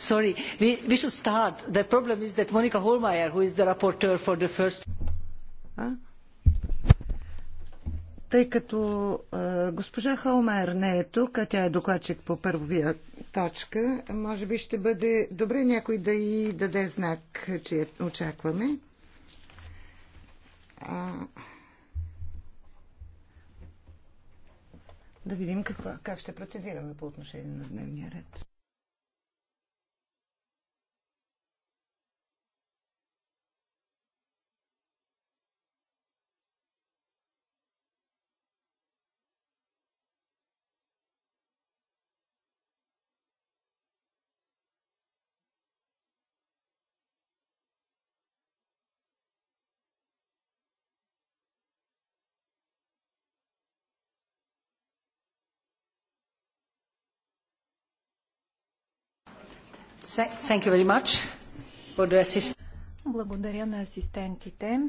Sorry, we, we should start. The problem is that Monica Holmeyer, who is the rapporteur for the first... А? Тъй като а, госпожа Холмайер не е тук, а тя е докладчик по първия точка, може би ще бъде добре някой да й даде знак, че я очакваме. А... Да видим какво, как ще процедираме по отношение на дневния ред. Thank you very much for the Благодаря на асистентите.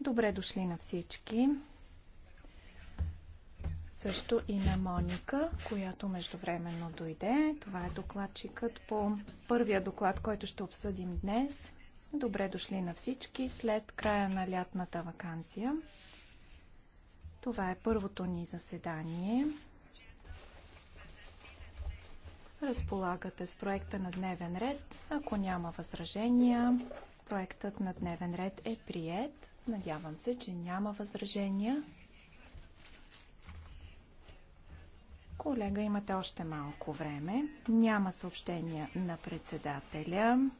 Добре дошли на всички. Също и на Моника, която междувременно дойде. Това е докладчикът по първия доклад, който ще обсъдим днес. Добре дошли на всички след края на лятната вакансия. Това е първото ни заседание Разполагате с проекта на дневен ред. Ако няма възражения, проектът на дневен ред е прият. Надявам се, че няма възражения. Колега, имате още малко време. Няма съобщения на председателя.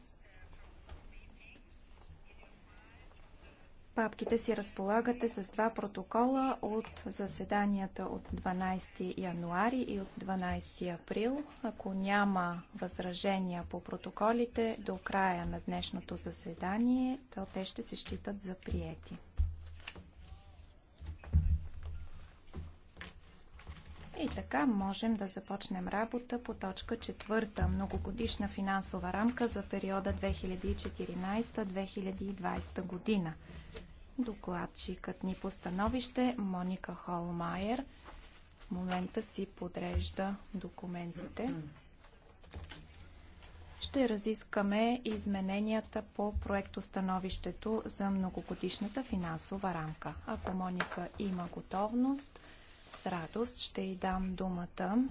папките си разполагате с два протокола от заседанията от 12 януари и от 12 април. Ако няма възражения по протоколите до края на днешното заседание, то те ще се считат за приети. И така можем да започнем работа по точка четвърта многогодишна финансова рамка за периода 2014-2020 година. Докладчикът ни по становище Моника Холмайер в момента си подрежда документите. Ще разискаме измененията по проектостановището за многогодишната финансова рамка. Ако Моника има готовност, с радост ще й дам думата.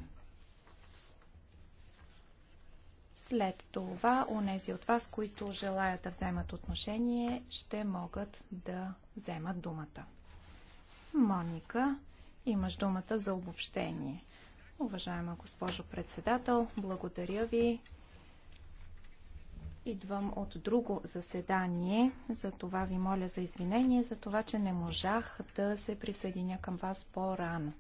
След това, онези от вас, които желаят да вземат отношение, ще могат да вземат думата. Моника, имаш думата за обобщение. Уважаема госпожо председател, благодаря ви. Идвам от друго заседание, за това ви моля за извинение, за това, че не можах да се присъединя към вас по-рано.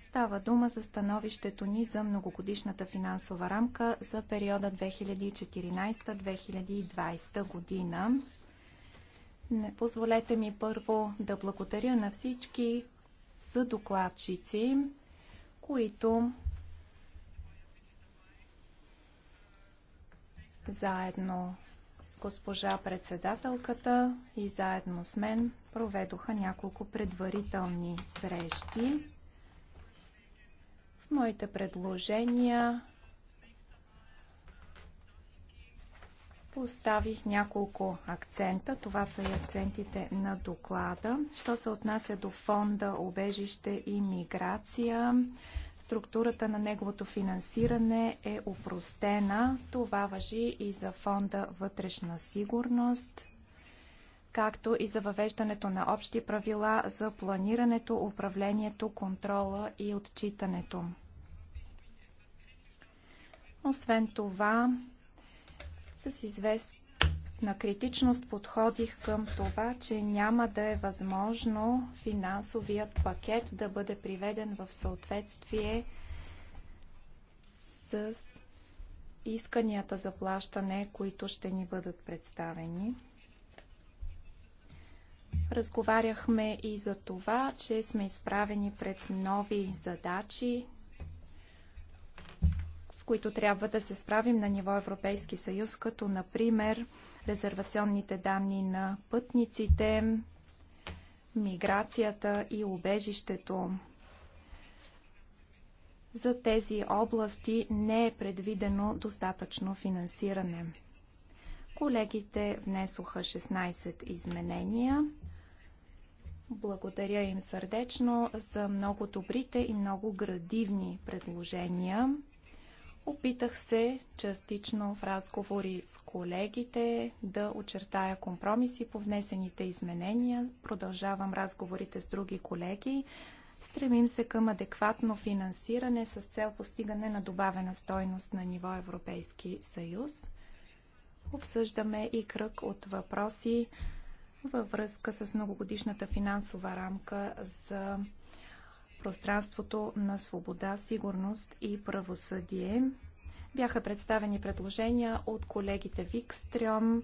Става дума за становището ни за многогодишната финансова рамка за периода 2014-2020 година. Не позволете ми първо да благодаря на всички съдокладчици, които заедно с госпожа председателката и заедно с мен проведоха няколко предварителни срещи моите предложения поставих няколко акцента. Това са и акцентите на доклада. Що се отнася до фонда Обежище и миграция, структурата на неговото финансиране е упростена. Това въжи и за фонда Вътрешна сигурност както и за въвеждането на общи правила за планирането, управлението, контрола и отчитането. Освен това, с известна критичност подходих към това, че няма да е възможно финансовият пакет да бъде приведен в съответствие с исканията за плащане, които ще ни бъдат представени. Разговаряхме и за това, че сме изправени пред нови задачи, с които трябва да се справим на ниво Европейски съюз, като например резервационните данни на пътниците, миграцията и убежището. За тези области не е предвидено достатъчно финансиране. Колегите внесоха 16 изменения. Благодаря им сърдечно за много добрите и много градивни предложения. Опитах се частично в разговори с колегите да очертая компромиси по внесените изменения. Продължавам разговорите с други колеги. Стремим се към адекватно финансиране с цел постигане на добавена стойност на ниво Европейски съюз. Обсъждаме и кръг от въпроси, във връзка с многогодишната финансова рамка за пространството на свобода, сигурност и правосъдие. Бяха представени предложения от колегите Викстрем,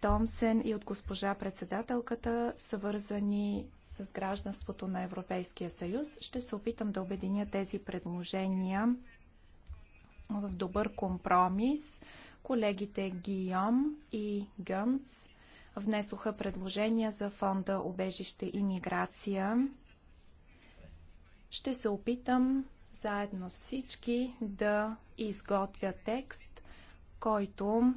Томсен и от госпожа председателката, свързани с гражданството на Европейския съюз. Ще се опитам да обединя тези предложения в добър компромис. Колегите Гийом и Гънц внесоха предложения за фонда Обежище и миграция. Ще се опитам заедно с всички да изготвя текст, който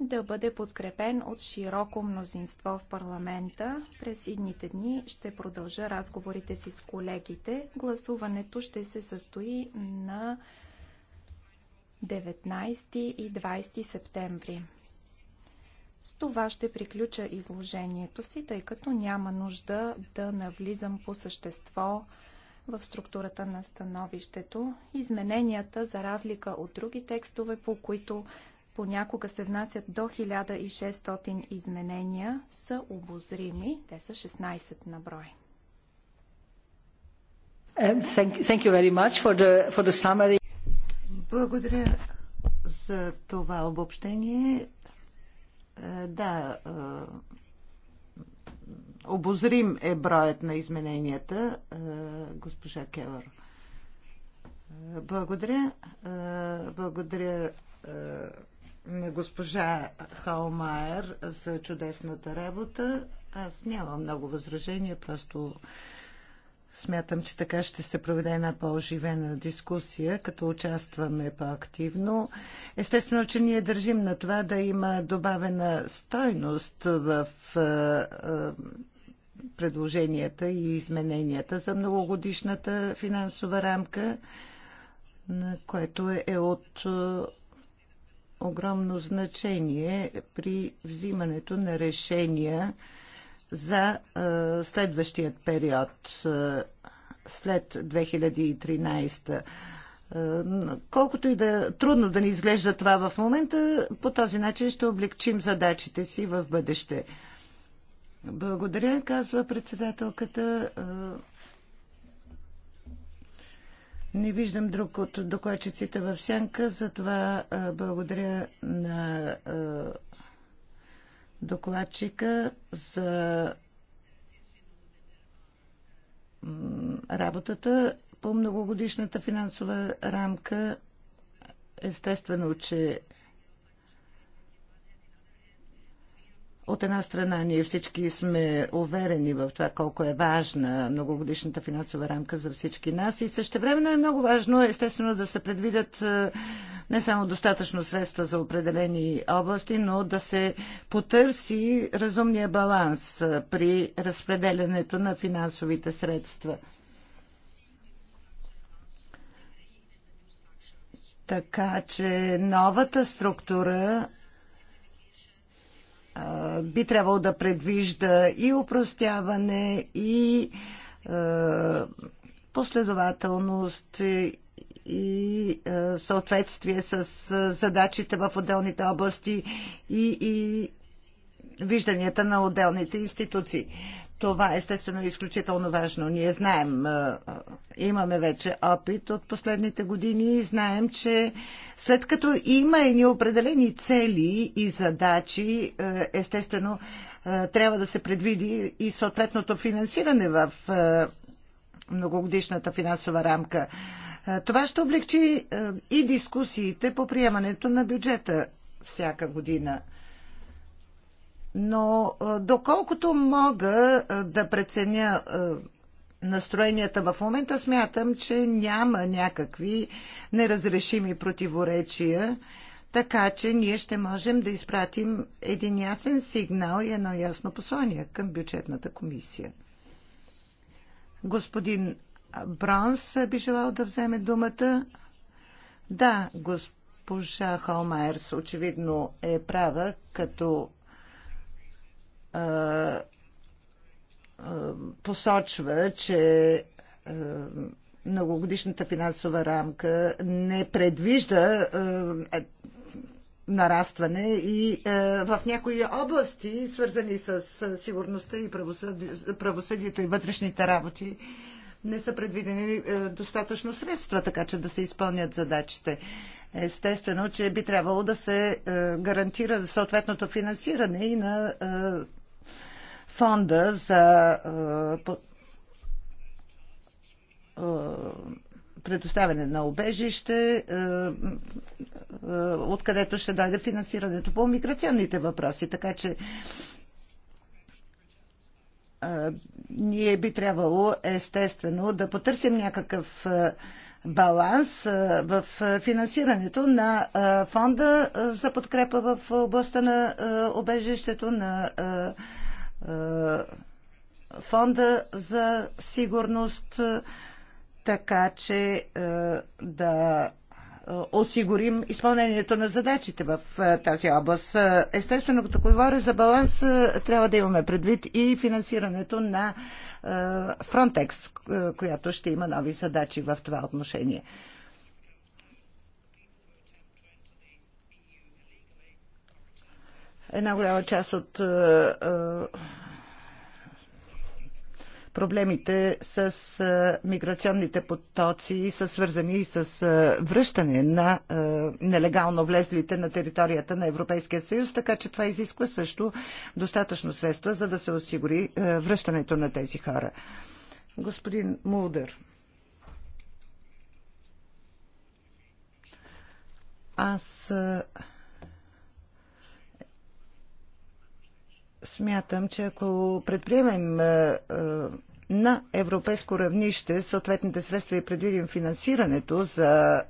да бъде подкрепен от широко мнозинство в парламента. През идните дни ще продължа разговорите си с колегите. Гласуването ще се състои на 19 и 20 септември. С това ще приключа изложението си, тъй като няма нужда да навлизам по същество в структурата на становището. Измененията, за разлика от други текстове, по които понякога се внасят до 1600 изменения, са обозрими. Те са 16 на брой. Um, Благодаря за това обобщение. Да, е, обозрим е броят на измененията, е, госпожа Келър. Е, благодаря. Благодаря на госпожа Хаумайер за чудесната работа. Аз нямам много възражения, просто Смятам, че така ще се проведе една по-оживена дискусия, като участваме по-активно. Естествено, че ние държим на това да има добавена стойност в е, е, предложенията и измененията за многогодишната финансова рамка, което е, е от огромно значение при взимането на решения за следващият период след 2013. Колкото и да трудно да ни изглежда това в момента, по този начин ще облегчим задачите си в бъдеще. Благодаря, казва председателката. Не виждам друг от докладчиците в сянка, затова благодаря на докладчика за работата по многогодишната финансова рамка. Естествено, че От една страна, ние всички сме уверени в това колко е важна многогодишната финансова рамка за всички нас и времено е много важно, естествено, да се предвидят е, не само достатъчно средства за определени области, но да се потърси разумния баланс при разпределянето на финансовите средства. Така че новата структура а, би трябвало да предвижда и упростяване, и а, последователност, и е, съответствие с е, задачите в отделните области и, и вижданията на отделните институции. Това естествено е изключително важно. Ние знаем, е, имаме вече опит от последните години и знаем, че след като има и определени цели и задачи, естествено трябва да се предвиди и съответното финансиране в многогодишната финансова рамка. Е, това ще облегчи е, и дискусиите по приемането на бюджета всяка година. Но е, доколкото мога да преценя настроенията в момента, смятам, че няма някакви неразрешими противоречия, така че ние ще можем да изпратим един ясен сигнал и едно ясно послание към бюджетната комисия. Господин Бронс би желал да вземе думата. Да, госпожа Холмайерс очевидно е права, като а, а, посочва, че а, многогодишната финансова рамка не предвижда е, нарастване и а, в някои области, свързани с сигурността и правосъдието и вътрешните работи, не са предвидени е, достатъчно средства, така че да се изпълнят задачите. Естествено, че би трябвало да се е, гарантира съответното финансиране и на е, фонда за предоставяне на обежище, откъдето ще дойде финансирането по миграционните въпроси. Така че ние би трябвало естествено да потърсим някакъв баланс в финансирането на фонда за подкрепа в областта на обежището на фонда за сигурност, така че да е, осигурим изпълнението на задачите в е, тази област. Е, естествено, като говоря за баланс, трябва да имаме предвид и финансирането на Frontex, която ще има нови задачи в това отношение. Една голяма част от проблемите с миграционните потоци са свързани и с връщане на нелегално влезлите на територията на Европейския съюз, така че това изисква също достатъчно средства, за да се осигури връщането на тези хора. Господин Мулдър. Аз смятам, че ако предприемем е, е, на европейско равнище съответните средства и предвидим финансирането за е,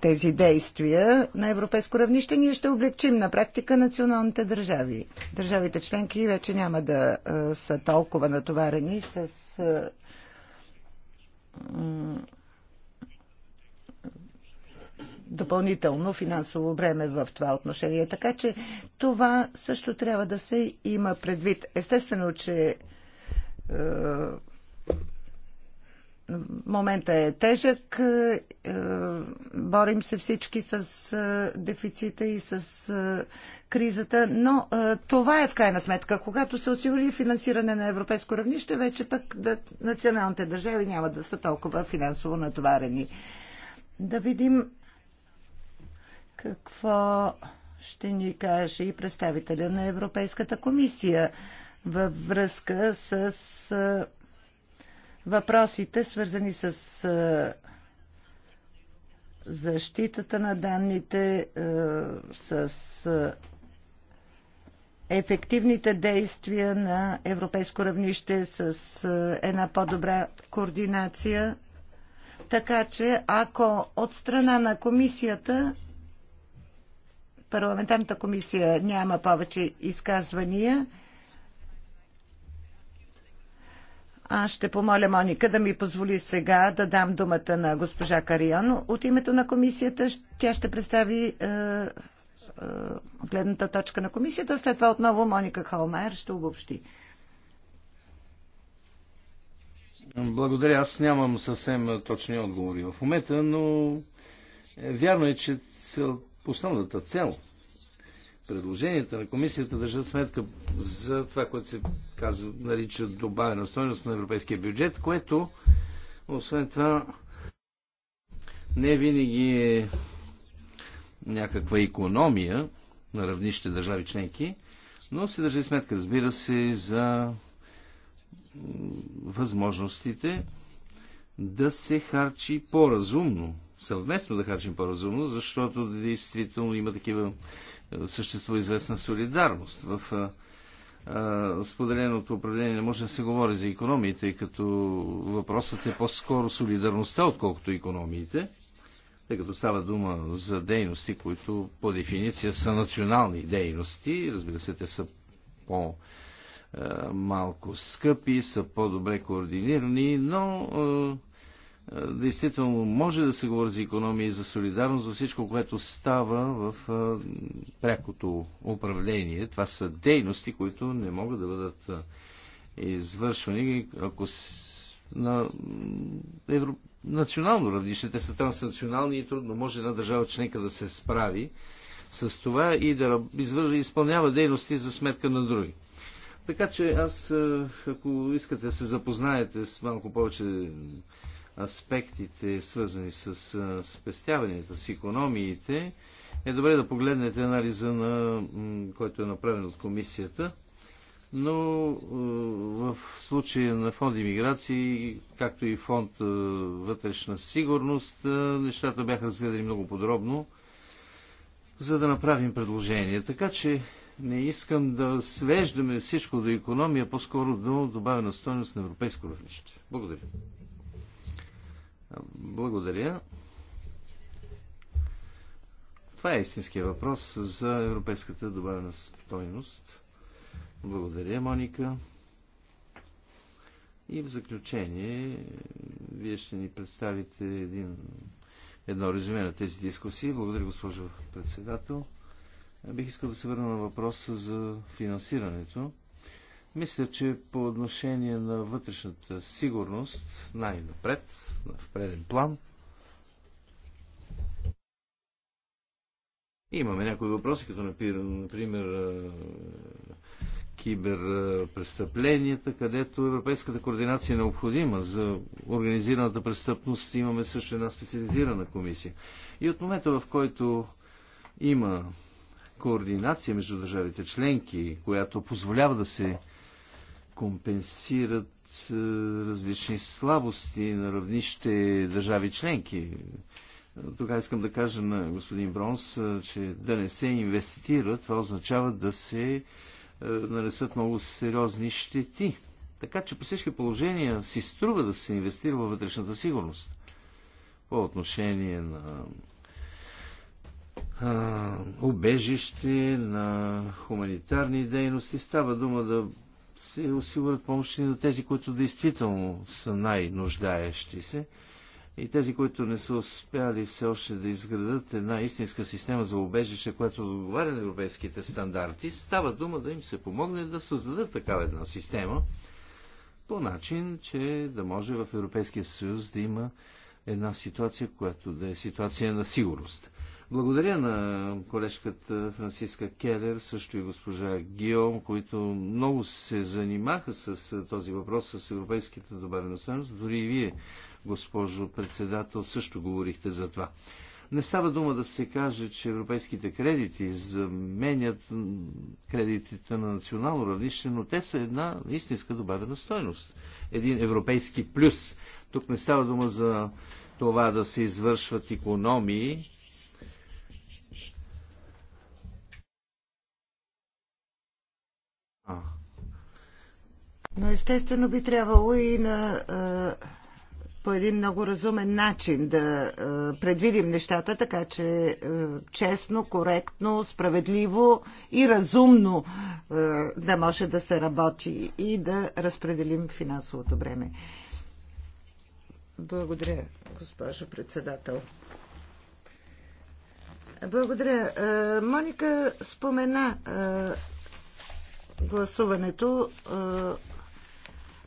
тези действия на европейско равнище, ние ще облегчим на практика националните държави. Държавите членки вече няма да са толкова натоварени с допълнително финансово време в това отношение. Така че това също трябва да се има предвид. Естествено, че е, момента е тежък. Е, борим се всички с е, дефицита и с е, кризата, но е, това е в крайна сметка. Когато се осигури финансиране на европейско равнище, вече пък да, националните държави няма да са толкова финансово натоварени. Да видим какво ще ни каже и представителя на Европейската комисия във връзка с въпросите, свързани с защитата на данните, с ефективните действия на европейско равнище, с една по-добра координация. Така че, ако от страна на комисията парламентарната комисия няма повече изказвания. Аз ще помоля Моника да ми позволи сега да дам думата на госпожа Карион. От името на комисията тя ще представи е, е, гледната точка на комисията. След това отново Моника Холмайер ще обобщи. Благодаря. Аз нямам съвсем точни отговори в момента, но е, вярно е, че целта основната цел предложенията на комисията държат сметка за това, което се казва, нарича добавена стоеност на европейския бюджет, което освен това не винаги е някаква економия на равнище държави членки, но се държи сметка, разбира се, за възможностите да се харчи по-разумно съвместно да харчим по-разумно, защото действително има такива, е, съществува известна солидарност. В е, е, споделеното управление не може да се говори за економиите, тъй като въпросът е по-скоро солидарността, отколкото економиите, тъй като става дума за дейности, които по дефиниция са национални дейности. Разбира се, те са по- малко скъпи, са по-добре координирани, но е, действително може да се говори за економия и за солидарност, за всичко, което става в е, прякото управление. Това са дейности, които не могат да бъдат е, извършвани, ако на евро... национално равнище, те са транснационални и трудно може една държава членка да се справи с това и да извър... изпълнява дейности за сметка на други. Така че аз, ако искате да се запознаете с малко повече аспектите, свързани с спестяването, с економиите, е добре да погледнете анализа, на, който е направен от комисията. Но в случая на фонд иммиграции, както и фонд вътрешна сигурност, нещата бяха разгледани много подробно, за да направим предложение. Така че не искам да свеждаме всичко до економия, по-скоро до добавена стоеност на европейско равнище. Благодаря. Благодаря. Това е истинския въпрос за европейската добавена стойност. Благодаря, Моника. И в заключение, вие ще ни представите един, едно резюме на тези дискусии. Благодаря, госпожо председател. Бих искал да се върна на въпроса за финансирането. Мисля, че по отношение на вътрешната сигурност, най-напред, в преден план, имаме някои въпроси, като например киберпрестъпленията, където европейската координация е необходима за организираната престъпност. Имаме също една специализирана комисия. И от момента, в който има координация между държавите членки, която позволява да се компенсират е, различни слабости на равнище държави членки. Тогава искам да кажа на господин Бронс, е, че да не се инвестира, това означава да се е, нанесат много сериозни щети. Така че по всички положения си струва да се инвестира във вътрешната сигурност. По отношение на а, убежище, на хуманитарни дейности. Става дума да се осигурят помощи на тези, които действително са най-нуждаещи се и тези, които не са успяли все още да изградат една истинска система за убежище, която договаря на европейските стандарти, става дума да им се помогне да създадат такава една система по начин, че да може в Европейския съюз да има една ситуация, която да е ситуация на сигурност. Благодаря на колежката Франциска Келер, също и госпожа Гиом, които много се занимаха с този въпрос, с европейските добавена стоеност. Дори и вие, госпожо председател, също говорихте за това. Не става дума да се каже, че европейските кредити заменят кредитите на национално равнище, но те са една истинска добавена стойност. Един европейски плюс. Тук не става дума за това да се извършват економии, Но естествено би трябвало и на по един много разумен начин да предвидим нещата, така че честно, коректно, справедливо и разумно да може да се работи и да разпределим финансовото време. Благодаря, госпожо председател. Благодаря. Моника спомена гласуването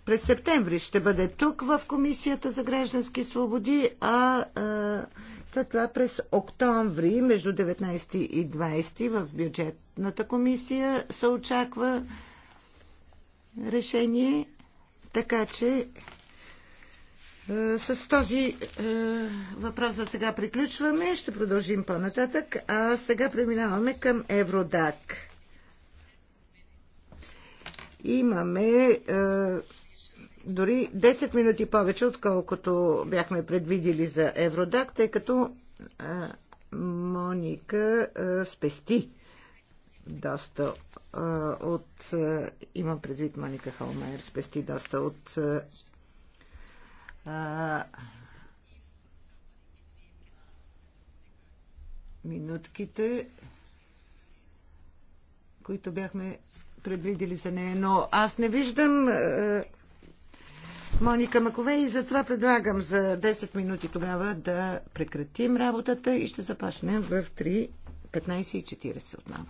през септември ще бъде тук в Комисията за граждански свободи, а след това през октомври, между 19 и 20 в бюджетната комисия се очаква решение. Така че с този е, въпрос за сега приключваме. Ще продължим по-нататък. А сега преминаваме към Евродак. Имаме е, дори 10 минути повече, отколкото бяхме предвидили за Евродак, тъй като а, Моника а, спести доста а, от... А, имам предвид Моника Холмайер, спести доста от... А, минутките, които бяхме предвидели за нея, но аз не виждам е, Моника Макове и затова предлагам за 10 минути тогава да прекратим работата и ще започнем в 3.15.40 отново.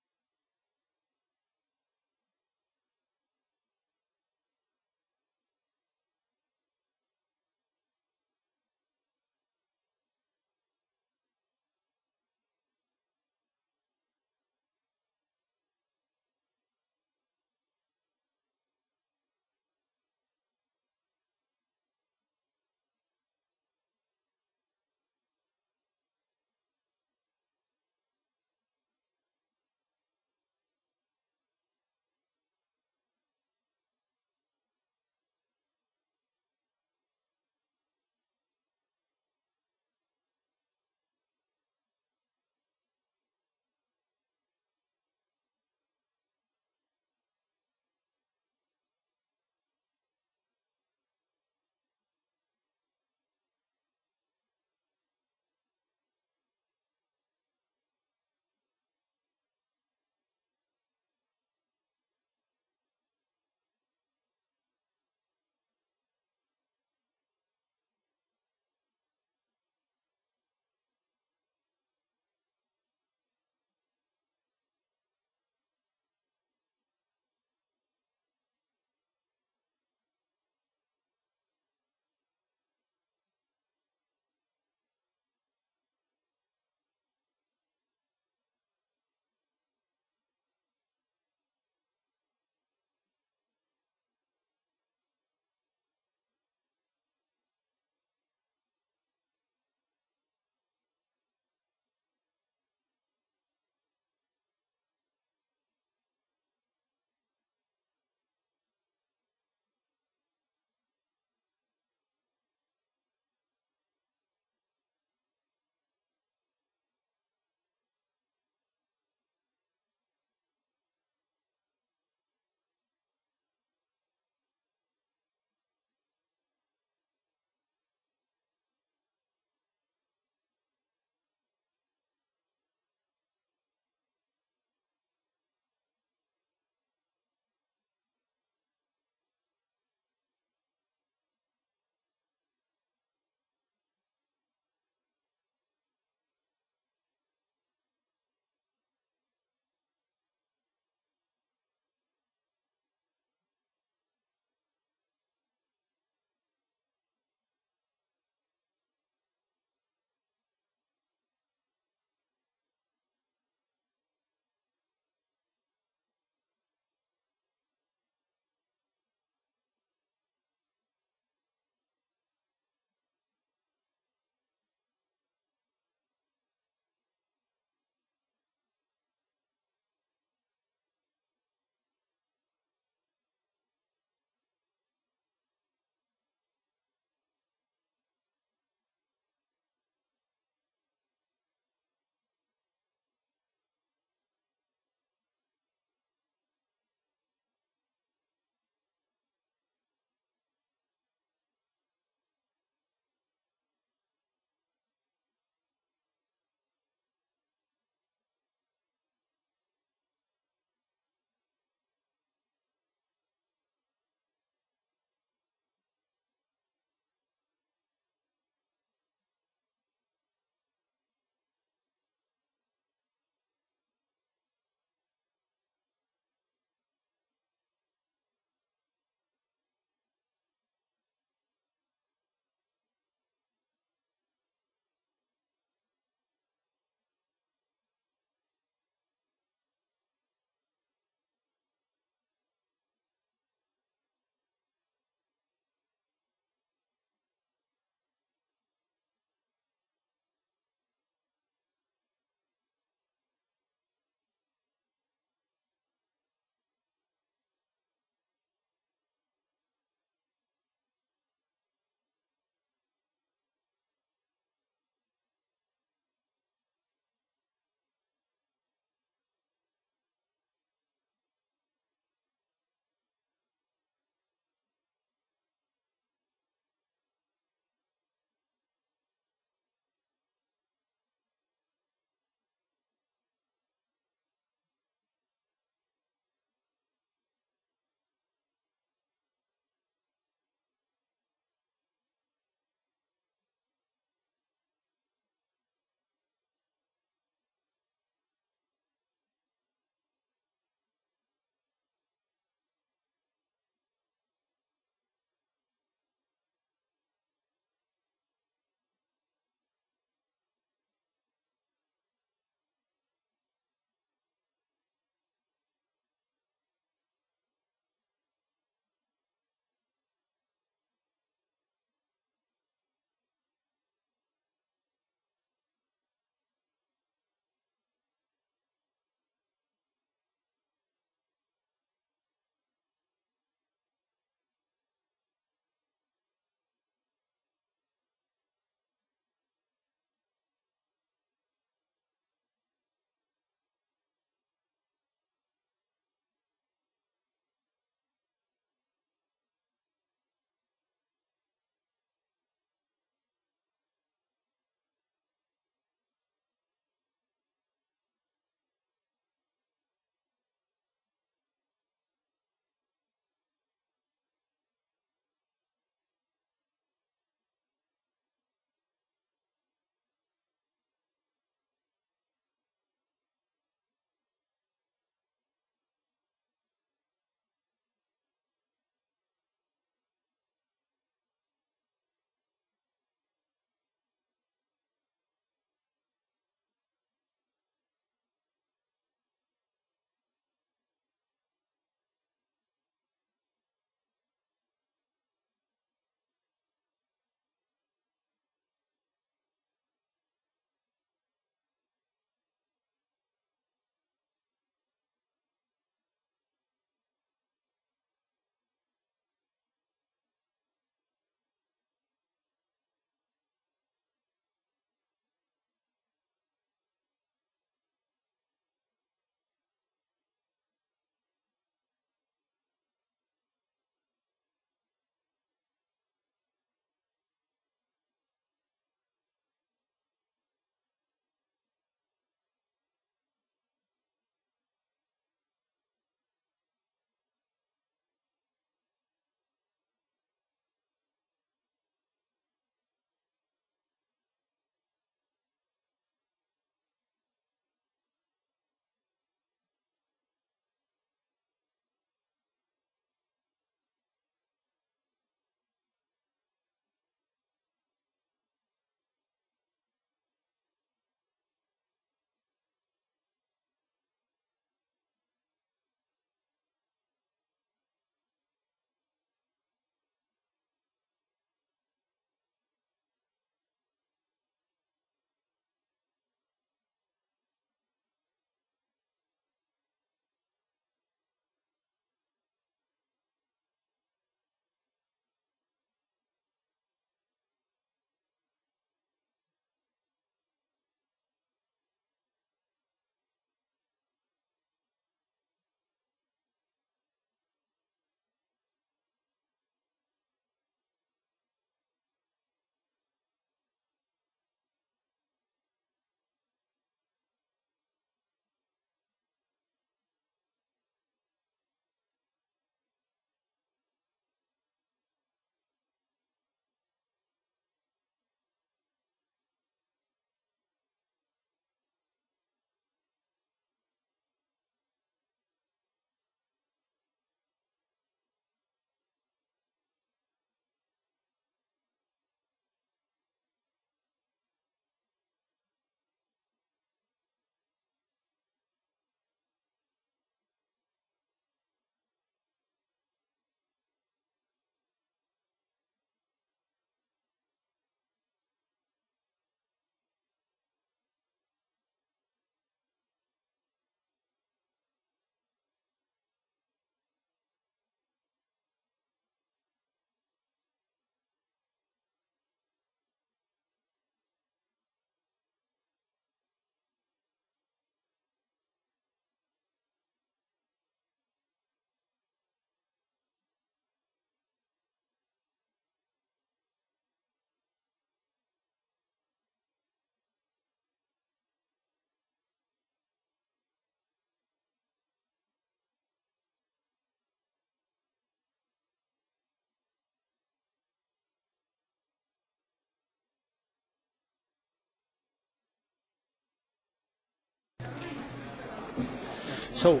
So,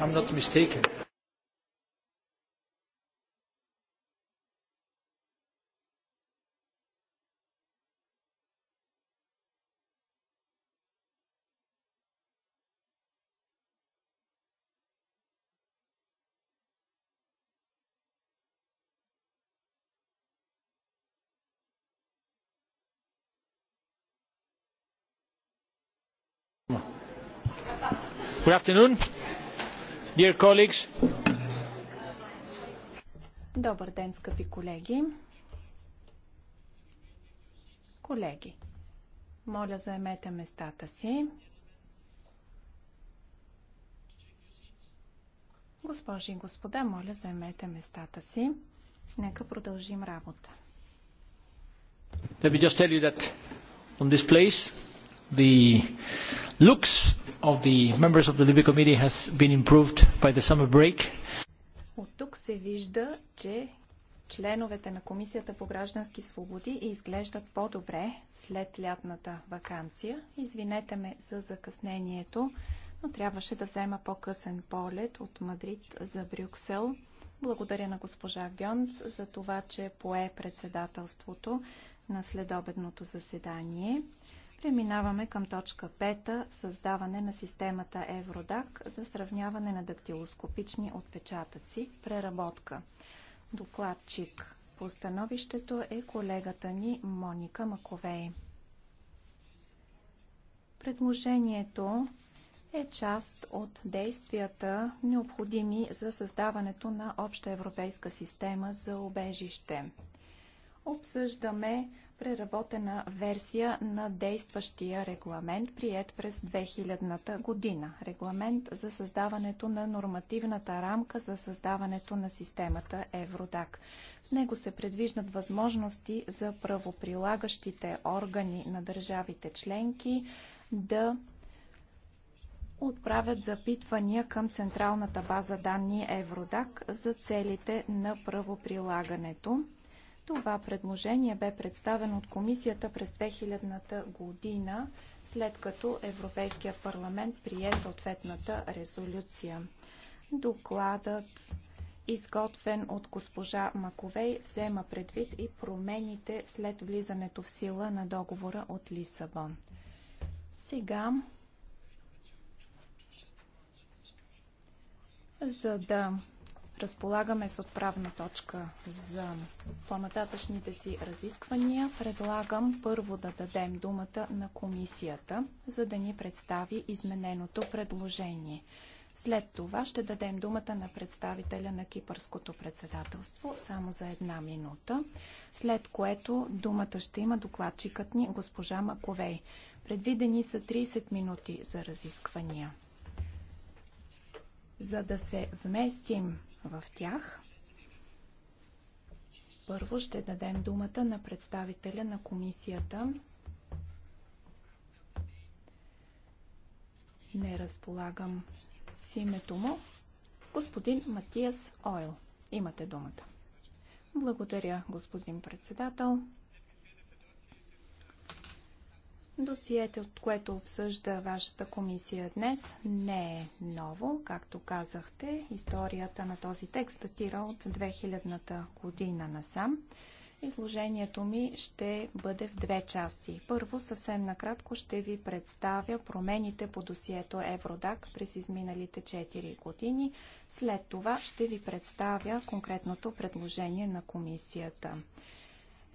I'm not mistaken. Good afternoon, dear colleagues. Добър ден, скъпи колеги. Колеги, моля заемете местата си. Госпожи и господа, моля заемете местата си. Нека продължим работа. Let me just tell you that on this place the looks of the members of the Libre Committee has been improved by the summer break. От тук се вижда, че членовете на Комисията по граждански свободи изглеждат по-добре след лятната вакансия. Извинете ме за закъснението, но трябваше да взема по-късен полет от Мадрид за Брюксел. Благодаря на госпожа Гьонц за това, че пое председателството на следобедното заседание. Преминаваме към точка 5 създаване на системата Евродак за сравняване на дактилоскопични отпечатъци, преработка. Докладчик по становището е колегата ни Моника Маковей. Предложението е част от действията, необходими за създаването на обща европейска система за обежище. Обсъждаме преработена версия на действащия регламент, прият през 2000-та година. Регламент за създаването на нормативната рамка за създаването на системата Евродак. В него се предвиждат възможности за правоприлагащите органи на държавите членки да отправят запитвания към Централната база данни Евродак за целите на правоприлагането. Това предложение бе представено от комисията през 2000-та година, след като Европейският парламент прие съответната резолюция. Докладът, изготвен от госпожа Маковей, взема предвид и промените след влизането в сила на договора от Лисабон. Сега, за да Разполагаме с отправна точка за по-нататъчните си разисквания. Предлагам първо да дадем думата на комисията, за да ни представи измененото предложение. След това ще дадем думата на представителя на Кипърското председателство само за една минута, след което думата ще има докладчикът ни госпожа Маковей. Предвидени са 30 минути за разисквания. За да се вместим в тях. Първо ще дадем думата на представителя на комисията. Не разполагам с името му. Господин Матиас Ойл, имате думата. Благодаря, господин председател. Досиете, от което обсъжда вашата комисия днес, не е ново. Както казахте, историята на този текст датира от 2000-та година насам. Изложението ми ще бъде в две части. Първо, съвсем накратко ще ви представя промените по досието Евродак през изминалите 4 години. След това ще ви представя конкретното предложение на комисията.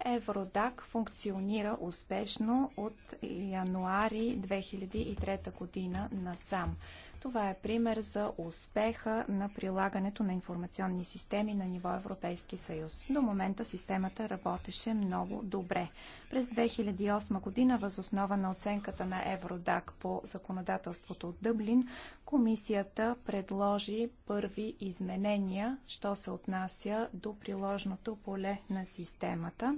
Евродак функционира успешно от януари 2003 година насам. Това е пример за успеха на прилагането на информационни системи на ниво Европейски съюз. До момента системата работеше много добре. През 2008 година, възоснова на оценката на Евродак по законодателството от Дъблин, Комисията предложи първи изменения, що се отнася до приложното поле на системата.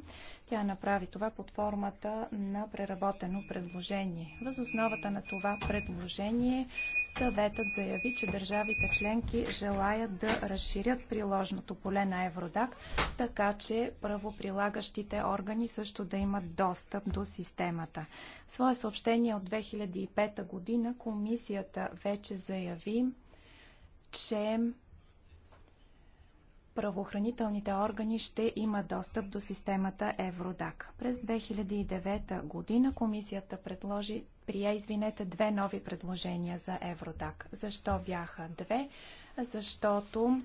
Тя направи това под формата на преработено предложение. Въз основата на това предложение съветът заяви, че държавите членки желаят да разширят приложното поле на Евродак, така че правоприлагащите органи също да имат достъп до системата. Свое съобщение от 2005 година комисията вече заяви, че правоохранителните органи ще има достъп до системата Евродак. През 2009 година комисията предложи, Прия извинете, две нови предложения за Евродак. Защо бяха две? Защото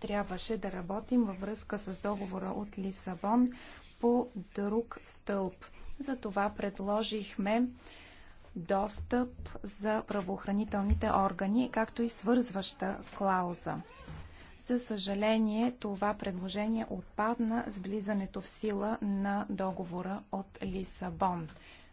трябваше да работим във връзка с договора от Лисабон по друг стълб. Затова предложихме достъп за правоохранителните органи, както и свързваща клауза. За съжаление, това предложение отпадна с влизането в сила на договора от Лисабон.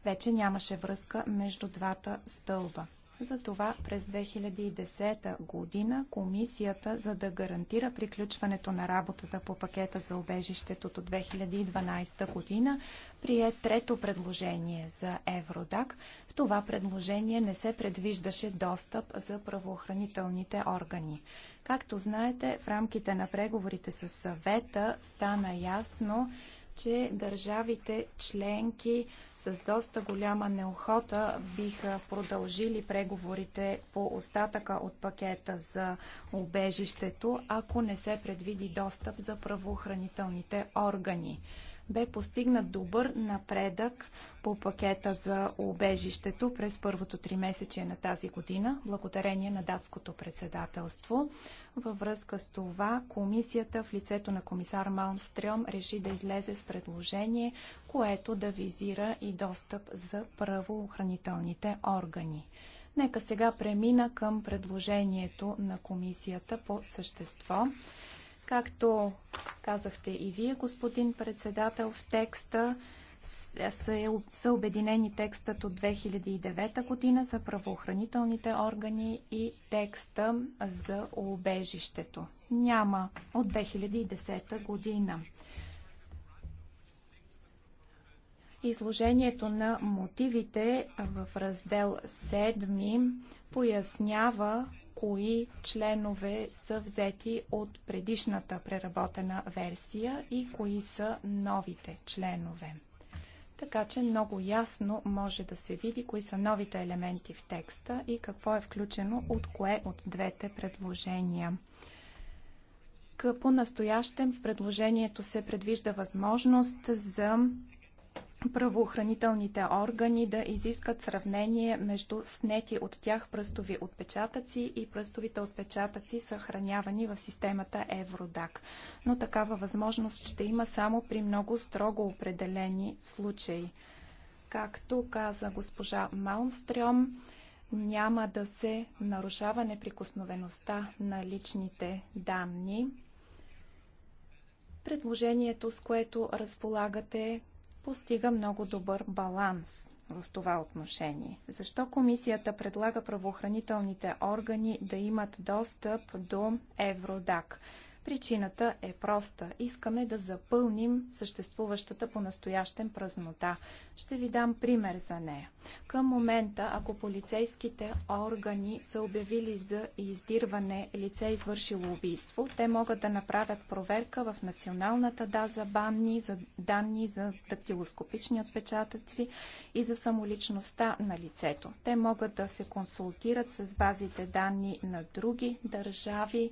Вече нямаше връзка между двата стълба. Затова през 2010 година комисията, за да гарантира приключването на работата по пакета за обежището до 2012 година, прие трето предложение за Евродак. В това предложение не се предвиждаше достъп за правоохранителните органи. Както знаете, в рамките на преговорите с съвета стана ясно, че държавите членки с доста голяма неохота биха продължили преговорите по остатъка от пакета за убежището, ако не се предвиди достъп за правоохранителните органи бе постигнат добър напредък по пакета за убежището през първото три месече на тази година, благодарение на датското председателство. Във връзка с това, комисията в лицето на комисар Малмстрем реши да излезе с предложение, което да визира и достъп за правоохранителните органи. Нека сега премина към предложението на комисията по същество. Както казахте и вие, господин председател, в текста са обединени текстът от 2009 година за правоохранителните органи и текста за обежището. Няма от 2010 година. Изложението на мотивите в раздел 7 пояснява кои членове са взети от предишната преработена версия и кои са новите членове. Така че много ясно може да се види кои са новите елементи в текста и какво е включено от кое от двете предложения. По настоящем в предложението се предвижда възможност за правоохранителните органи да изискат сравнение между снети от тях пръстови отпечатъци и пръстовите отпечатъци, съхранявани в системата Евродак. Но такава възможност ще има само при много строго определени случаи. Както каза госпожа Малмстрём, няма да се нарушава неприкосновеността на личните данни. Предложението, с което разполагате, постига много добър баланс в това отношение. Защо комисията предлага правоохранителните органи да имат достъп до Евродак? Причината е проста. Искаме да запълним съществуващата по настоящен празнота. Ще ви дам пример за нея. Към момента, ако полицейските органи са обявили за издирване лице е извършило убийство, те могат да направят проверка в националната даза банни, за данни за дактилоскопични отпечатъци и за самоличността на лицето. Те могат да се консултират с базите данни на други държави,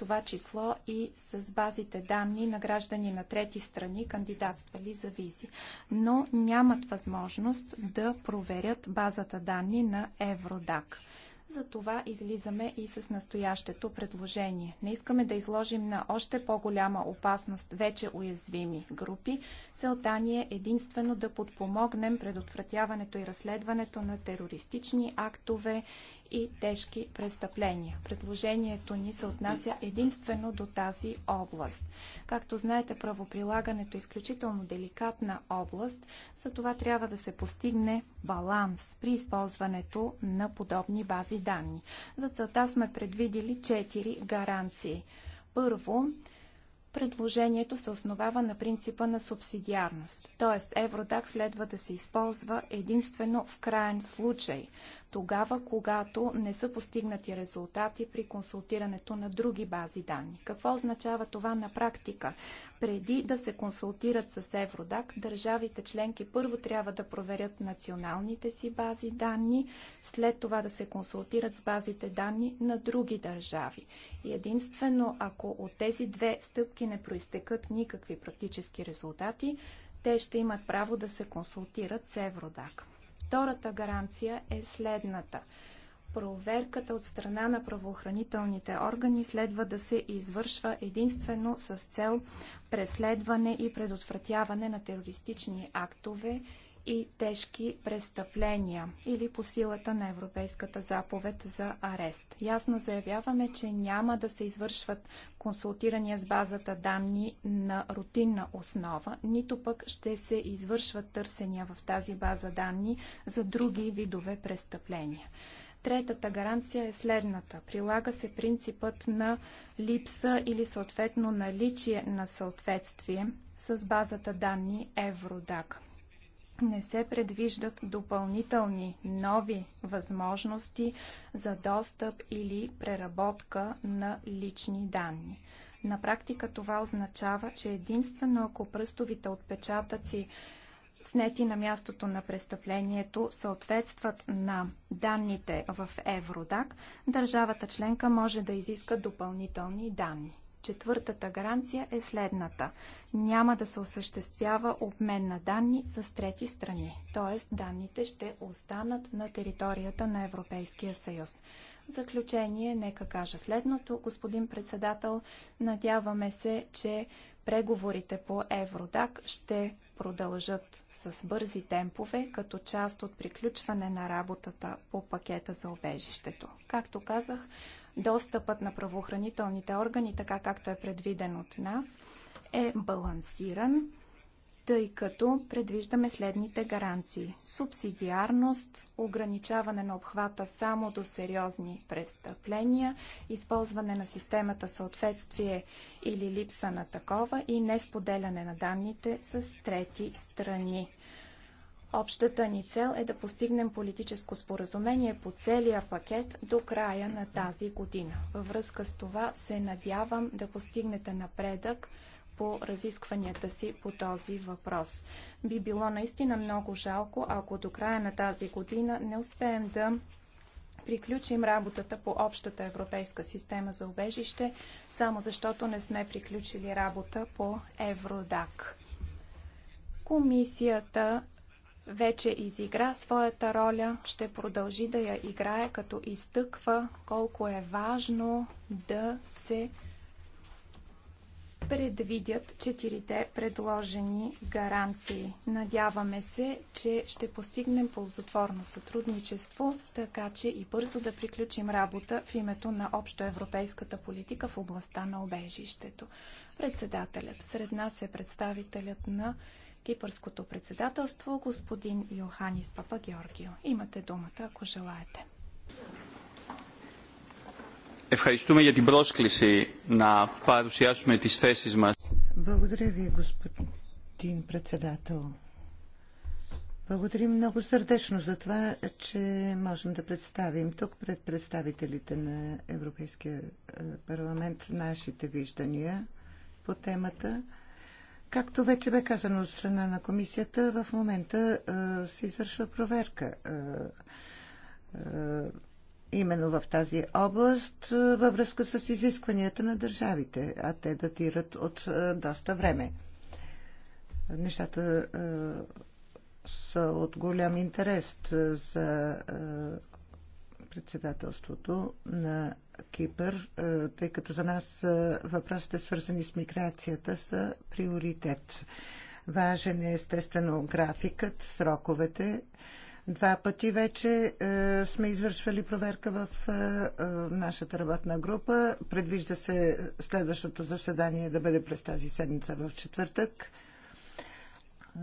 това число и с базите данни на граждани на трети страни, кандидатствали за визи, но нямат възможност да проверят базата данни на Евродак. За това излизаме и с настоящето предложение. Не искаме да изложим на още по-голяма опасност вече уязвими групи. Целта ни е единствено да подпомогнем предотвратяването и разследването на терористични актове и тежки престъпления. Предложението ни се отнася единствено до тази област. Както знаете, правоприлагането е изключително деликатна област, за това трябва да се постигне баланс при използването на подобни бази данни. За целта сме предвидили четири гаранции. Първо, Предложението се основава на принципа на субсидиарност, т.е. Евродак следва да се използва единствено в крайен случай, тогава, когато не са постигнати резултати при консултирането на други бази данни. Какво означава това на практика? Преди да се консултират с Евродак, държавите членки първо трябва да проверят националните си бази данни, след това да се консултират с базите данни на други държави. И единствено, ако от тези две стъпки не проистекат никакви практически резултати, те ще имат право да се консултират с Евродак. Втората гаранция е следната. Проверката от страна на правоохранителните органи следва да се извършва единствено с цел преследване и предотвратяване на терористични актове и тежки престъпления или по силата на Европейската заповед за арест. Ясно заявяваме, че няма да се извършват консултирания с базата данни на рутинна основа, нито пък ще се извършват търсения в тази база данни за други видове престъпления. Третата гаранция е следната. Прилага се принципът на липса или съответно наличие на съответствие с базата данни Евродак не се предвиждат допълнителни нови възможности за достъп или преработка на лични данни. На практика това означава, че единствено ако пръстовите отпечатъци снети на мястото на престъплението съответстват на данните в Евродак, държавата членка може да изиска допълнителни данни. Четвъртата гаранция е следната. Няма да се осъществява обмен на данни с трети страни, т.е. данните ще останат на територията на Европейския съюз. В заключение, нека кажа следното, господин председател. Надяваме се, че преговорите по Евродак ще продължат с бързи темпове, като част от приключване на работата по пакета за обежището. Както казах, достъпът на правоохранителните органи, така както е предвиден от нас, е балансиран тъй като предвиждаме следните гаранции. Субсидиарност, ограничаване на обхвата само до сериозни престъпления, използване на системата съответствие или липса на такова и несподеляне на данните с трети страни. Общата ни цел е да постигнем политическо споразумение по целия пакет до края на тази година. Във връзка с това се надявам да постигнете напредък по разискванията си по този въпрос. Би било наистина много жалко, ако до края на тази година не успеем да приключим работата по общата европейска система за убежище, само защото не сме приключили работа по Евродак. Комисията вече изигра своята роля, ще продължи да я играе, като изтъква колко е важно да се предвидят четирите предложени гаранции. Надяваме се, че ще постигнем ползотворно сътрудничество, така че и бързо да приключим работа в името на общоевропейската политика в областта на обежището. Председателят. Сред нас е представителят на Кипърското председателство, господин Йоханис Папа Георгио. Имате думата, ако желаете. Ευχαριστούμε για την πρόσκληση να παρουσιάσουμε τις θέσεις μας. Благодаря ви, господин председател. Благодарим много сърдечно за това, че можем да представим тук пред представителите на Европейския е, парламент нашите виждания по темата. Както вече бе казано от страна на комисията, в момента е, се извършва проверка е, именно в тази област е, във връзка с изискванията на държавите, а те датират от е, доста време. Нещата е, са от голям интерес за председателството на Кипър, тъй като за нас въпросите свързани с миграцията са приоритет. Важен е естествено графикът, сроковете. Два пъти вече е, сме извършвали проверка в е, е, нашата работна група. Предвижда се следващото заседание да бъде през тази седмица в четвъртък. Е,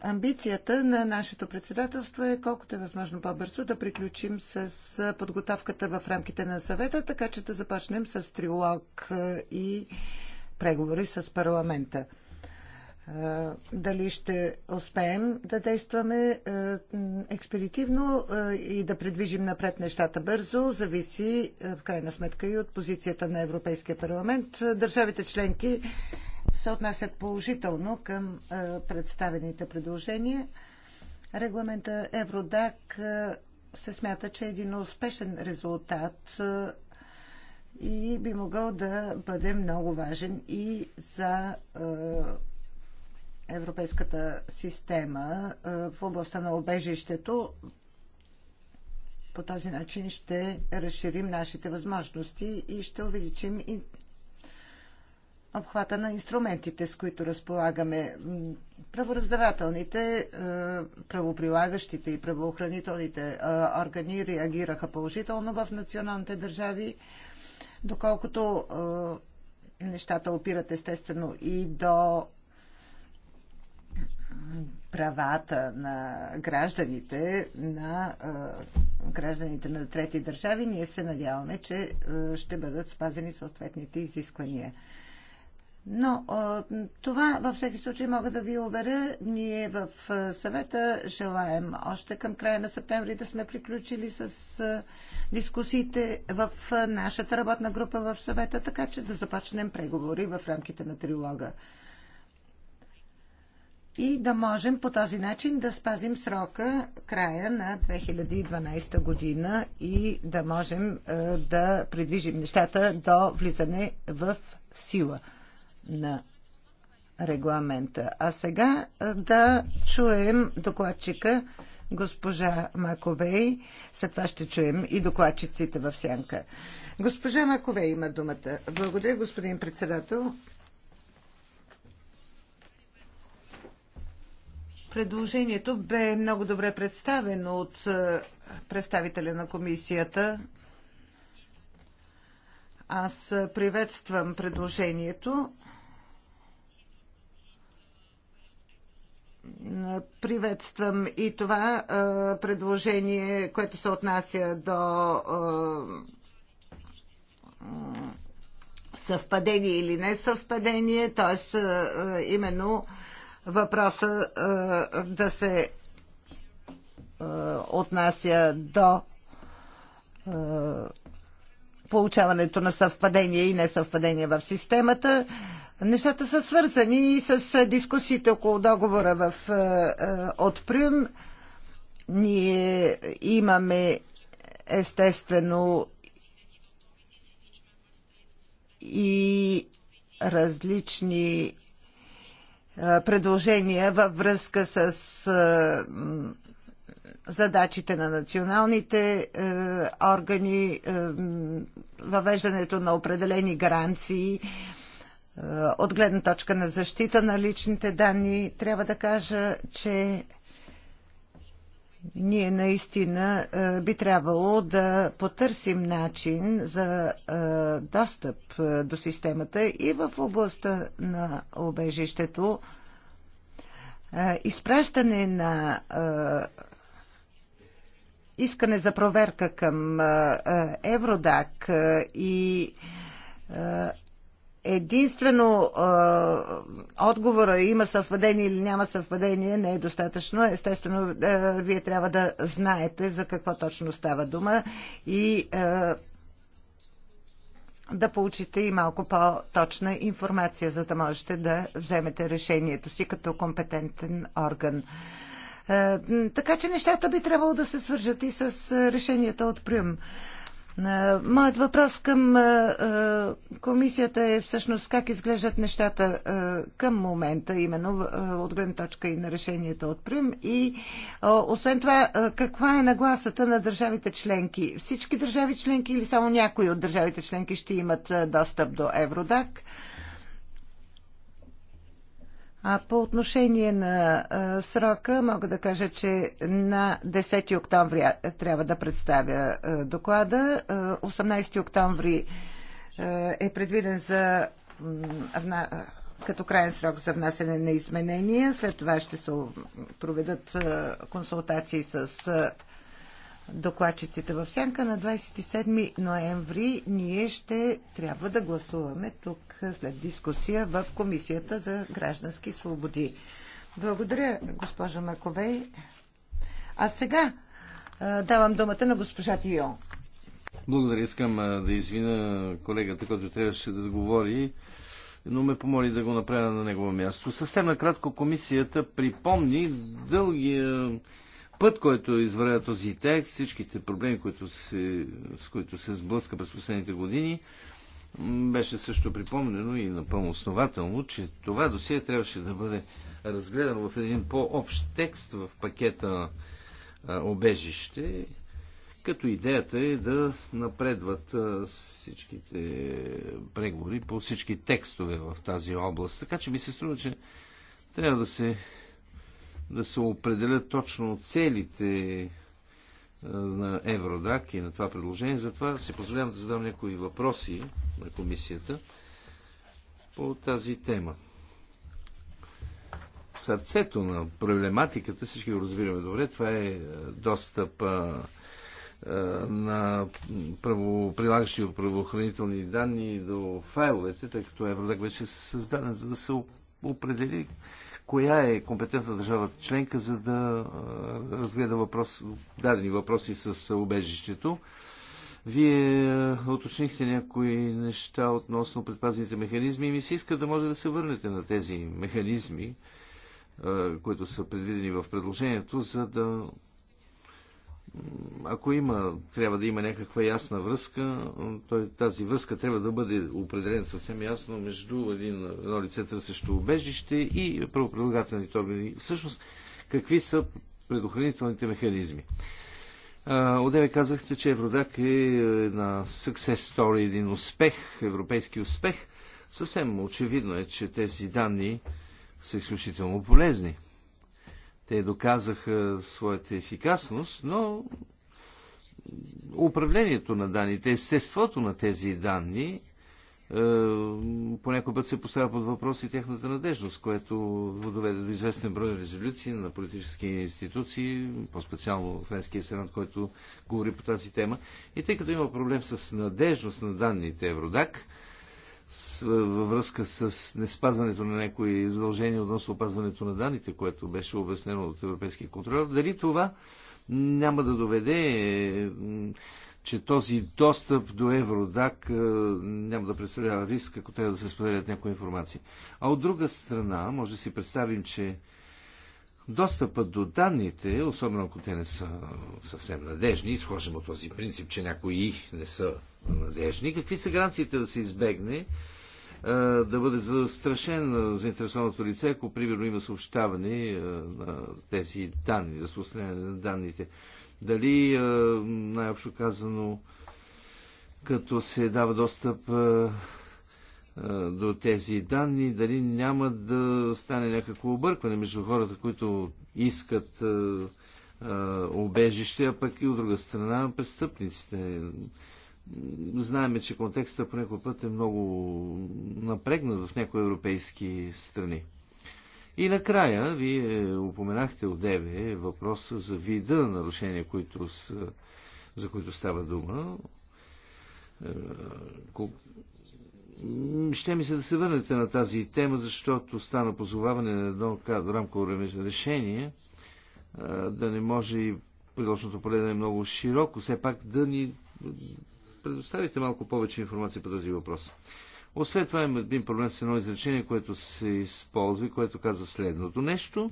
амбицията на нашето председателство е колкото е възможно по-бързо да приключим с е, подготовката в рамките на съвета, така че да започнем с триолог е, и преговори с парламента дали ще успеем да действаме експедитивно и да предвижим напред нещата бързо, зависи в крайна сметка и от позицията на Европейския парламент. Държавите членки се отнасят положително към представените предложения. Регламента Евродак се смята, че е един успешен резултат и би могъл да бъде много важен и за европейската система е, в областта на обежището. По този начин ще разширим нашите възможности и ще увеличим и обхвата на инструментите, с които разполагаме. Правораздавателните, е, правоприлагащите и правоохранителните е, органи реагираха положително в националните държави, доколкото нещата опират естествено и до правата на гражданите, на гражданите на трети държави, ние се надяваме, че ще бъдат спазени съответните изисквания. Но това във всеки случай мога да ви уверя. Ние в съвета желаем още към края на септември да сме приключили с дискусиите в нашата работна група в съвета, така че да започнем преговори в рамките на трилога и да можем по този начин да спазим срока края на 2012 година и да можем е, да придвижим нещата до влизане в сила на регламента. А сега е, да чуем докладчика госпожа Маковей. След това ще чуем и докладчиците в сянка. Госпожа Маковей има думата. Благодаря, господин председател. Предложението бе много добре представено от е, представителя на комисията. Аз приветствам предложението. Приветствам и това е, предложение, което се отнася до е, съвпадение или не съвпадение, т.е. именно въпроса е, да се е, отнася до е, получаването на съвпадение и несъвпадение в системата. Нещата са свързани и с дискусиите около договора в, от Прюм. Ние имаме естествено и различни предложения във връзка с задачите на националните органи, въвеждането на определени гаранции от гледна точка на защита на личните данни. Трябва да кажа, че ние наистина е, би трябвало да потърсим начин за е, достъп е, до системата и в областта на обежището. Изпращане на искане за проверка към Евродак и единствено а, отговора има съвпадение или няма съвпадение не е достатъчно. Естествено, а, вие трябва да знаете за какво точно става дума и а, да получите и малко по-точна информация, за да можете да вземете решението си като компетентен орган. Така че нещата би трябвало да се свържат и с решенията от Прюм. Е, моят въпрос към е, е, комисията е всъщност как изглеждат нещата към момента, именно от гледна точка и на решението от Прим. И освен това, каква е нагласата на държавите членки? Всички държави членки или само някои от държавите членки ще имат достъп до Евродак? А по отношение на а, срока, мога да кажа, че на 10 октомври трябва да представя а, доклада. А, 18 октомври а, е предвиден за, вна, като крайен срок за внасяне на изменения. След това ще се проведат а, консултации с докладчиците в сянка на 27 ноември ние ще трябва да гласуваме тук след дискусия в Комисията за граждански свободи. Благодаря, госпожа Маковей. А сега а, давам думата на госпожа Тио. Благодаря. Искам а, да извина колегата, който трябваше да говори, но ме помоли да го направя на негово място. Съвсем накратко комисията припомни дългия път, който извървя този текст, всичките проблеми, които се, с които се сблъска през последните години, беше също припомнено и напълно основателно, че това досие трябваше да бъде разгледано в един по-общ текст в пакета обежище, като идеята е да напредват всичките преговори по всички текстове в тази област. Така че ми се струва, че трябва да се да се определят точно целите на Евродак и на това предложение. Затова си позволявам да задам някои въпроси на комисията по тази тема. Сърцето на проблематиката, всички го разбираме добре, това е достъп на правоприлагащи правоохранителни данни до файловете, тъй като Евродак беше създаден, за да се определи коя е компетентна държава, членка, за да разгледа въпрос, дадени въпроси с убежището. Вие уточнихте някои неща относно предпазните механизми и ми се иска да може да се върнете на тези механизми, които са предвидени в предложението, за да ако има, трябва да има някаква ясна връзка, той, тази връзка трябва да бъде определена съвсем ясно между един, едно лице търсещо убежище и правоприлагателните органи. Всъщност, какви са предохранителните механизми? Одеве казахте, че Евродак е една success story, един успех, европейски успех. Съвсем очевидно е, че тези данни са изключително полезни – те доказаха своята ефикасност, но управлението на данните, естеството на тези данни, е, по път се поставя под въпрос и техната надежност, което доведе до известен брой резолюции на политически институции, по-специално Френския сенат, който говори по тази тема. И тъй като има проблем с надежност на данните Евродак, във връзка с неспазването на някои задължения относно опазването на данните, което беше обяснено от Европейския контрол, дали това няма да доведе, е, че този достъп до Евродак е, няма да представлява риск, ако трябва да се споделят някои информации. А от друга страна, може да си представим, че Достъпът до данните, особено ако те не са съвсем надежни, изхождам от този принцип, че някои не са надежни, какви са гаранциите да се избегне е, да бъде застрашен заинтересованото лице, ако примерно има съобщаване е, на тези данни, разпространение на данните. Дали, е, най-общо казано, като се дава достъп до тези данни, дали няма да стане някакво объркване между хората, които искат обежище, а пък и от друга страна престъпниците. Знаеме, че контекста по някой път е много напрегнат в някои европейски страни. И накрая, вие упоменахте от деве въпроса за вида нарушения, които са, за които става дума е, ще ми се да се върнете на тази тема, защото стана позоваване на едно рамково решение, да не може и предложното поле да е много широко, все пак да ни предоставите малко повече информация по този въпрос. Освен това има един проблем с едно изречение, което се използва и което казва следното нещо,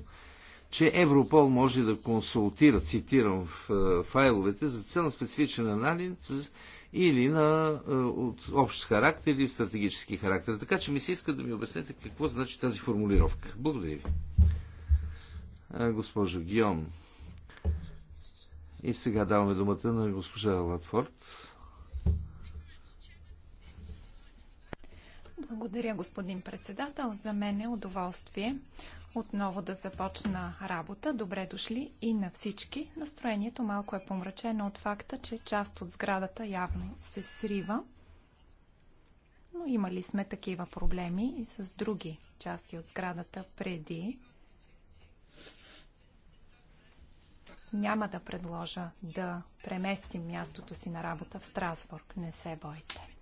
че Европол може да консултира, цитирам в файловете, за цел на специфичен анализ или на, е, от общ характер или стратегически характер. Така че ми се иска да ми обясните какво значи тази формулировка. Благодаря ви. Госпожо Гион. И сега даваме думата на госпожа Латфорд. Благодаря, господин председател. За мен е удоволствие отново да започна работа. Добре дошли и на всички. Настроението малко е помрачено от факта, че част от сградата явно се срива. Но имали сме такива проблеми и с други части от сградата преди. Няма да предложа да преместим мястото си на работа в Страсбург. Не се бойте.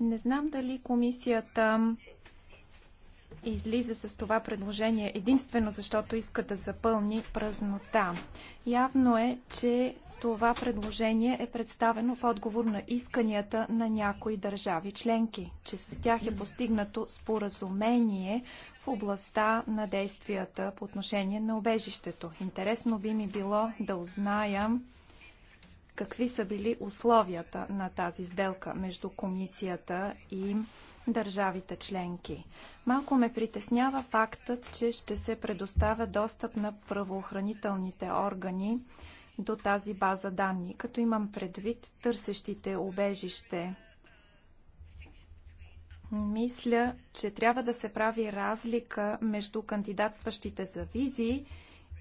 Не знам дали комисията излиза с това предложение единствено защото иска да запълни празнота. Явно е, че това предложение е представено в отговор на исканията на някои държави членки, че с тях е постигнато споразумение в областта на действията по отношение на обежището. Интересно би ми било да узнаям какви са били условията на тази сделка между комисията и държавите членки. Малко ме притеснява фактът, че ще се предоставя достъп на правоохранителните органи до тази база данни, като имам предвид търсещите обежище. Мисля, че трябва да се прави разлика между кандидатстващите за визии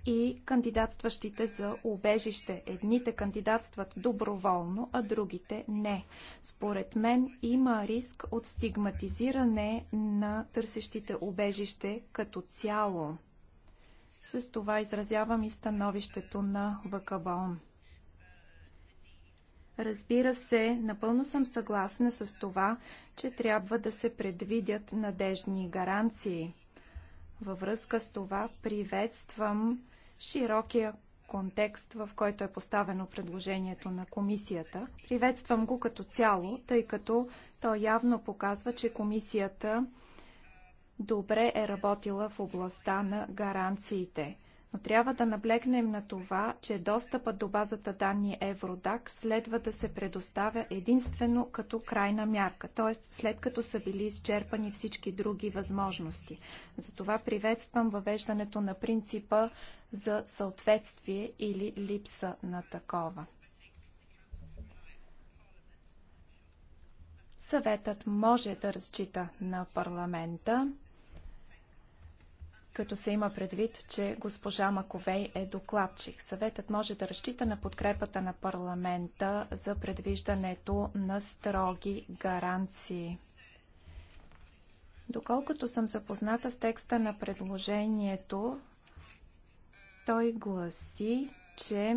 и кандидатстващите за убежище. Едните кандидатстват доброволно, а другите не. Според мен има риск от стигматизиране на търсещите убежище като цяло. С това изразявам и становището на ВКБОН. Разбира се, напълно съм съгласна с това, че трябва да се предвидят надежни гаранции. Във връзка с това приветствам широкия контекст, в който е поставено предложението на комисията. Приветствам го като цяло, тъй като то явно показва, че комисията добре е работила в областта на гаранциите. Но трябва да наблегнем на това, че достъпът до базата данни Евродак следва да се предоставя единствено като крайна мярка, т.е. след като са били изчерпани всички други възможности. Затова приветствам въвеждането на принципа за съответствие или липса на такова. Съветът може да разчита на парламента като се има предвид, че госпожа Маковей е докладчик. Съветът може да разчита на подкрепата на парламента за предвиждането на строги гаранции. Доколкото съм запозната с текста на предложението, той гласи, че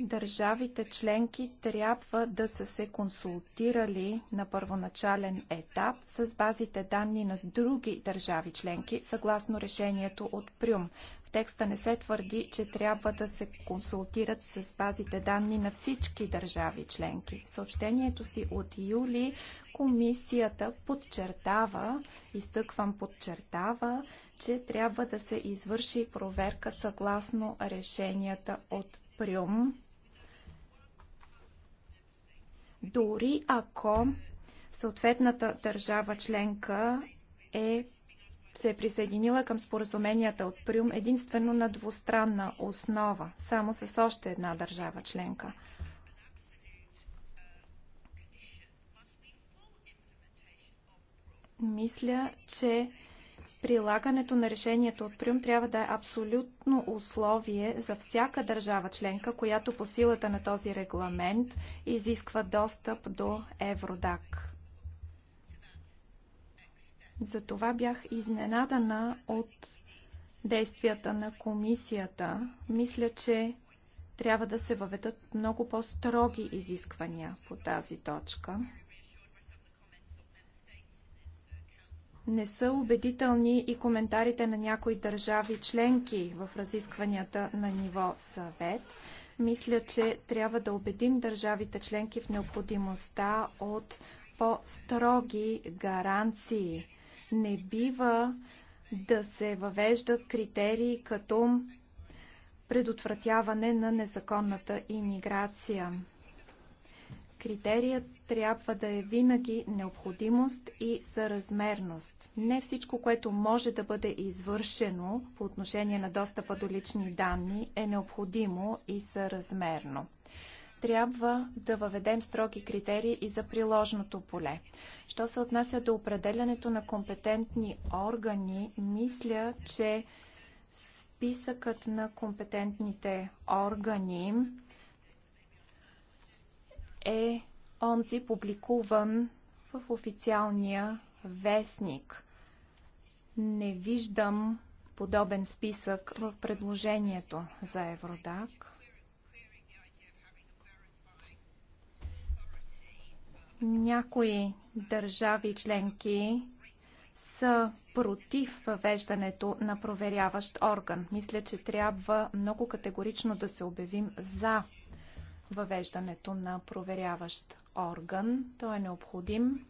Държавите членки трябва да са се консултирали на първоначален етап с базите данни на други държави членки, съгласно решението от Прюм. В текста не се твърди, че трябва да се консултират с базите данни на всички държави членки. В съобщението си от юли комисията подчертава, изтъквам подчертава, че трябва да се извърши проверка съгласно решенията от Киприум, дори ако съответната държава членка е се е присъединила към споразуменията от Прюм единствено на двустранна основа, само с още една държава членка. Мисля, че прилагането на решението от Прюм трябва да е абсолютно условие за всяка държава членка, която по силата на този регламент изисква достъп до Евродак. Затова бях изненадана от действията на комисията. Мисля, че трябва да се въведат много по-строги изисквания по тази точка. Не са убедителни и коментарите на някои държави членки в разискванията на ниво съвет. Мисля, че трябва да убедим държавите членки в необходимостта от по-строги гаранции. Не бива да се въвеждат критерии като предотвратяване на незаконната имиграция. Критерият трябва да е винаги необходимост и съразмерност. Не всичко, което може да бъде извършено по отношение на достъпа до лични данни, е необходимо и съразмерно трябва да въведем строги критерии и за приложното поле. Що се отнася до определянето на компетентни органи, мисля, че списъкът на компетентните органи е онзи публикуван в официалния вестник. Не виждам подобен списък в предложението за Евродак. Някои държави членки са против въвеждането на проверяващ орган. Мисля, че трябва много категорично да се обявим за въвеждането на проверяващ орган. Той е необходим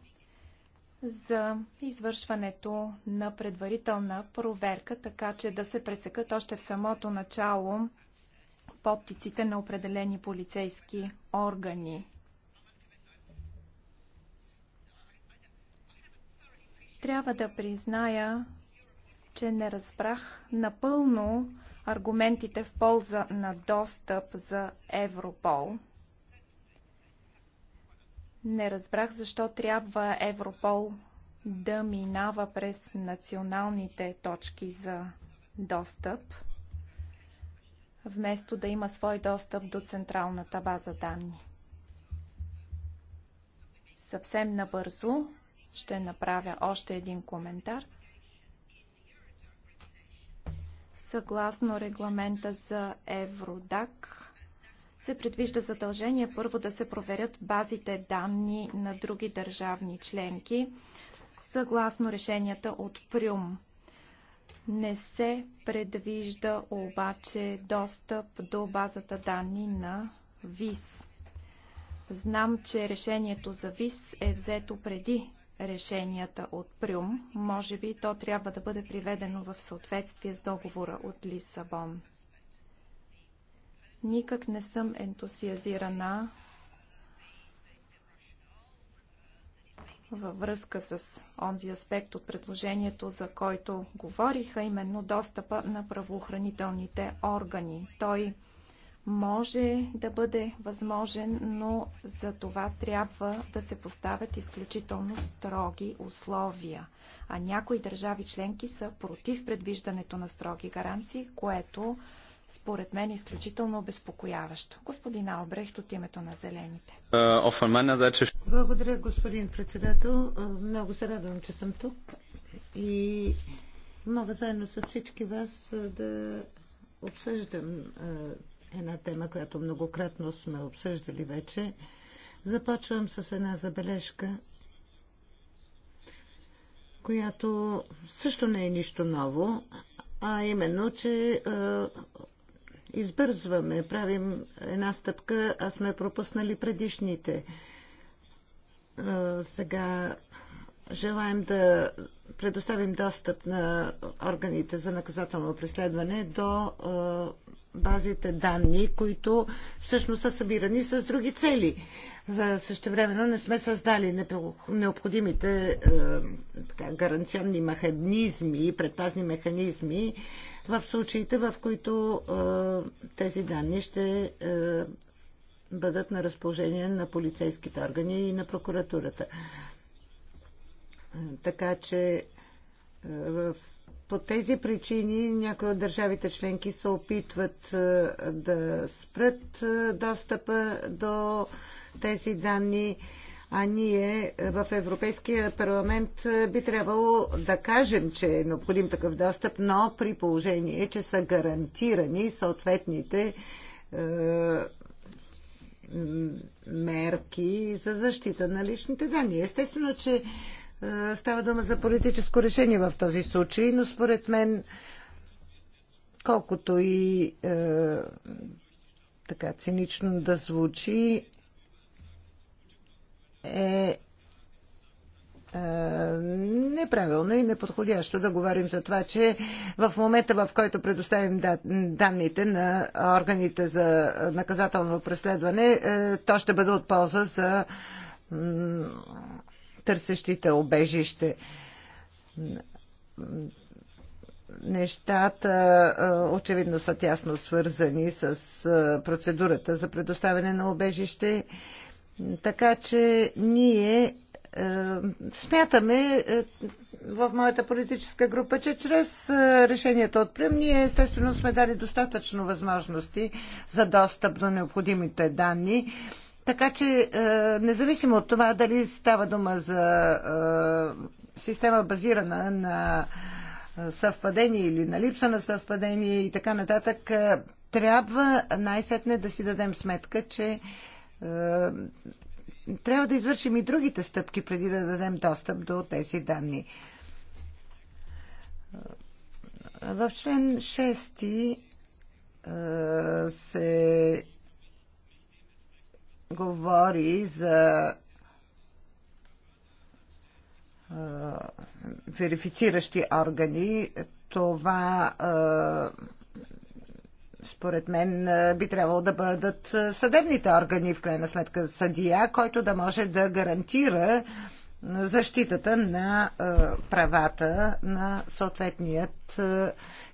за извършването на предварителна проверка, така че да се пресекат още в самото начало подтиците на определени полицейски органи. Трябва да призная, че не разбрах напълно аргументите в полза на достъп за Европол. Не разбрах защо трябва Европол да минава през националните точки за достъп, вместо да има свой достъп до централната база данни. Съвсем набързо ще направя още един коментар – Съгласно регламента за Евродак, се предвижда задължение първо да се проверят базите данни на други държавни членки, съгласно решенията от Прюм. Не се предвижда обаче достъп до базата данни на ВИС. Знам, че решението за ВИС е взето преди решенията от Прюм. Може би то трябва да бъде приведено в съответствие с договора от Лисабон. Никак не съм ентусиазирана във връзка с онзи аспект от предложението, за който говориха, именно достъпа на правоохранителните органи. Той може да бъде възможен, но за това трябва да се поставят изключително строги условия. А някои държави членки са против предвиждането на строги гаранции, което според мен е изключително обезпокояващо. Господин Албрехт от името на Зелените. Е, значи- Благодаря, господин председател. Е, много се радвам, че съм тук и мога заедно с всички вас е, да обсъждам една тема, която многократно сме обсъждали вече. Започвам с една забележка, която също не е нищо ново, а именно, че избързваме, правим една стъпка, а сме пропуснали предишните. Сега желаем да предоставим достъп на органите за наказателно преследване до базите данни, които всъщност са събирани с други цели. За същевременно не сме създали необходимите е, така, гаранционни механизми и предпазни механизми в случаите, в които е, тези данни ще е, бъдат на разположение на полицейските органи и на прокуратурата. Е, така че е, в по тези причини някои от държавите членки се опитват е, да спрат е, достъпа до тези данни, а ние в Европейския парламент е, би трябвало да кажем, че е необходим такъв достъп, но при положение, че са гарантирани съответните мерки за защита на личните данни. Естествено, че е, става дума за политическо решение в този случай, но според мен, колкото и е, така цинично да звучи, е, е неправилно и неподходящо да говорим за това, че в момента, в който предоставим данните на органите за наказателно преследване, е, то ще бъде от полза за търсещите обежище нещата очевидно са тясно свързани с процедурата за предоставяне на обежище. Така че ние смятаме в моята политическа група, че чрез решението от Прим ние естествено сме дали достатъчно възможности за достъп до необходимите данни така че, е, независимо от това дали става дума за е, система базирана на е, съвпадение или на липса на съвпадение и така нататък, е, трябва най-сетне да си дадем сметка, че е, трябва да извършим и другите стъпки преди да дадем достъп до тези данни. Е, в член 6 се говори за верифициращи органи, това според мен би трябвало да бъдат съдебните органи, в крайна сметка съдия, който да може да гарантира защитата на правата на съответният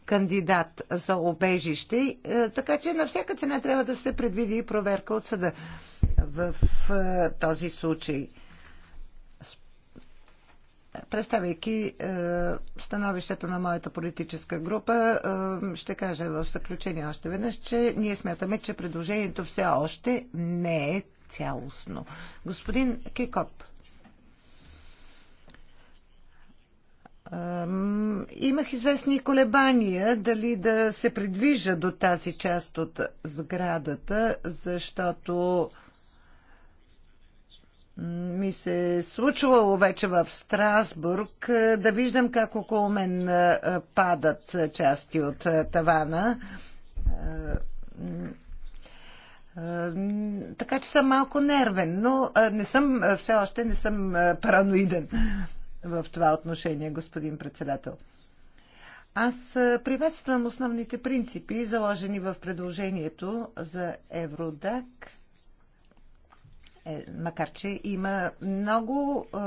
кандидат за обежище. Е, така че на всяка цена трябва да се предвиди и проверка от съда в този случай, представяйки становището на моята политическа група, ще кажа в заключение още веднъж, че ние смятаме, че предложението все още не е цялостно. Господин Кикоп. Имах известни колебания дали да се придвижа до тази част от сградата, защото ми се е случвало вече в Страсбург е, да виждам как около мен е, е, падат части от тавана. Така че съм малко нервен, но не съм, все още не съм параноиден в това отношение, господин председател. Аз приветствам основните принципи, заложени в предложението за Евродак – е, макар, че има много е,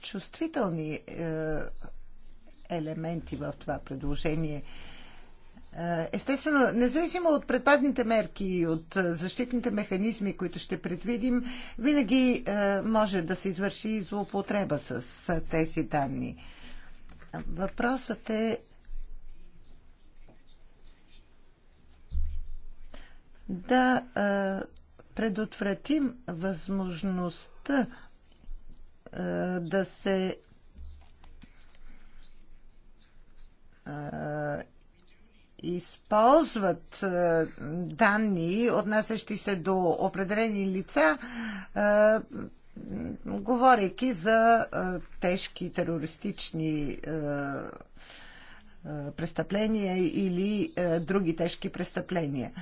чувствителни е, елементи в това предложение. Е, естествено, независимо от предпазните мерки и от е, защитните механизми, които ще предвидим, винаги е, може да се извърши и злоупотреба с тези данни. Въпросът е да предотвратим възможността а, е, да се а, е, използват а, е, данни, отнасящи се до определени лица, говорейки за тежки терористични престъпления или други тежки престъпления.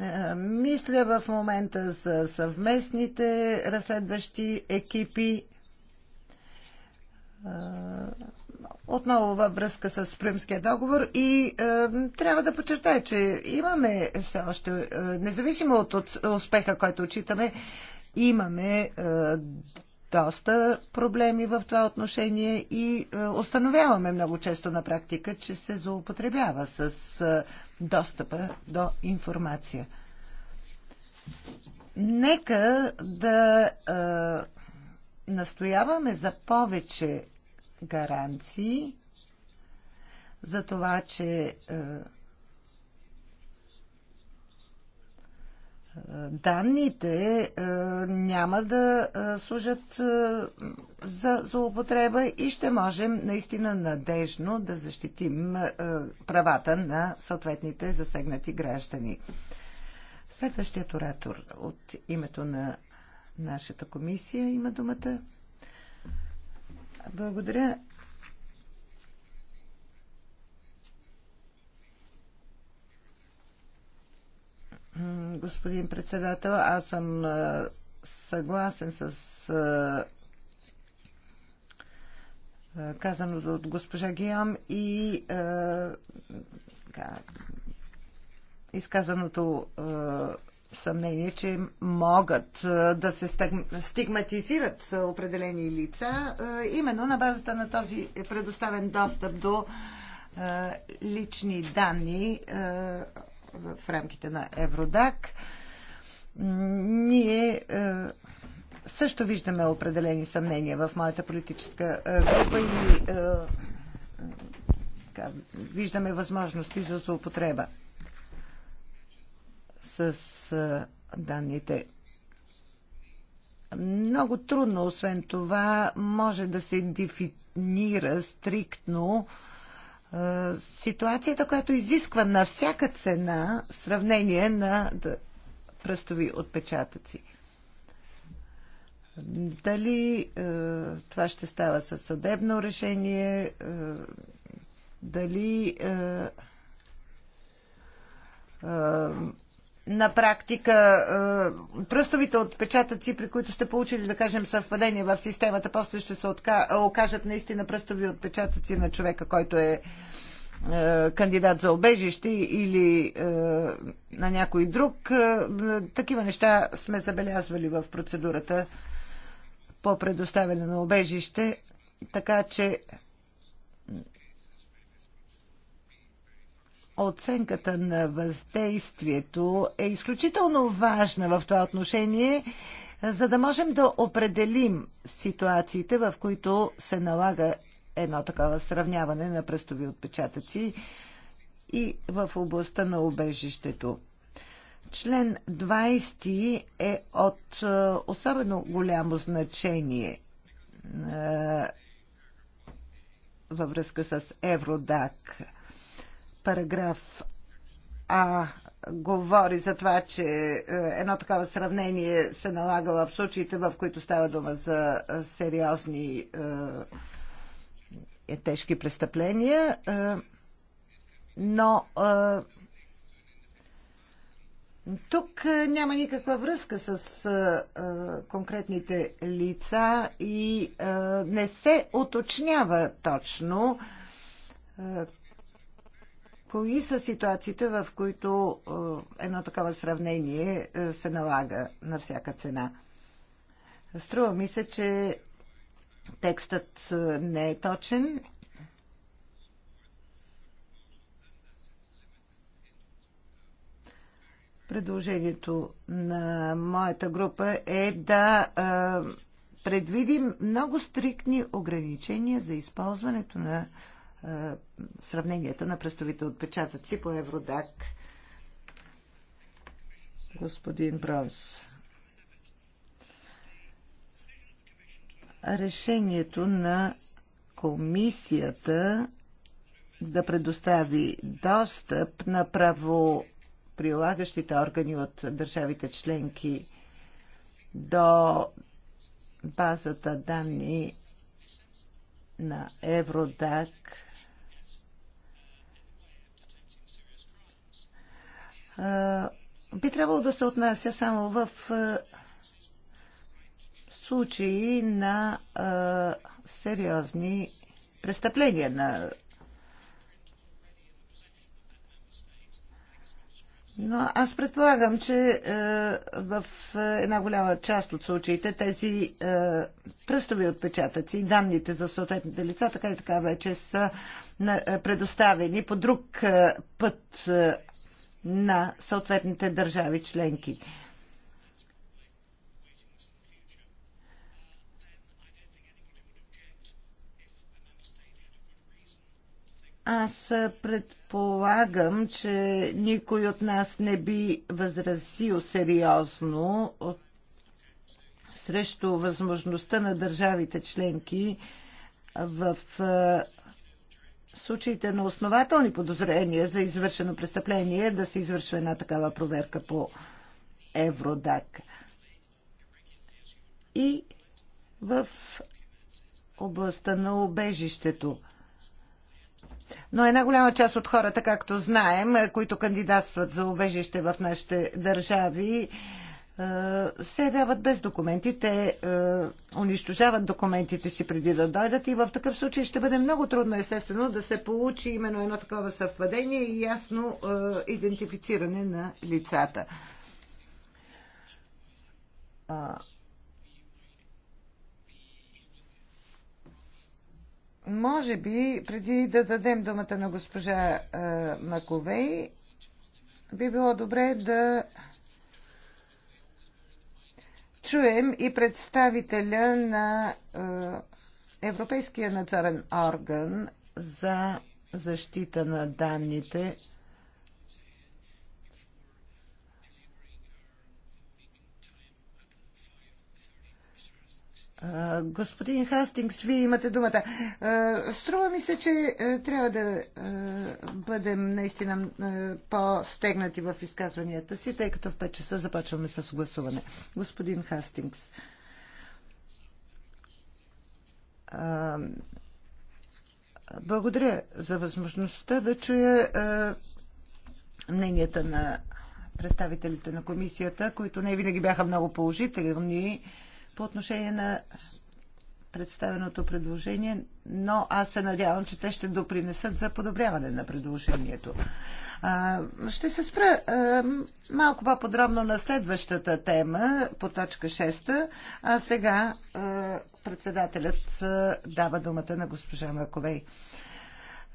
Е, мисля в момента за съвместните разследващи екипи е, отново във връзка с Примския договор и е, трябва да подчертая, че имаме все още, е, независимо от, от успеха, който отчитаме, имаме е, доста проблеми в това отношение и е, установяваме много често на практика, че се злоупотребява с е, достъпа до информация. Нека да а, настояваме за повече гаранции за това, че а, данните е, няма да е, служат е, за злоупотреба и ще можем наистина надежно да защитим правата на съответните засегнати граждани. Следващият оратор от името на нашата комисия има думата. Благодаря, господин председател. Аз съм съгласен с казаното от госпожа Гиам и изказаното съмнение, че могат да се стигматизират определени лица, именно на базата на този предоставен достъп до лични данни в рамките на Евродак. Ние е, също виждаме определени съмнения в моята политическа е, група и е, така, виждаме възможности за злоупотреба с данните. Много трудно, освен това, може да се дефинира стриктно а, ситуацията, която изисква на всяка цена сравнение на пръстови отпечатъци. Дали е, това ще става със съдебно решение, е, дали е, е, на практика е, пръстовите отпечатъци, при които сте получили, да кажем, съвпадение в системата, после ще се окажат наистина пръстови отпечатъци на човека, който е, е кандидат за обежище или е, на някой друг. Такива неща сме забелязвали в процедурата по предоставяне на обежище, така че оценката на въздействието е изключително важна в това отношение, за да можем да определим ситуациите, в които се налага едно такова сравняване на пръстови отпечатъци и в областта на убежището. Член 20 е от е, особено голямо значение е, във връзка с Евродак – параграф А говори за това, че е, едно такова сравнение се налага в случаите, в които става дума за е, сериозни е, е, тежки престъпления, е, но е, тук няма никаква връзка с е, конкретните лица и е, не се уточнява точно Кои са ситуациите, в които е, едно такова сравнение е, се налага на всяка цена? Струва ми се, че текстът е, не е точен. Предложението на моята група е да предвидим много стриктни ограничения за използването на е, сравненията на пръстовите отпечатъци по Евродак. Господин Бронс. Решението на комисията да предостави достъп на право прилагащите органи от държавите членки до базата данни на Евродак – би трябвало да се отнася само в случаи на сериозни престъпления на Но аз предполагам, че е, в една голяма част от случаите тези е, пръстови отпечатъци и данните за съответните лица, така и така вече са на, предоставени по друг е, път е, на съответните държави членки. Аз предполагам, че никой от нас не би възразил сериозно от... срещу възможността на държавите членки в случаите на основателни подозрения за извършено престъпление да се извършва една такава проверка по Евродак. И в областта на убежището. Но една голяма част от хората, както знаем, които кандидатстват за убежище в нашите държави, е, се явяват без документи. Те е, унищожават документите си преди да дойдат и в такъв случай ще бъде много трудно, естествено, да се получи именно едно такова съвпадение и ясно е, идентифициране на лицата. Може би, преди да дадем думата на госпожа е, Маковей, би било добре да чуем и представителя на е, Европейския надзорен орган за защита на данните Господин Хастингс, вие имате думата. Струва ми се, че трябва да бъдем наистина по-стегнати в изказванията си, тъй като в 5 часа започваме с гласуване. Господин Хастингс. Благодаря за възможността да чуя мненията на представителите на комисията, които не винаги бяха много положителни по отношение на представеното предложение, но аз се надявам, че те ще допринесат за подобряване на предложението. А, ще се спра а, малко по-подробно на следващата тема по точка 6, а сега а, председателят а, дава думата на госпожа Маковей.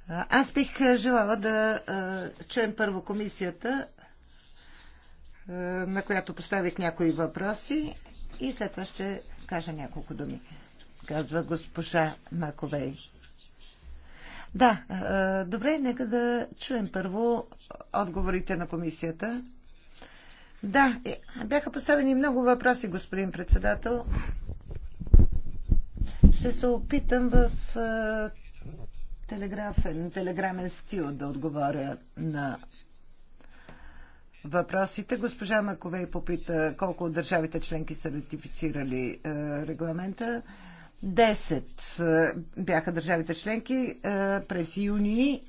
аз бих желала да а, чуем първо комисията, а, на която поставих някои въпроси и след това ще кажа няколко думи, казва госпожа Маковей. Да, добре, нека да чуем първо отговорите на комисията. Да, е, бяха поставени много въпроси, господин председател. Ще се опитам в телеграфен, телеграмен стил да отговоря на въпросите. Госпожа Маковей попита колко от държавите членки са ратифицирали е, регламента. Десет е, бяха държавите членки е, през юни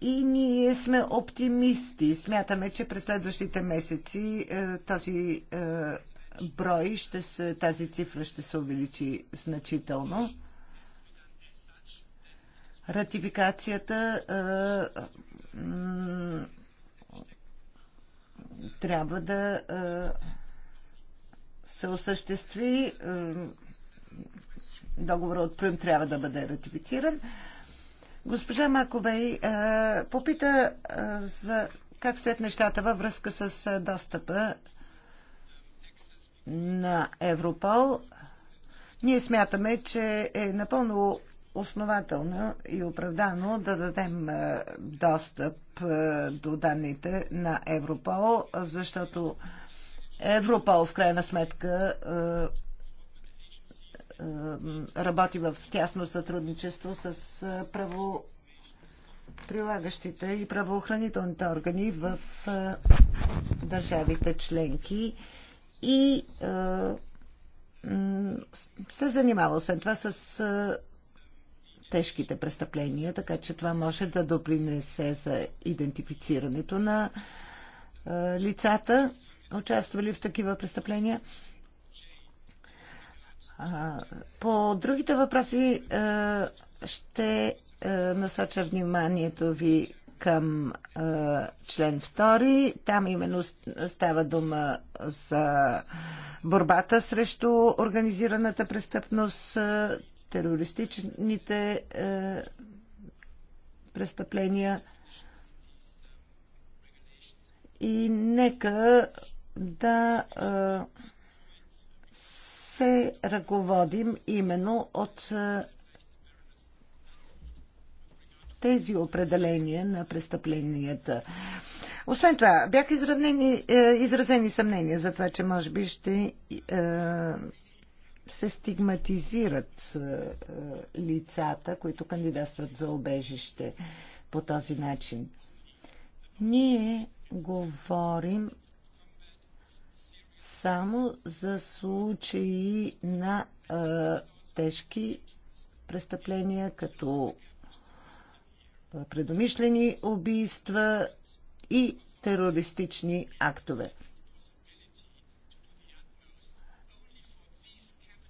и ние сме оптимисти. Смятаме, че през следващите месеци този брой, ще се, тази цифра ще се увеличи значително. Ратификацията трябва да се осъществи. Договора от Прим трябва да бъде ратифициран. Госпожа Маковей попита за как стоят нещата във връзка с достъпа на Европол. Ние смятаме, че е напълно основателно и оправдано да дадем е, достъп е, до данните на Европол, защото Европол в крайна сметка е, работи в тясно сътрудничество с правоприлагащите и правоохранителните органи в държавите членки и се занимава освен това с тежките престъпления, така че това може да допринесе за идентифицирането на лицата, участвали в такива престъпления. По другите въпроси ще насоча вниманието ви към член 2. Там именно става дума за борбата срещу организираната престъпност, терористичните престъпления. И нека да се ръководим именно от тези определения на престъпленията. Освен това, бяха изравнени, е, изразени съмнения за това, че може би ще е, се стигматизират е, е лицата, които кандидатстват за обежище по този начин. Ние говорим само за случаи на е, тежки престъпления, като предумишлени убийства и терористични актове.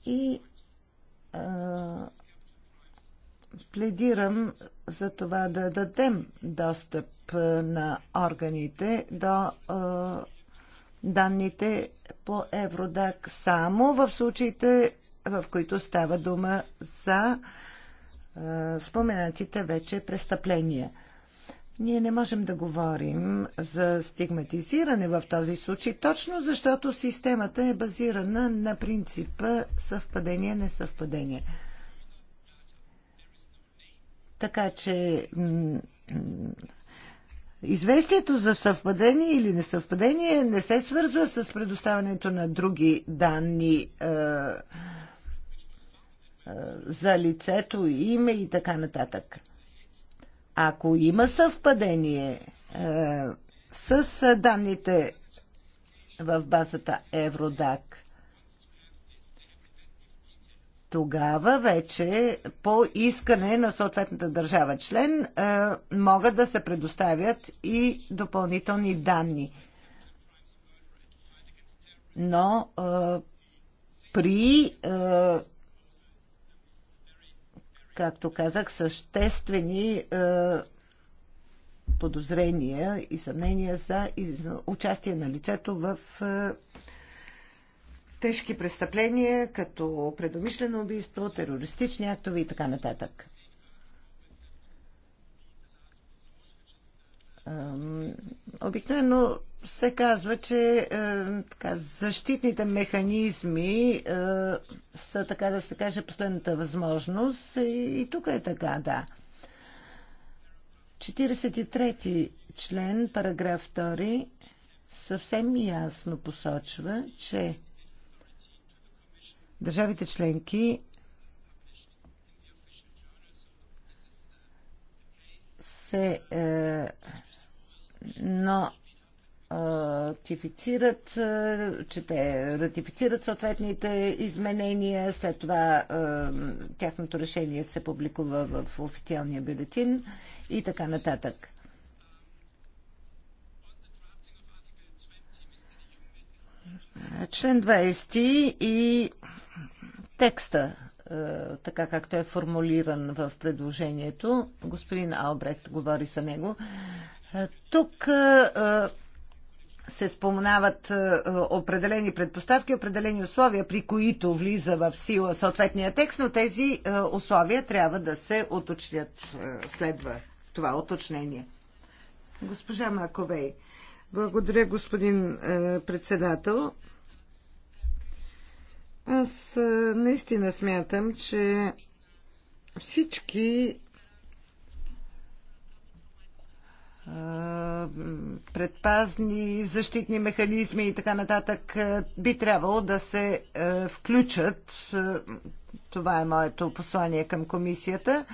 И а, пледирам за това да дадем достъп на органите до а, данните по Евродак само в случаите, в които става дума за а, споменатите вече престъпления. Ние не можем да говорим за стигматизиране в този случай, точно защото системата е базирана на принципа съвпадение-несъвпадение. Така че известието за съвпадение или несъвпадение не се свързва с предоставянето на други данни. Е, за лицето, име и така нататък. Ако има съвпадение с данните в базата Евродак, тогава вече по искане на съответната държава член могат да се предоставят и допълнителни данни. Но при както казах, съществени е, подозрения и съмнения за участие на лицето в е, тежки престъпления, като предомишлено убийство, терористични актове и така нататък. Обикновено се казва, че е, така, защитните механизми е, са, така да се каже, последната възможност. И, и тук е така, да. 43 ти член, параграф 2, съвсем ясно посочва, че държавите членки се. Е, но ратифицират, че те ратифицират съответните изменения, след това тяхното решение се публикува в официалния бюлетин и така нататък. Член 20 и текста, така както е формулиран в предложението, господин Албрехт говори за него. Тук се споменават е, определени предпоставки, определени условия, при които влиза в сила съответния текст, но тези е, условия трябва да се уточнят. Е, следва това уточнение. Госпожа Маковей, благодаря, господин председател. Аз наистина смятам, че всички предпазни защитни механизми и така нататък би трябвало да се включат. Това е моето послание към комисията.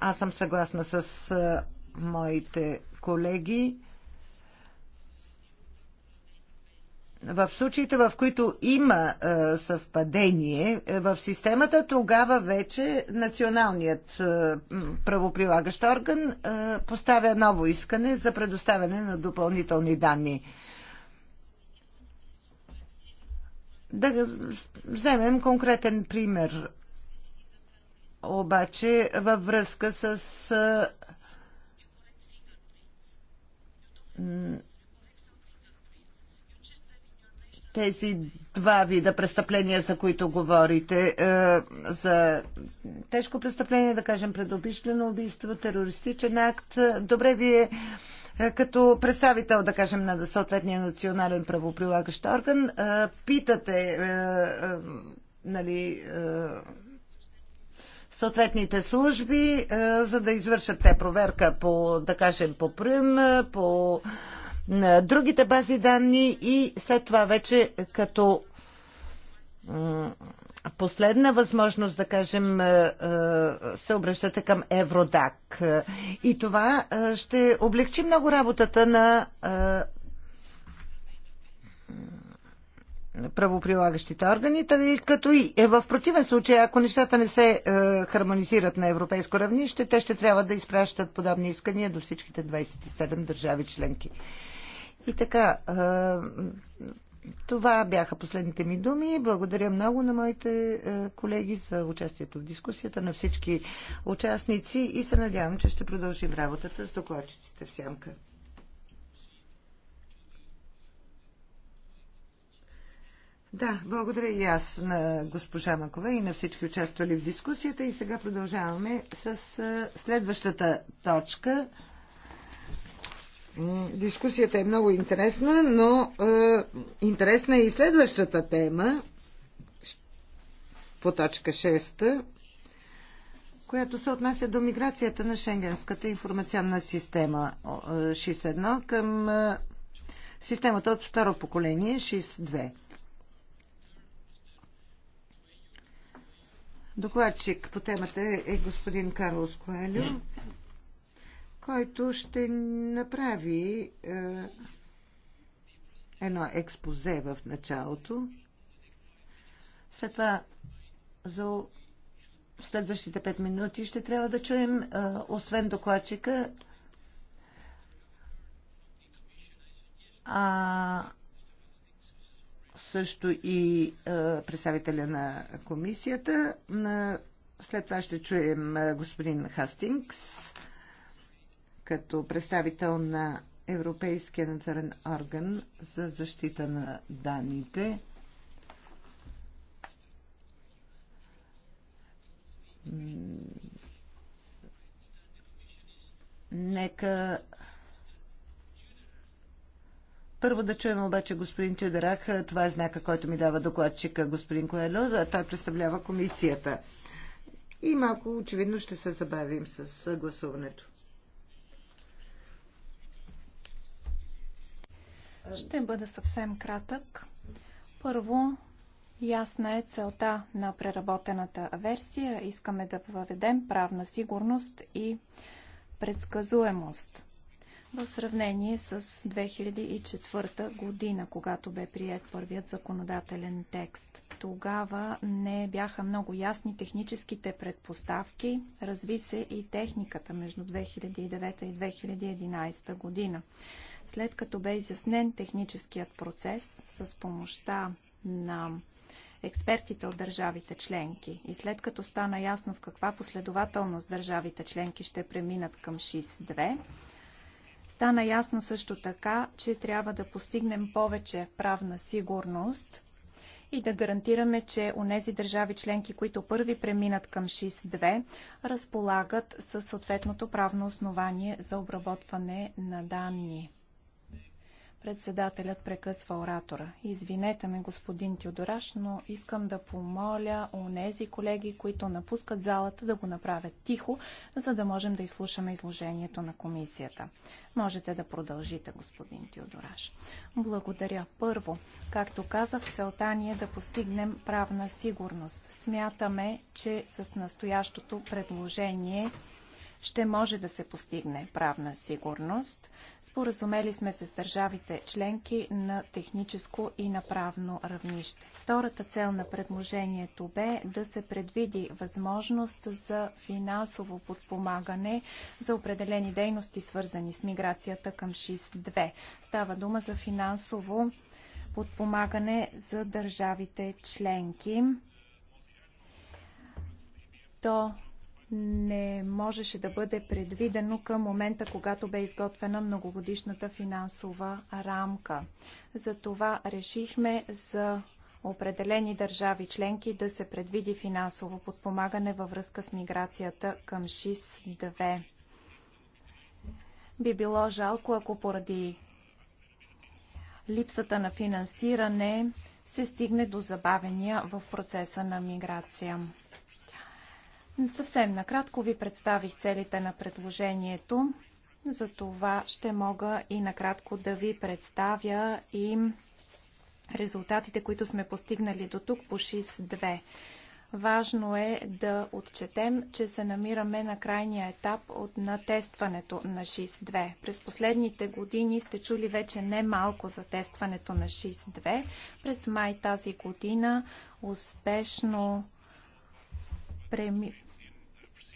Аз съм съгласна с моите колеги. в случаите, в които има а, е, съвпадение е, в системата, тогава вече националният а, е, правоприлагащ орган а, поставя ново искане за предоставяне на допълнителни данни. Да вземем конкретен пример, обаче във връзка с тези два вида престъпления, за които говорите, е, за тежко престъпление, да кажем предобишлено убийство, терористичен акт. Добре, вие е, като представител, да кажем, на съответния национален правоприлагащ орган, е, питате нали, съответните служби, за да извършат те проверка по, да кажем, по Прим, по на другите бази данни и след това вече като последна възможност, да кажем, е, е, се обръщате към Евродак. И това е, ще облегчи много работата на правоприлагащите органи, тъй като и е в противен случай, ако нещата не се е, хармонизират на европейско равнище, те ще трябва да изпращат подобни искания до всичките 27 държави членки. И така, това бяха последните ми думи. Благодаря много на моите колеги за участието в дискусията, на всички участници и се надявам, че ще продължим работата с докладчиците в сянка. Да, благодаря и аз на госпожа Макова и на всички участвали в дискусията. И сега продължаваме с следващата точка. Дискусията е много интересна, но е, интересна е и следващата тема по точка 6, която се отнася до миграцията на Шенгенската информационна система 61 е, към е, системата от второ поколение 62. Докладчик по темата е господин Карлос Коелю който ще направи е, едно експозе в началото. След това за следващите 5 минути ще трябва да чуем, е, освен докладчика, а също и е, представителя на комисията. След това ще чуем господин Хастингс като представител на Европейския национален орган за защита на данните. Нека първо да чуем обаче господин Тюдерах. Това е знака, който ми дава докладчика господин Коело. Да, той представлява комисията. И малко очевидно ще се забавим с гласуването. Ще бъда съвсем кратък. Първо, ясна е целта на преработената версия. Искаме да въведем правна сигурност и предсказуемост в сравнение с 2004 година, когато бе прият първият законодателен текст. Тогава не бяха много ясни техническите предпоставки, разви се и техниката между 2009 и 2011 година. След като бе изяснен техническият процес с помощта на експертите от държавите членки и след като стана ясно в каква последователност държавите членки ще преминат към ШИС-2, Стана ясно също така, че трябва да постигнем повече правна сигурност и да гарантираме, че онези държави членки, които първи преминат към ШИС-2, разполагат със съответното правно основание за обработване на данни. Председателят прекъсва оратора. Извинете ме, господин Тюдораш, но искам да помоля онези колеги, които напускат залата, да го направят тихо, за да можем да изслушаме изложението на комисията. Можете да продължите, господин Тюдораш. Благодаря. Първо, както казах, целта ни е да постигнем правна сигурност. Смятаме, че с настоящото предложение ще може да се постигне правна сигурност. Споразумели сме се с държавите членки на техническо и на правно равнище. Втората цел на предложението бе да се предвиди възможност за финансово подпомагане за определени дейности, свързани с миграцията към ШИС-2. Става дума за финансово подпомагане за държавите членки. То не можеше да бъде предвидено към момента, когато бе изготвена многогодишната финансова рамка. Затова решихме за определени държави членки да се предвиди финансово подпомагане във връзка с миграцията към ШИС-2. Би било жалко, ако поради липсата на финансиране се стигне до забавения в процеса на миграция. Съвсем накратко ви представих целите на предложението. За това ще мога и накратко да ви представя и резултатите, които сме постигнали до тук по ШИС-2. Важно е да отчетем, че се намираме на крайния етап от натестването на ШИС-2. През последните години сте чули вече не малко за тестването на ШИС-2. През май тази година успешно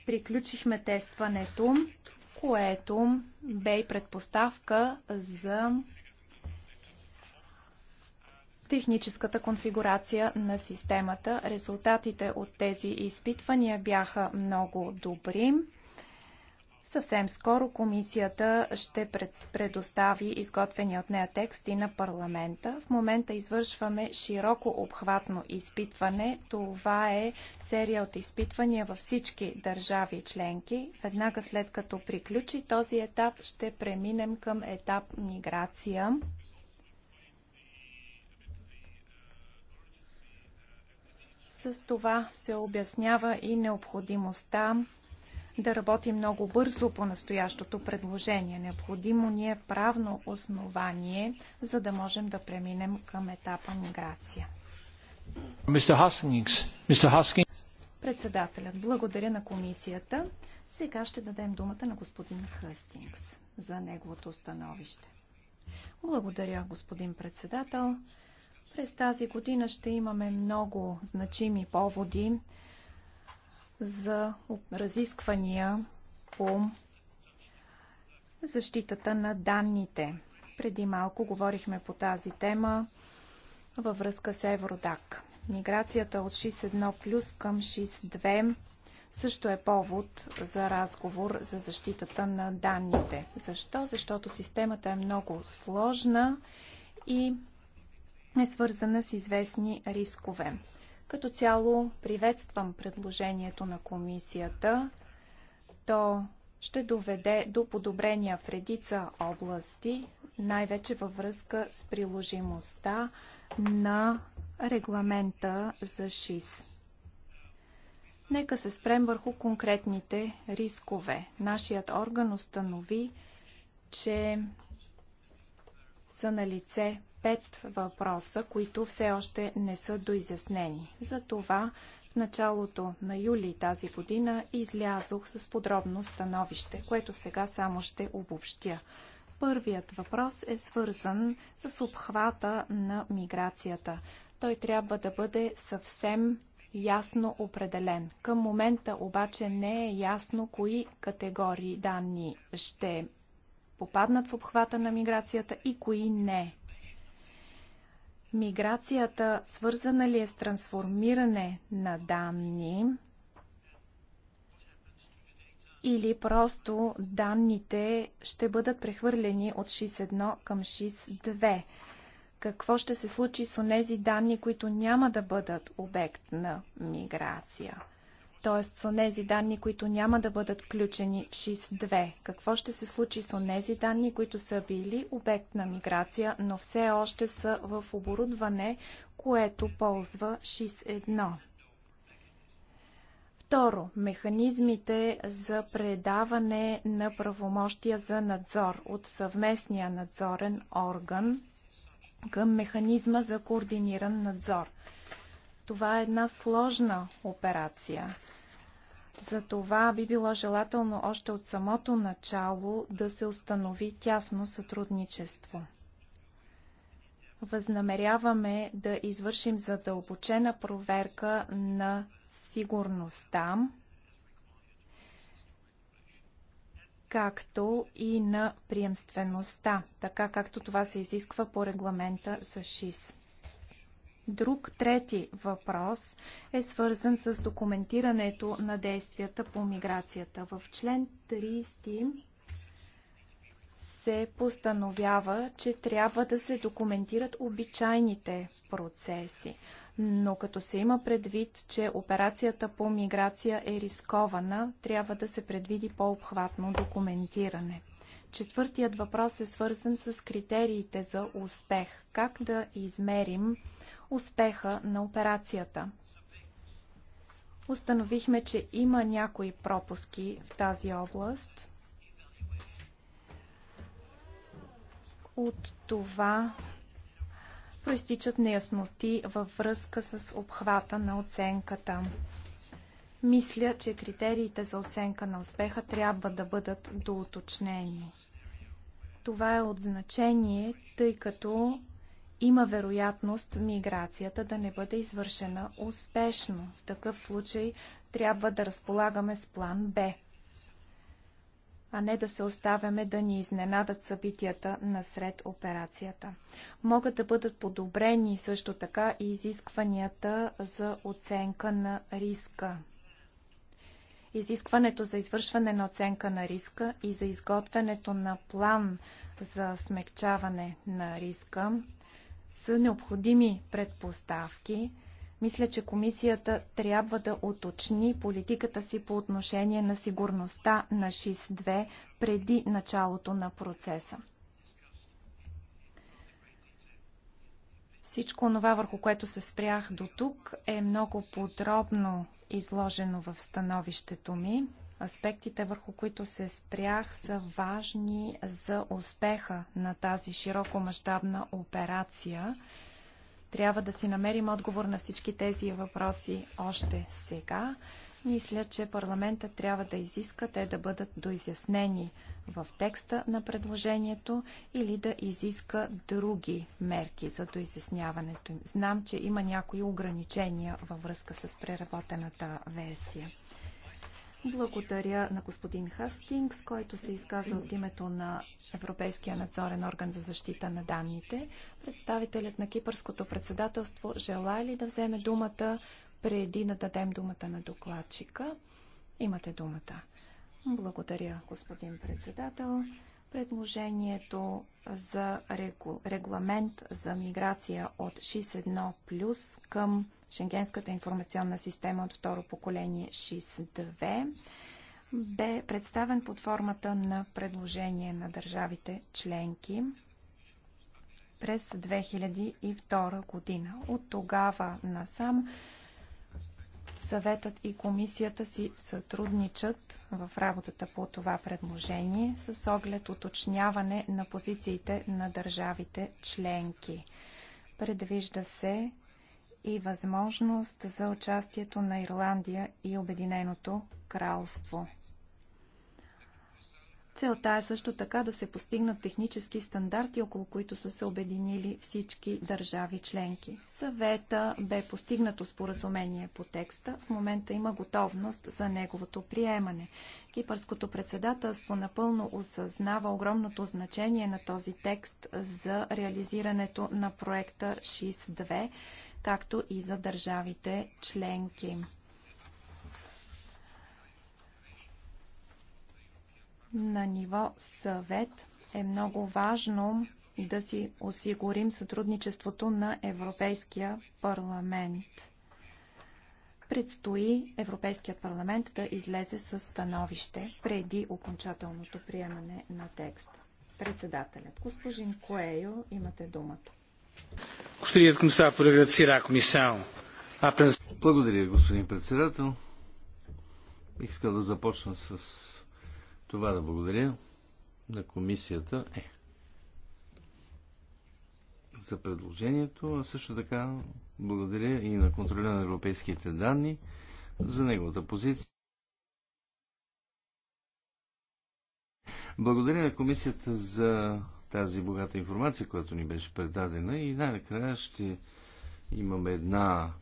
приключихме тестването, което бе и предпоставка за техническата конфигурация на системата. Резултатите от тези изпитвания бяха много добри. Съвсем скоро комисията ще предостави изготвения от нея текст и на парламента. В момента извършваме широко обхватно изпитване. Това е серия от изпитвания във всички държави членки. Веднага след като приключи този етап, ще преминем към етап миграция. С това се обяснява и необходимостта да работи много бързо по настоящото предложение. Необходимо ни е правно основание, за да можем да преминем към етапа миграция. Председателят, благодаря на комисията. Сега ще дадем думата на господин Хъстингс за неговото становище. Благодаря, господин председател. През тази година ще имаме много значими поводи за разисквания по защитата на данните. Преди малко говорихме по тази тема във връзка с Евродак. Миграцията от 61 плюс към 62 2 също е повод за разговор за защитата на данните. Защо? Защото системата е много сложна и е свързана с известни рискове. Като цяло приветствам предложението на комисията. То ще доведе до подобрения в редица области, най-вече във връзка с приложимостта на регламента за ШИС. Нека се спрем върху конкретните рискове. Нашият орган установи, че са на лице пет въпроса, които все още не са доизяснени. Затова в началото на юли тази година излязох с подробно становище, което сега само ще обобщя. Първият въпрос е свързан с обхвата на миграцията. Той трябва да бъде съвсем ясно определен. Към момента обаче не е ясно кои категории данни ще попаднат в обхвата на миграцията и кои не. Миграцията свързана ли е с трансформиране на данни или просто данните ще бъдат прехвърлени от ШИС-1 към ШИС-2? Какво ще се случи с онези данни, които няма да бъдат обект на миграция? т.е. с онези данни, които няма да бъдат включени в ШИС-2. Какво ще се случи с онези данни, които са били обект на миграция, но все още са в оборудване, което ползва ШИС-1? Второ, механизмите за предаване на правомощия за надзор от съвместния надзорен орган към механизма за координиран надзор – това е една сложна операция. Затова би било желателно още от самото начало да се установи тясно сътрудничество. Възнамеряваме да извършим задълбочена проверка на сигурността, както и на приемствеността, така както това се изисква по регламента за ШИС. Друг трети въпрос е свързан с документирането на действията по миграцията. В член 30 се постановява, че трябва да се документират обичайните процеси. Но като се има предвид, че операцията по миграция е рискована, трябва да се предвиди по-обхватно документиране. Четвъртият въпрос е свързан с критериите за успех. Как да измерим успеха на операцията. Установихме, че има някои пропуски в тази област. От това проистичат неясноти във връзка с обхвата на оценката. Мисля, че критериите за оценка на успеха трябва да бъдат доуточнени. Това е от значение, тъй като има вероятност миграцията да не бъде извършена успешно. В такъв случай трябва да разполагаме с план Б, а не да се оставяме да ни изненадат събитията насред операцията. Могат да бъдат подобрени също така и изискванията за оценка на риска. Изискването за извършване на оценка на риска и за изготвянето на план за смягчаване на риска са необходими предпоставки. Мисля, че комисията трябва да уточни политиката си по отношение на сигурността на ШИС-2 преди началото на процеса. Всичко това, върху което се спрях до тук, е много подробно изложено в становището ми. Аспектите, върху които се спрях, са важни за успеха на тази широкомащабна операция. Трябва да си намерим отговор на всички тези въпроси още сега. Мисля, че парламентът трябва да изиска те да бъдат доизяснени в текста на предложението или да изиска други мерки за доизясняването им. Знам, че има някои ограничения във връзка с преработената версия. Благодаря на господин Хастингс, който се изказа от името на Европейския надзорен орган за защита на данните. Представителят на Кипърското председателство желая ли да вземе думата преди да дадем думата на докладчика? Имате думата. Благодаря, господин председател. Предложението за регламент за миграция от 61 1 плюс към Шенгенската информационна система от второ поколение ШИС-2 бе представен под формата на предложение на държавите членки през 2002 година. От тогава насам Съветът и комисията си сътрудничат в работата по това предложение с оглед уточняване на позициите на държавите членки. Предвижда се и възможност за участието на Ирландия и Обединеното кралство. Целта е също така да се постигнат технически стандарти, около които са се обединили всички държави членки. съвета бе постигнато споразумение по текста. В момента има готовност за неговото приемане. Кипърското председателство напълно осъзнава огромното значение на този текст за реализирането на проекта ШИС-2, както и за държавите членки. на ниво съвет е много важно да си осигурим сътрудничеството на Европейския парламент. Предстои Европейският парламент да излезе с становище преди окончателното приемане на текста. Председателят, госпожин Коейо, имате думата. Благодаря, господин председател. Бих искал да започна с това да благодаря на комисията е, за предложението, а също така благодаря и на контроля на европейските данни за неговата позиция. Благодаря на комисията за тази богата информация, която ни беше предадена и най-накрая ще имаме една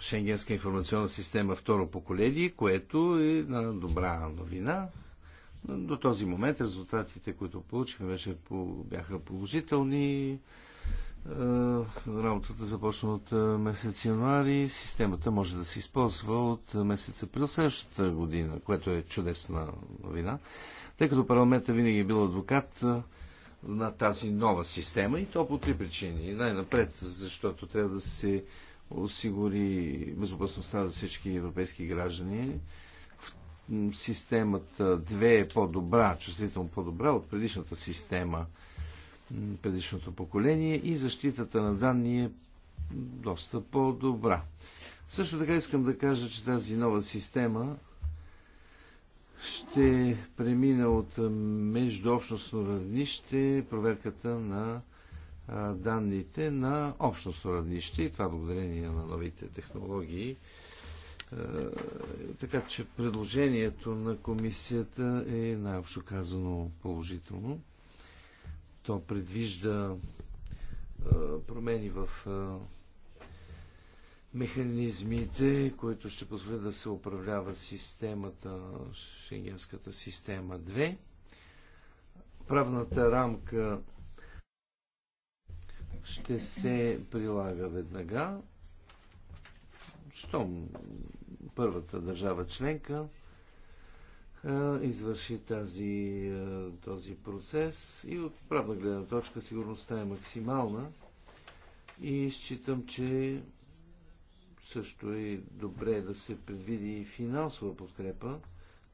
Шенгенска информационна система второ поколение, което е на добра новина. До този момент резултатите, които получихме, беше, бяха положителни. Работата започна от месец януари. Системата може да се използва от месец април следващата година, което е чудесна новина. Тъй като парламента винаги е бил адвокат, на тази нова система и то по три причини. Най-напред, защото трябва да се осигури безопасността за всички европейски граждани. Системата 2 е по-добра, чувствително по-добра от предишната система, предишното поколение и защитата на данни е доста по-добра. Също така искам да кажа, че тази нова система ще премина от междуобщностно равнище проверката на данните на общностно равнище и това благодарение на новите технологии. Така че предложението на комисията е най-общо казано положително. То предвижда промени в механизмите, които ще позволят да се управлява системата, шенгенската система 2. Правната рамка ще се прилага веднага, щом първата държава членка извърши тази, този процес и от правна гледна точка сигурността е максимална и считам, че също е добре да се предвиди и финансова подкрепа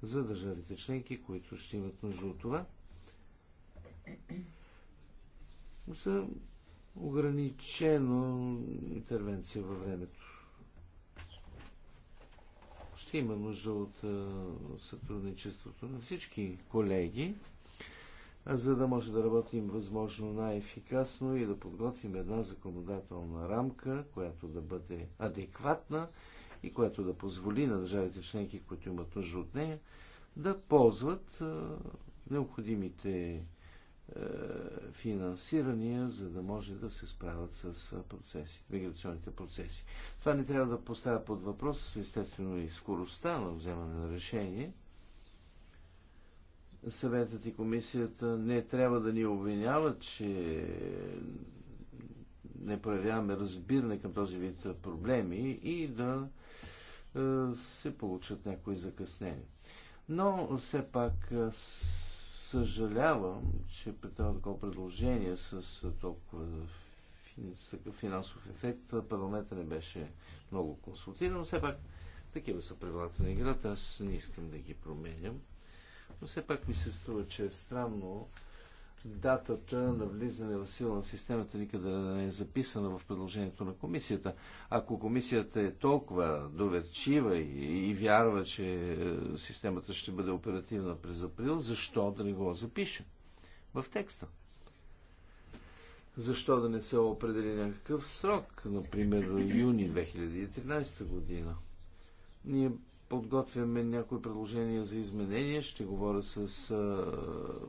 за държавите членки, които ще имат нужда от това. За ограничено интервенция във времето. Ще има нужда от сътрудничеството на всички колеги, за да може да работим възможно най-ефикасно и да подготвим една законодателна рамка, която да бъде адекватна и която да позволи на държавите членки, които имат нужда от нея, да ползват необходимите е, финансирания, за да може да се справят с е, процеси, миграционните процеси. Това не трябва да поставя под въпрос, естествено, и скоростта на вземане на решение. Съветът и комисията не трябва да ни обвиняват, че не проявяваме разбиране към този вид проблеми и да е, се получат някои закъснения. Но все пак аз съжалявам, че при такова предложение с толкова финансов ефект парламента не беше много консултиран, но все пак такива са правилата на играта, аз не искам да ги променям. Но все пак ми се струва, че е странно датата на влизане в сила на системата никъде не е записана в предложението на комисията. Ако комисията е толкова доверчива и, и вярва, че е, системата ще бъде оперативна през април, защо да не го запише в текста? Защо да не се определи някакъв срок, например юни 2013 година? Ние подготвяме някои предложения за изменения. Ще говоря с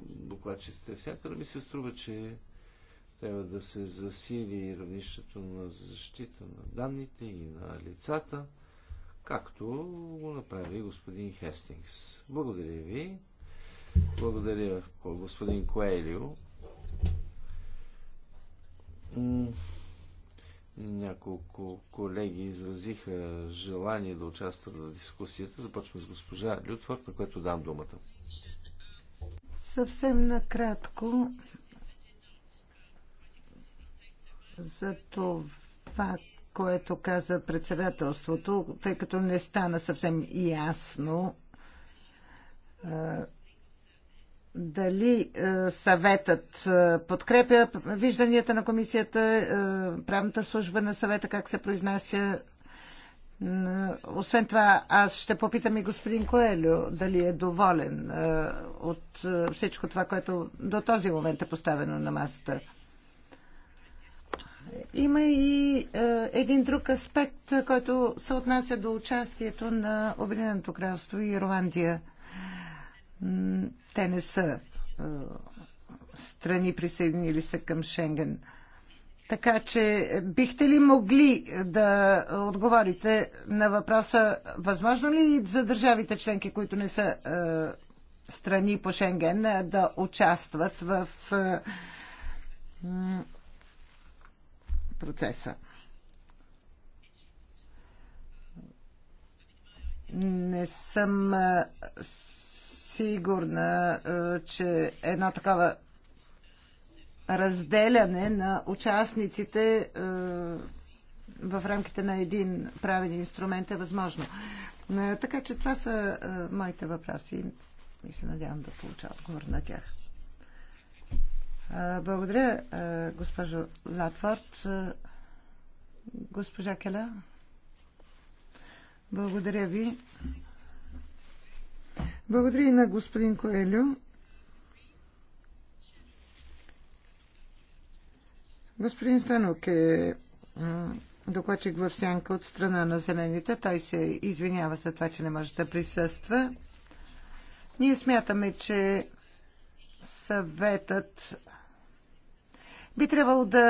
докладчиците в Да ми се струва, че трябва да се засили равнището на защита на данните и на лицата, както го направи господин Хестингс. Благодаря ви. Благодаря господин Коелио. Няколко колеги изразиха желание да участват в дискусията. Започваме с госпожа Люцвард, на което дам думата. Съвсем накратко за това, което каза председателството, тъй като не стана съвсем ясно дали е, съветът е, подкрепя вижданията на комисията, е, правната служба на съвета, как се произнася. Освен това, аз ще попитам и господин Коелю дали е доволен от всичко това, което до този момент е поставено на масата. Има и един друг аспект, който се отнася до участието на Обединеното кралство и Ирландия – те не са страни присъединили се към Шенген. Така че бихте ли могли да отговорите на въпроса, възможно ли за държавите членки, които не са е, страни по Шенген, да участват в е, процеса? Не съм сигурна, е, че едно такова разделяне на участниците е, в рамките на един правен инструмент е възможно. Е, така че това са моите въпроси и се надявам да получа отговор на тях. Благодаря, госпожо Латвард. Госпожа Келя, благодаря ви. Благодаря и на господин Коелю. Господин Станок е докладчик в сянка от страна на зелените. Той се извинява за това, че не може да присъства. Ние смятаме, че съветът би трябвало да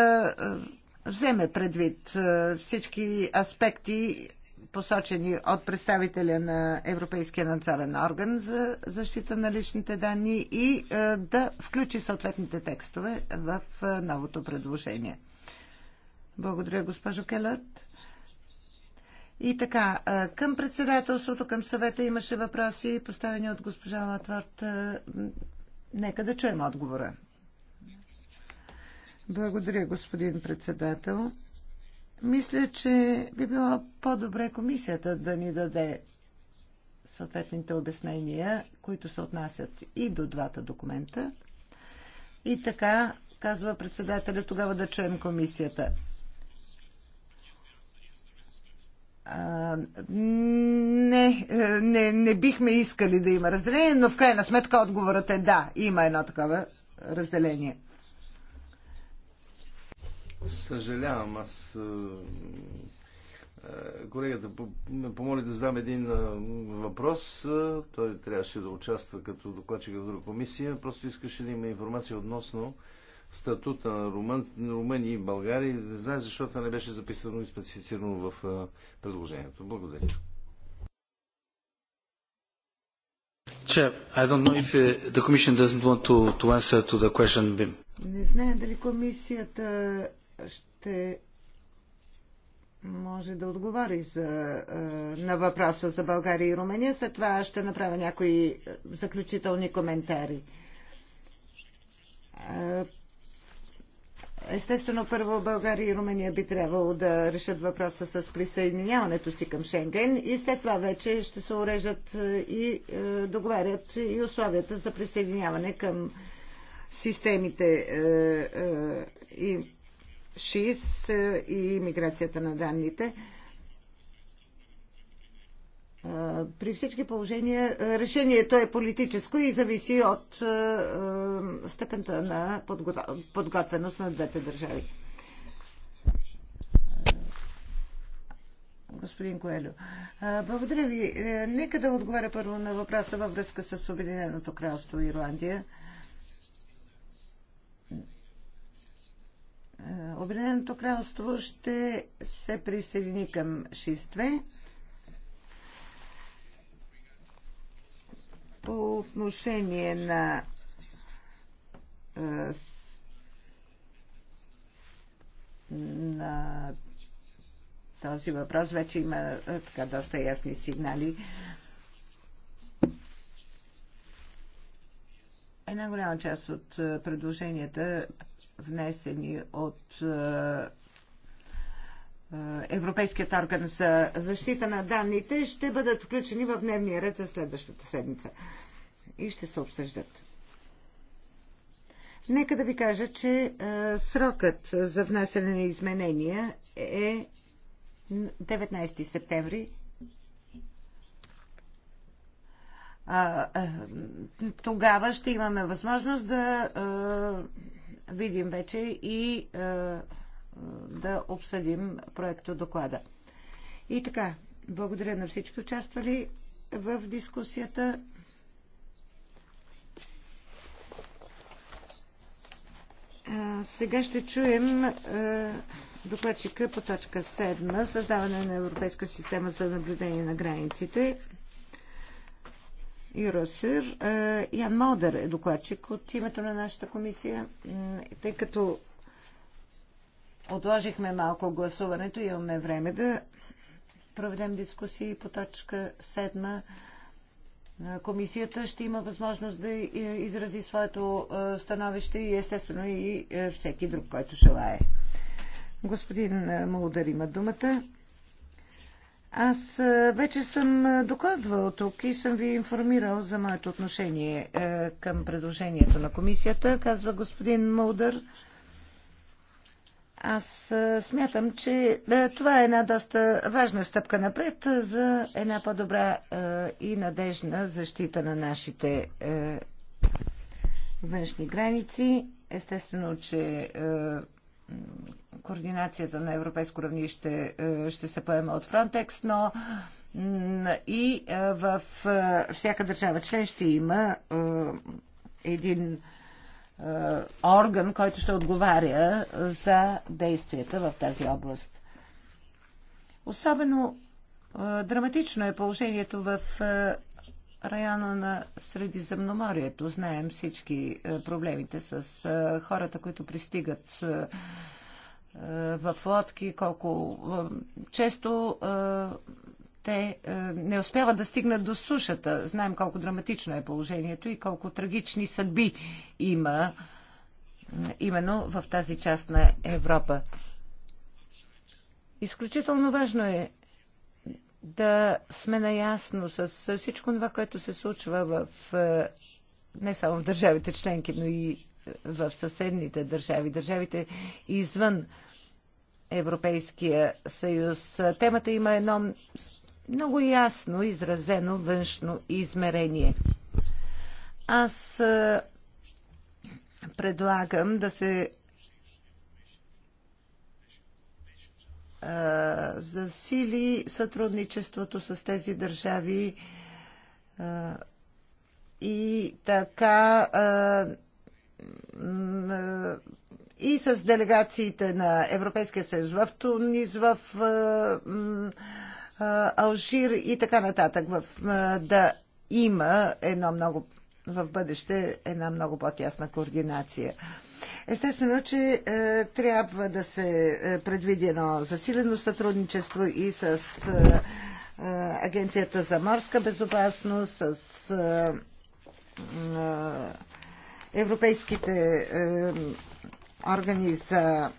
е, вземе предвид е, всички аспекти посочени от представителя на Европейския надзорен орган за защита на личните данни и е, да включи съответните текстове в е, новото предложение. Благодаря, госпожо Келърт. И така, е, към председателството, към съвета имаше въпроси, поставени от госпожа Латвард. Нека да чуем отговора. Благодаря, господин председател. Мисля, че би било по-добре комисията да ни даде съответните обяснения, които се отнасят и до двата документа. И така, казва председателя, тогава да чуем комисията. А, не, е, не, не бихме искали да има разделение, но в крайна сметка отговорът е да, има едно такова разделение. Съжалявам, аз е, е, колегата ме помоли да задам един е, въпрос. Той трябваше да участва като докладчик в друга комисия. Просто искаше да има информация относно статута на Румън, Румъния и България. Не знае защо това не беше записано и специфицирано в предложението. Благодаря. Не знае дали комисията ще може да отговори за, на въпроса за България и Румения. След това ще направя някои заключителни коментари. Естествено, първо България и Румения би трябвало да решат въпроса с присъединяването си към Шенген и след това вече ще се урежат и договарят и условията за присъединяване към системите и ШИС е, и миграцията на данните. Е, при всички положения е, решението е политическо и зависи от степента на подготвеност на двете държави. господин Коелю. Благодаря ви. Нека да отговаря първо на въпроса във връзка с Обединеното кралство Ирландия. Е, Обединеното кралство ще се присъедини към 6 По отношение на е, на този въпрос вече има е, така доста ясни сигнали. Една голяма част от предложенията внесени от е, е, Европейският орган за защита на данните, ще бъдат включени в дневния ред за следващата седмица и ще се обсъждат. Нека да ви кажа, че е, срокът за внасяне на изменения е 19 септември тогава ще имаме възможност да видим вече и е, да обсъдим проекто доклада. И така, благодаря на всички участвали в дискусията. Сега ще чуем е, докладчика по точка 7 създаване на Европейска система за наблюдение на границите. Юросир. Е, Ян Молдър е докладчик от името на нашата комисия, тъй като отложихме малко гласуването, имаме време да проведем дискусии по точка 7. Е, комисията ще има възможност да изрази своето е, становище и естествено и всеки друг, който желая. Господин Молдър има думата. Аз е, вече съм е, докладвал тук и съм ви информирал за моето отношение е, към предложението на комисията, казва господин Мулдър. Аз смятам, че това е една доста важна стъпка напред за една по-добра и надежна защита на нашите външни граници. Естествено, че координацията на европейско равнище е, ще се поема от Frontex, но и е, в е, всяка държава член ще има един орган, който ще отговаря за действията в тази област. Особено драматично е положението в района на Средиземноморието. Знаем всички е, проблемите с е, хората, които пристигат е, в лодки, колко често те не успяват да стигнат до сушата. Знаем колко драматично е положението и колко трагични съдби има именно в тази част на Европа. Изключително важно е да сме наясно с всичко това, което се случва в, е, не само в държавите членки, но и е, в съседните държави, държавите извън Европейския съюз. Темата има едно много ясно изразено външно измерение. Аз е, предлагам да се засили сътрудничеството с тези държави и така и с делегациите на Европейския съюз в Тунис, в Алжир и така нататък, в, да има едно много в бъдеще една много по-тясна координация. Естествено, че е, трябва да се е, предвиди едно засилено сътрудничество и с е, е Агенцията за морска безопасност, с е, е европейските е, органи за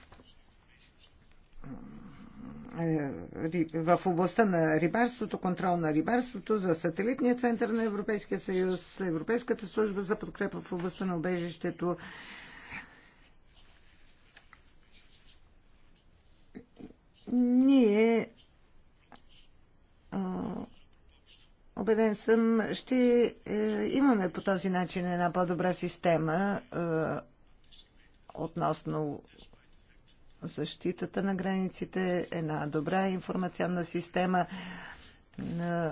в областта на рибарството, контрол на рибарството, за сателитния център на Европейския съюз, Европейската служба за подкрепа в областта на убежището Ние Обеден съм, ще е, имаме по този начин една по-добра система е, относно защитата на границите, една добра информационна система. Е,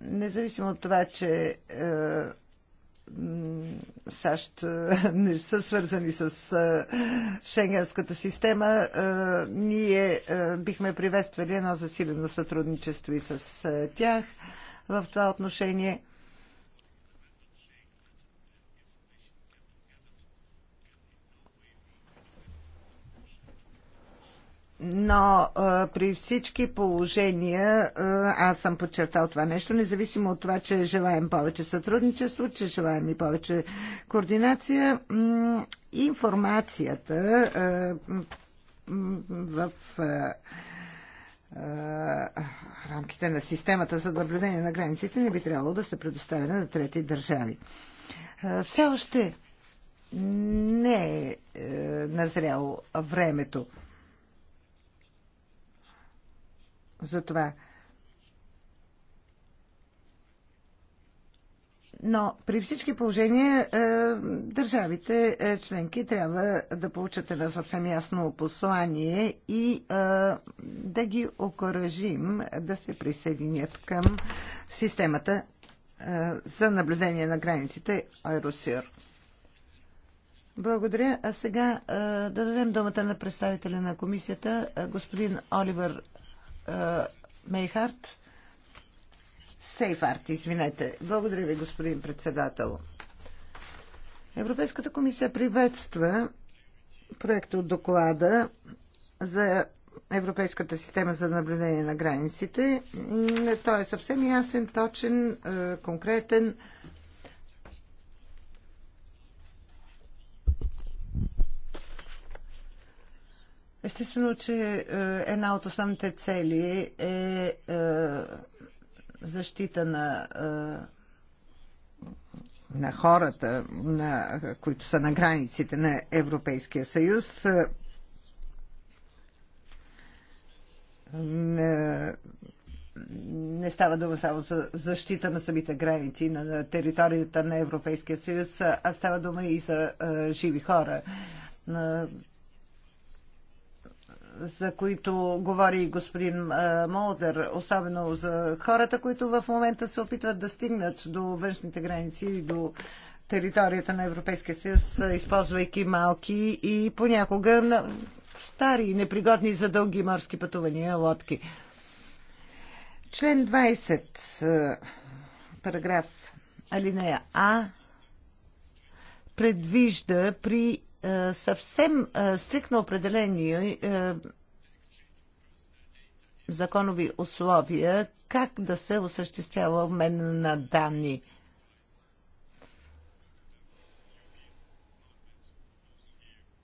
независимо от това, че е, САЩ не са свързани с шенгенската система, ние бихме приветствали едно засилено сътрудничество и с тях в това отношение – но а, при всички положения а, аз съм подчертал това нещо, независимо от това, че желаем повече сътрудничество, че желаем и повече координация. информацията а, в. А, рамките на системата за наблюдение на границите не би трябвало да се предоставя на трети държави. Все още не е, е назрял времето. за това. Но при всички положения е, държавите е, членки трябва да получат едно съвсем ясно послание и е, да ги окоръжим да се присъединят към системата за наблюдение на границите Айросир. Благодаря. А сега да дадем думата на представителя на комисията, господин Оливер Мейхарт. Сейфарт, извинете. Благодаря ви, господин председател. Европейската комисия приветства проекта от доклада за Европейската система за наблюдение на границите. Той е съвсем ясен, точен, конкретен. Естествено, че е, една от основните цели е, е защита на, е, на хората, на, които са на границите на Европейския съюз. Не, не става дума само за защита на самите граници на територията на Европейския съюз, а става дума и за живи хора за които говори и господин Молдер, особено за хората, които в момента се опитват да стигнат до външните граници и до територията на Европейския съюз, използвайки малки и понякога стари и непригодни за дълги морски пътувания лодки. Член 20, параграф алинея А, предвижда при е, съвсем е, стрикно определени е, законови условия как да се осъществява обмен на данни.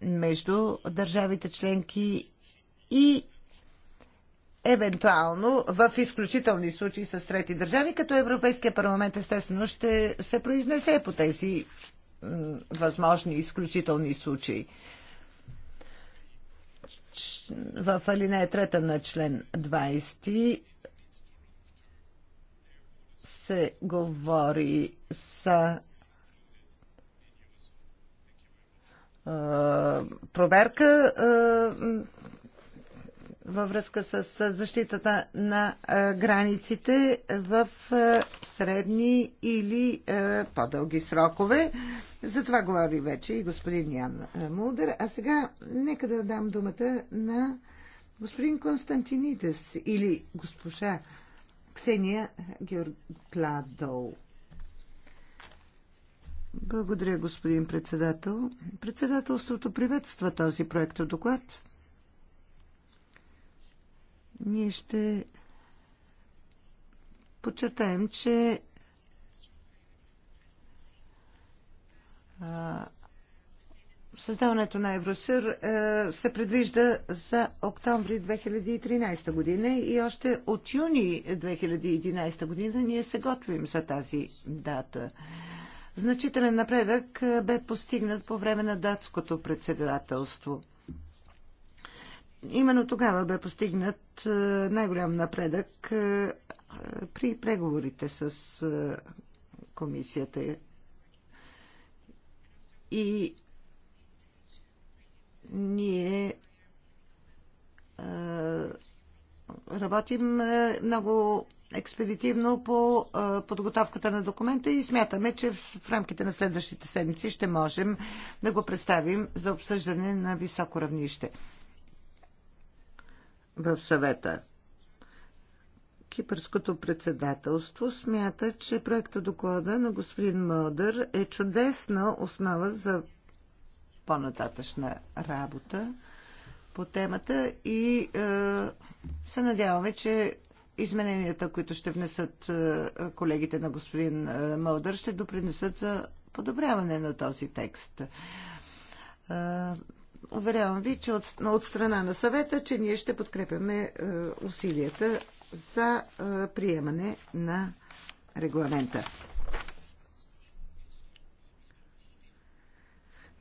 между държавите членки и евентуално в изключителни случаи с трети държави, като Европейския парламент естествено ще се произнесе по тези възможни изключителни случаи. В алинея трета на член 20 се говори за проверка във връзка с защитата на границите в средни или по-дълги срокове. За това говори вече и господин Ян Мулдер. А сега нека да дам думата на господин Константинидес или госпожа Ксения Георгладоу. Благодаря, господин председател. Председателството приветства този проект доклад. Ние ще подчертаем, че Създаването на Евросир се предвижда за октомври 2013 година и още от юни 2011 година ние се готвим за тази дата. Значителен напредък бе постигнат по време на датското председателство – именно тогава бе постигнат е, най-голям напредък е, е, при преговорите с комисията. И ние работим много експедитивно по подготовката на документа и смятаме, че в рамките на следващите седмици ще можем да го представим за обсъждане на високо равнище в съвета. Кипърското председателство смята, че доклада на господин Мълдър е чудесна основа за по-нататъчна работа по темата и е, се надяваме, че измененията, които ще внесат е, колегите на господин е, Мълдър, ще допринесат за подобряване на този текст. Е, Уверявам ви, че от, от страна на съвета, че ние ще подкрепяме е, усилията за е, приемане на регламента.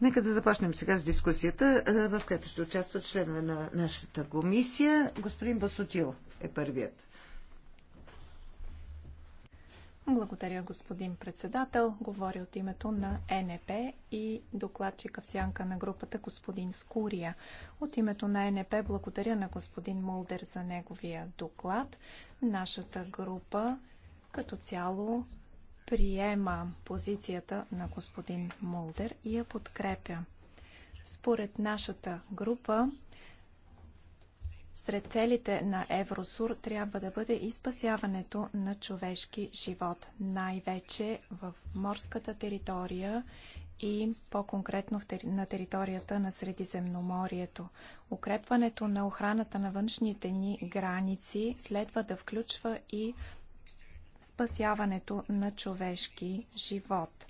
Нека да започнем сега с дискусията, е, в която ще участват членове на нашата комисия. Господин Басотил е първият. Благодаря, господин председател. Говори от името на НП и докладчика в сянка на групата господин Скурия. От името на НП благодаря на господин Молдер за неговия доклад. Нашата група като цяло приема позицията на господин Молдер и я подкрепя. Според нашата група сред целите на Евросур трябва да бъде и спасяването на човешки живот, най-вече в морската територия и по-конкретно на територията на Средиземноморието. Укрепването на охраната на външните ни граници следва да включва и спасяването на човешки живот.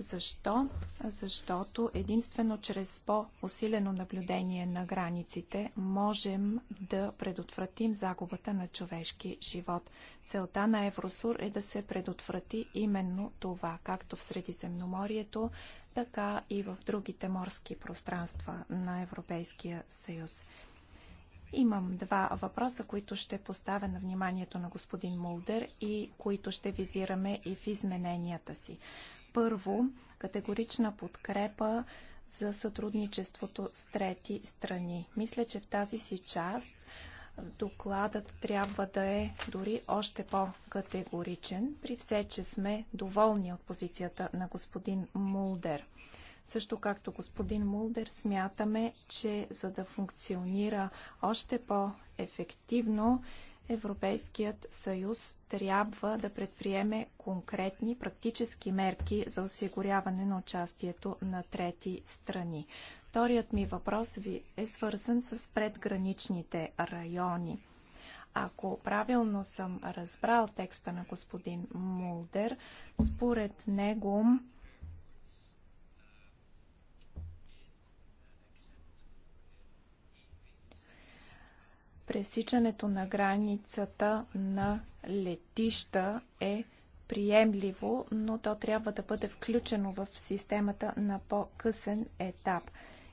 Защо? Защото единствено чрез по-усилено наблюдение на границите можем да предотвратим загубата на човешки живот. Целта на Евросур е да се предотврати именно това, както в Средиземноморието, така и в другите морски пространства на Европейския съюз. Имам два въпроса, които ще поставя на вниманието на господин Мулдер и които ще визираме и в измененията си. Първо, категорична подкрепа за сътрудничеството с трети страни. Мисля, че в тази си част докладът трябва да е дори още по-категоричен, при все, че сме доволни от позицията на господин Мулдер. Също както господин Мулдер, смятаме, че за да функционира още по-ефективно, Европейският съюз трябва да предприеме конкретни практически мерки за осигуряване на участието на трети страни. Вторият ми въпрос ви е свързан с предграничните райони. Ако правилно съм разбрал текста на господин Мулдер, според него пресичането на границата на летища е приемливо, но то трябва да бъде включено в системата на по-късен етап.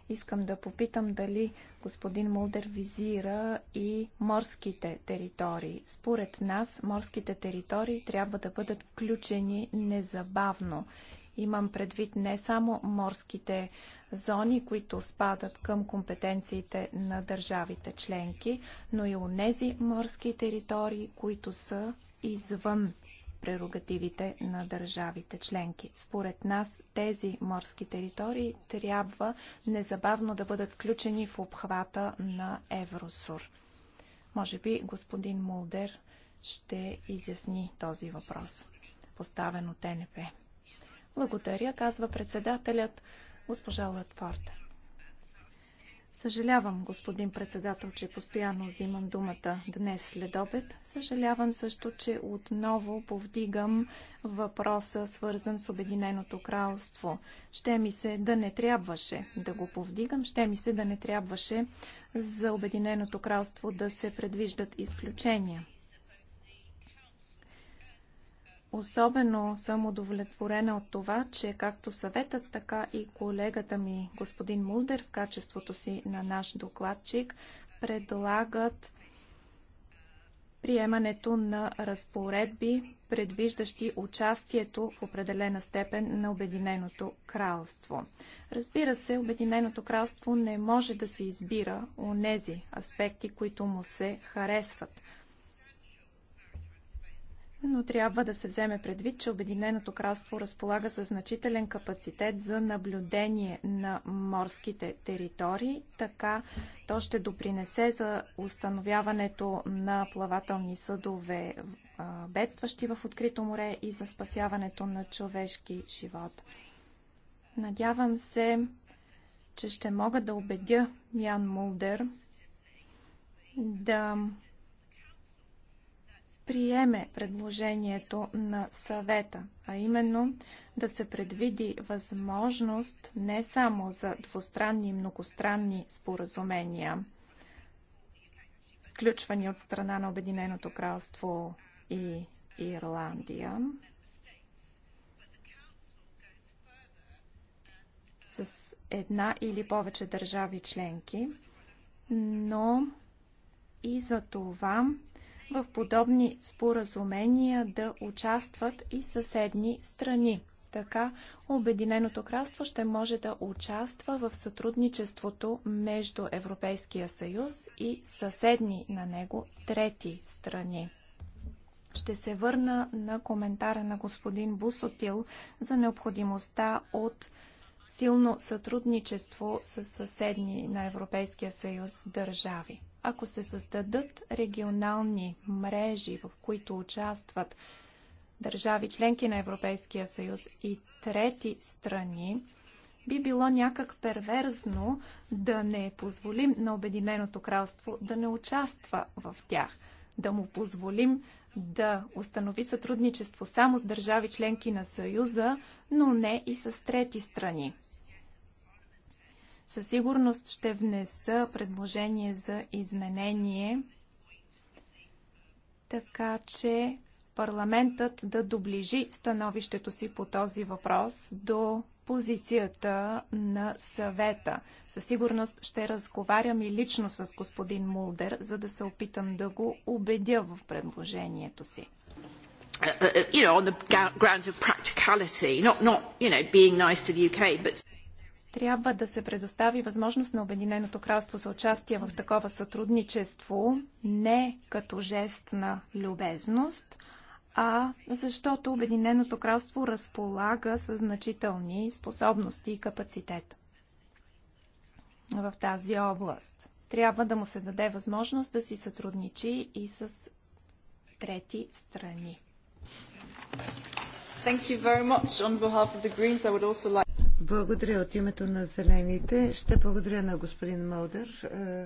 Искам да попитам дали господин Мулдер визира и морските територии. Според нас, морските територии трябва да бъдат включени незабавно. Имам предвид не само морските зони, които спадат към компетенциите на държавите членки, но и онези морски територии, които са извън прерогативите на държавите членки. Според нас тези морски територии трябва незабавно да бъдат включени в обхвата на Евросур. Може би господин Мулдер ще изясни този въпрос, поставен от НП. Благодаря, казва председателят. Госпожа Латфорд. Съжалявам, господин председател, че постоянно взимам думата днес след обед. Съжалявам също, че отново повдигам въпроса, свързан с Обединеното кралство. Ще ми се да не трябваше да го повдигам, ще ми се да не трябваше за Обединеното кралство да се предвиждат изключения. Особено съм удовлетворена от това, че както съветът, така и колегата ми, господин Мулдер, в качеството си на наш докладчик, предлагат приемането на разпоредби, предвиждащи участието в определена степен на Обединеното кралство. Разбира се, Обединеното кралство не може да се избира нези аспекти, които му се харесват но трябва да се вземе предвид, че Обединеното кралство разполага със значителен капацитет за наблюдение на морските територии, така то ще допринесе за установяването на плавателни съдове бедстващи в открито море и за спасяването на човешки живот. Надявам се, че ще мога да убедя Ян Мулдер да приеме предложението на съвета, а именно да се предвиди възможност не само за двустранни и многостранни споразумения, сключвани от страна на Обединеното кралство и Ирландия, с една или повече държави членки, но и за това в подобни споразумения да участват и съседни страни. Така Обединеното кралство ще може да участва в сътрудничеството между Европейския съюз и съседни на него трети страни. Ще се върна на коментара на господин Бусотил за необходимостта от силно сътрудничество с съседни на Европейския съюз държави. Ако се създадат регионални мрежи, в които участват държави членки на Европейския съюз и трети страни, би било някак перверзно да не позволим на Обединеното кралство да не участва в тях, да му позволим да установи сътрудничество само с държави членки на Съюза, но не и с трети страни. Със сигурност ще внеса предложение за изменение, така че парламентът да доближи становището си по този въпрос до позицията на съвета. Със сигурност ще разговарям и лично с господин Мулдер, за да се опитам да го убедя в предложението си. Uh, uh, you know, on the grounds of practicality, not, not you know, being nice to the UK, but... Трябва да се предостави възможност на Обединеното кралство за участие в такова сътрудничество, не като жест на любезност, а защото Обединеното кралство разполага с значителни способности и капацитет в тази област. Трябва да му се даде възможност да си сътрудничи и с трети страни. Thank you very much. On behalf of the Greens, I would also like благодаря от името на Зелените. Ще благодаря на господин Мълдър е,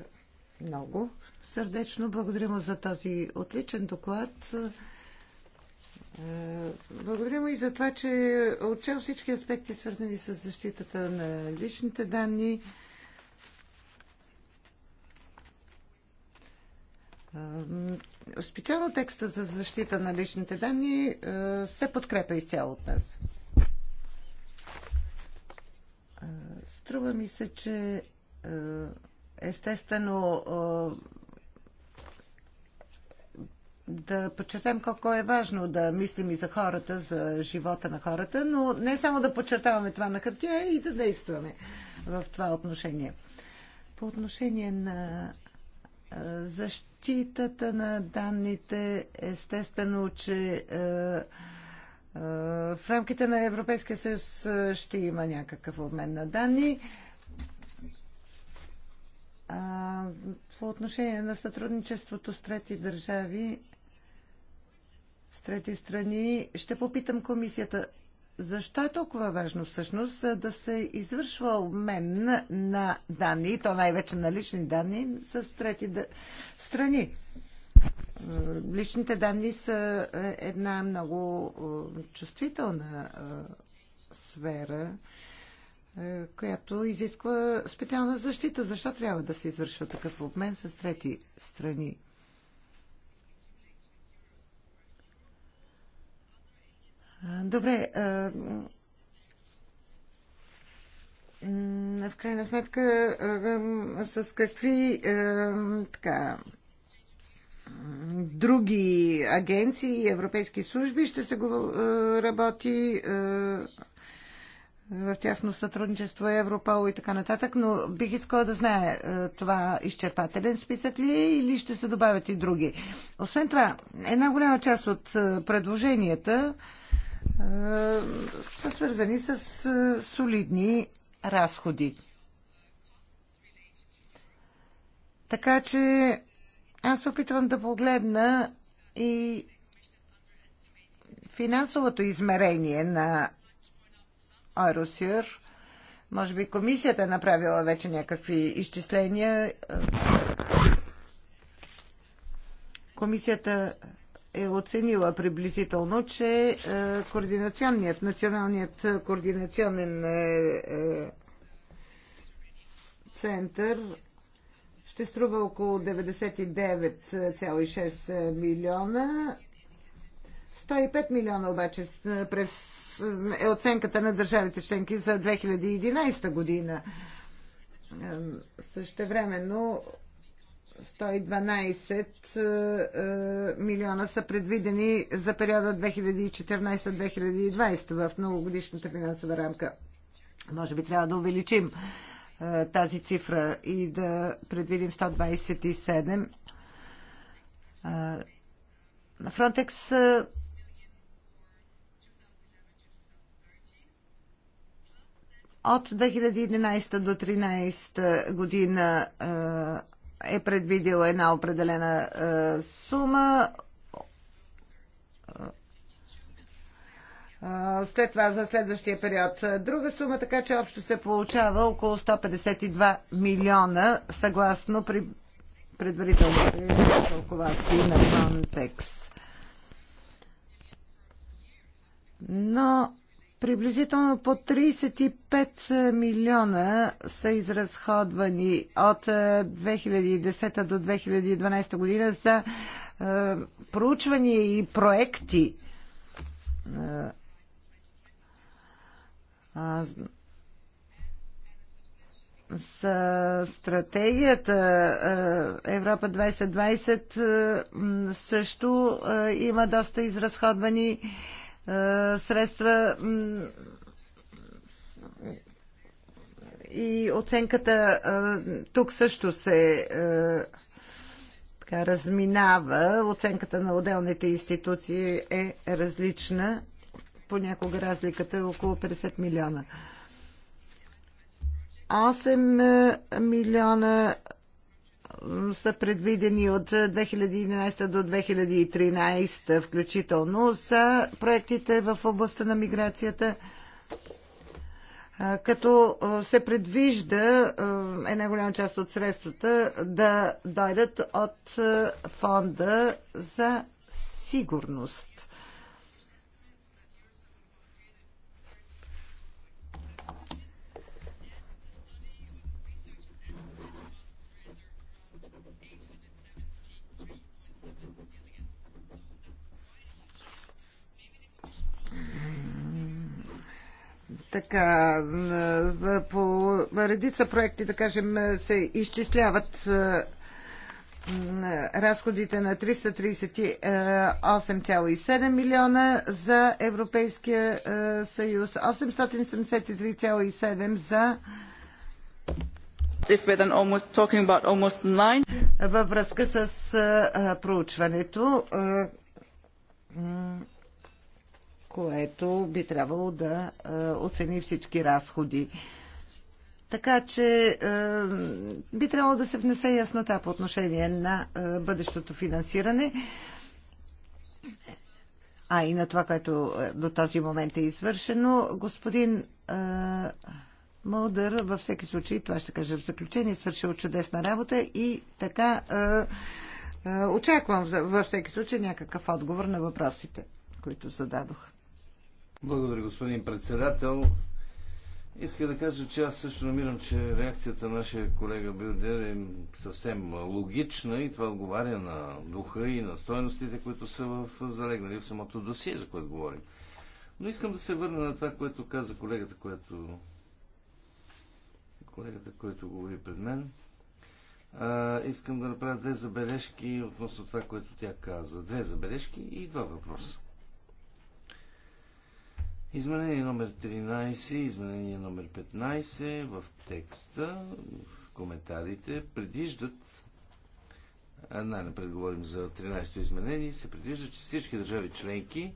много сърдечно. Благодаря му за този отличен доклад. Е, благодаря му и за това, че отчел всички аспекти, свързани с защитата на личните данни. Е, специално текста за защита на личните данни се подкрепя изцяло от нас. Струва ми се, че естествено да подчертаем колко е важно да мислим и за хората, за живота на хората, но не само да подчертаваме това на хартия и да действаме в това отношение. По отношение на защитата на данните, естествено, че е, е, в рамките на Европейския съюз е, ще има някакъв обмен на данни. Е, по отношение на сътрудничеството с трети държави, с трети страни, ще попитам комисията защо е толкова важно всъщност да се извършва обмен на данни, и то най-вече на лични данни, с трети страни? Личните данни са е, една много е, чувствителна е, сфера, която изисква специална защита. Защо трябва да се извършва такъв обмен с трети страни? Добре. В крайна сметка, с какви така, други агенции и европейски служби ще се го е, работи е, в тясно сътрудничество Европол и така нататък, но бих искала да знае е, това изчерпателен списък ли е или ще се добавят и други. Освен това, една голяма част от предложенията е, са свързани с солидни разходи. Така че аз опитвам да погледна и финансовото измерение на Аросир. Може би комисията е направила вече някакви изчисления. Комисията е оценила приблизително, че е, координационният, националният координационен е, е, център ще струва около 99,6 милиона. 105 милиона обаче през е оценката на държавите членки за 2011 година. Същевременно 112 е, милиона са предвидени за периода 2014-2020 в многогодишната финансова рамка. Може би трябва да увеличим е, тази цифра и да предвидим 127. Е, Фронтекс е, от 2011 до 2013 година е предвидила една определена сума след това за следващия период друга сума, така че общо се получава около 152 милиона, съгласно при предварителните калкулации на Frontex. Но приблизително по 35 милиона са изразходвани от 2010 е, до 2012 година за е, проучвания и проекти е, с стратегията Европа 2020 също има доста изразходвани средства и оценката тук също се така разминава. Оценката на отделните институции е различна понякога разликата е около 50 милиона. 8 е, милиона са предвидени от 2011 е, до 2013 включително за проектите в областта на миграцията е, като се предвижда една голяма част от средствата да дойдат от фонда за сигурност. Така, по редица проекти, да кажем, се изчисляват е, разходите на 338,7 милиона за Европейския е, съюз, 873,7 за във връзка с е, проучването което би трябвало да е, оцени всички разходи. Така че е, би трябвало да се внесе яснота по отношение на е, бъдещото финансиране, а и на това, което до този момент е извършено. Господин Мълдър, във всеки случай, това ще кажа в заключение, свършил чудесна работа и така очаквам във всеки случай някакъв отговор на въпросите, които зададох. Благодаря, господин председател. Иска да кажа, че аз също намирам, че реакцията на нашия колега Бюрдер е съвсем логична и това отговаря на духа и на стоеностите, които са в, залегнали в самото досие, за което говорим. Но искам да се върна на това, което каза колегата, което колегата, който говори пред мен. А, искам да направя две забележки относно това, което тя каза. Две забележки и два въпроса. Изменение номер 13, изменение номер 15 в текста, в коментарите, предвиждат най-напред говорим за 13-то изменение, се предвижда, че всички държави членки е,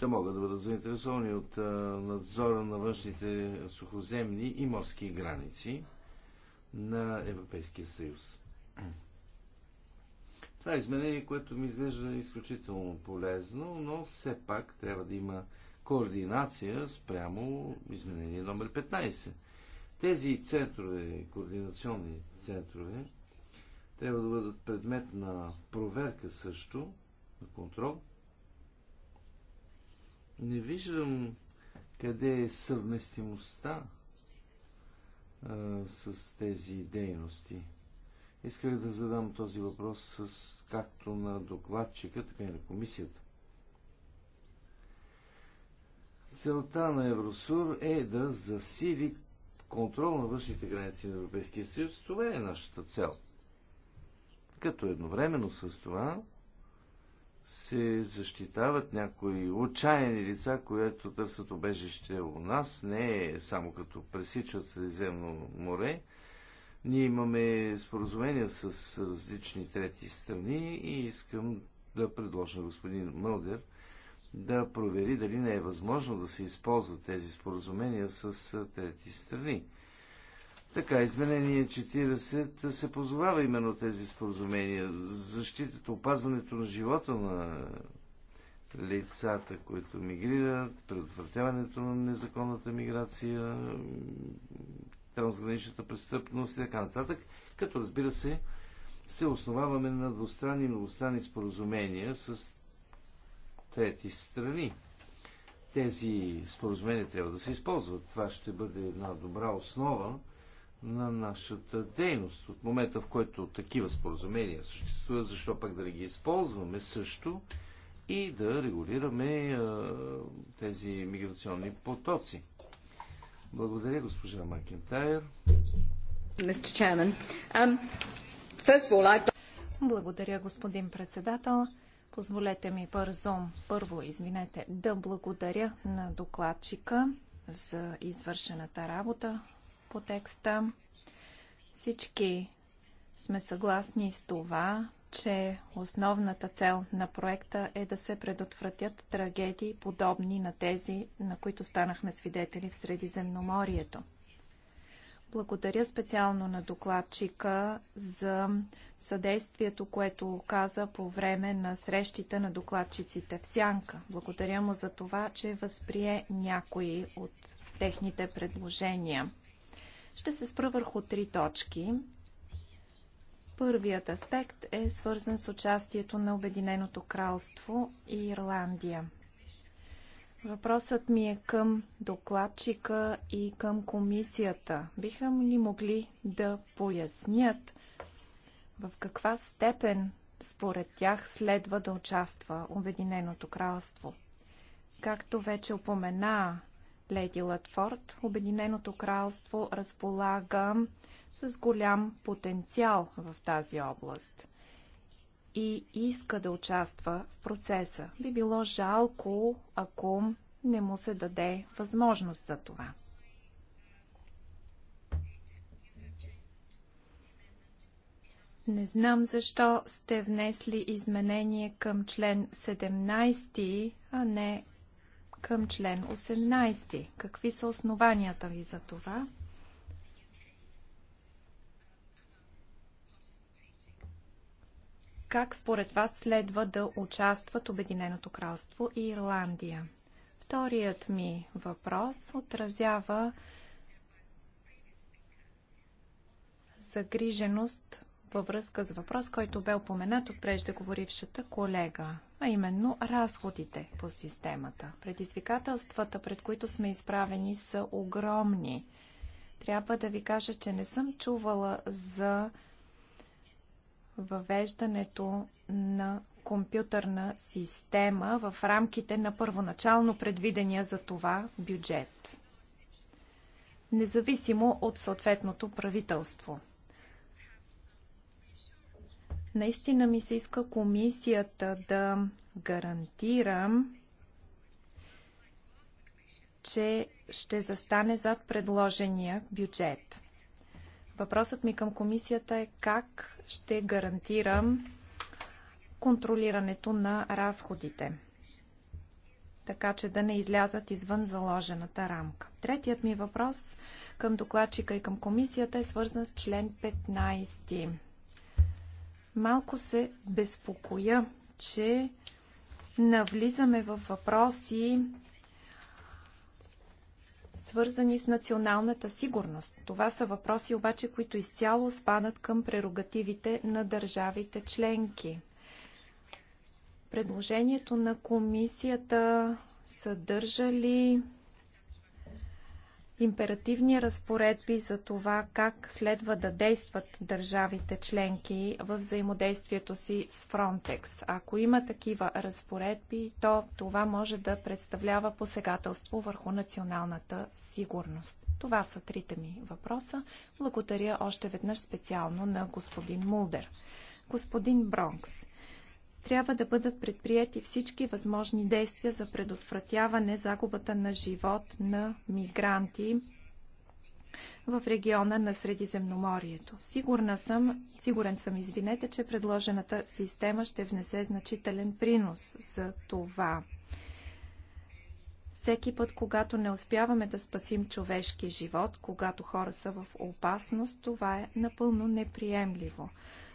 да могат да бъдат заинтересовани от е, надзора на външните сухоземни и морски граници на Европейския съюз. Това е изменение, което ми изглежда изключително полезно, но все пак трябва да има координация спрямо изменение номер 15. Тези центрове, координационни центрове, трябва да бъдат предмет на проверка също, на контрол. Не виждам къде е съвместимостта а, с тези дейности. Исках да задам този въпрос с, както на докладчика, така и на комисията. Целта на Евросур е да засили контрол на външните граници на Европейския съюз. Това е нашата цел. Като едновременно с това се защитават някои отчаяни лица, които търсят обежище у нас, не е само като пресичат Средиземно море, ние имаме споразумения с различни трети страни и искам да предложа господин Мълдер да провери дали не е възможно да се използват тези споразумения с трети страни. Така, изменение 40 се позовава именно тези споразумения. Защитата, опазването на живота на лицата, които мигрират, предотвратяването на незаконната миграция, трансграничната престъпност и така нататък, като разбира се, се основаваме на двустранни и многостранни споразумения с трети страни. Тези споразумения трябва да се използват. Това ще бъде една добра основа на нашата дейност. От момента, в който такива споразумения съществуват, защо пък да ги използваме също и да регулираме а, тези миграционни потоци. Благодаря, госпожа Макентайр. Um, благодаря, господин председател. Позволете ми бързо, първо, извинете, да благодаря на докладчика за извършената работа по текста. Всички сме съгласни с това, че основната цел на проекта е да се предотвратят трагедии, подобни на тези, на които станахме свидетели в Средиземноморието. Благодаря специално на докладчика за съдействието, което оказа по време на срещите на докладчиците в Сянка. Благодаря му за това, че възприе някои от техните предложения. Ще се спра върху три точки. Първият аспект е свързан с участието на Обединеното кралство и Ирландия. Въпросът ми е към докладчика и към комисията. Биха ли могли да пояснят в каква степен според тях следва да участва Обединеното кралство? Както вече упомена леди Латфорд, Обединеното кралство разполага с голям потенциал в тази област и иска да участва в процеса. Би било жалко, ако не му се даде възможност за това. Не знам защо сте внесли изменение към член 17, а не към член 18. Какви са основанията ви за това? Как според вас следва да участват Обединеното кралство и Ирландия? Вторият ми въпрос отразява загриженост във връзка с въпрос, който бе упоменат от преждеговорившата колега, а именно разходите по системата. Предизвикателствата, пред които сме изправени, са огромни. Трябва да ви кажа, че не съм чувала за въвеждането на компютърна система в рамките на първоначално предвидения за това бюджет, независимо от съответното правителство. Наистина ми се иска комисията да гарантирам, че ще застане зад предложения бюджет. Въпросът ми към комисията е как ще гарантирам контролирането на разходите, така че да не излязат извън заложената рамка. Третият ми въпрос към докладчика и към комисията е свързан с член 15. Малко се безпокоя, че навлизаме в въпроси, свързани с националната сигурност. Това са въпроси обаче, които изцяло спадат към прерогативите на държавите членки. Предложението на комисията съдържа ли императивни разпоредби за това как следва да действат държавите членки в взаимодействието си с Frontex. Ако има такива разпоредби, то това може да представлява посегателство върху националната сигурност. Това са трите ми въпроса. Благодаря още веднъж специално на господин Мулдер. Господин Бронкс, трябва да бъдат предприяти всички възможни действия за предотвратяване загубата на живот на мигранти в региона на Средиземноморието. Сигурна съм, сигурен съм, извинете, че предложената система ще внесе значителен принос за това. Всеки път, когато не успяваме да спасим човешки живот, когато хора са в опасност, това е напълно неприемливо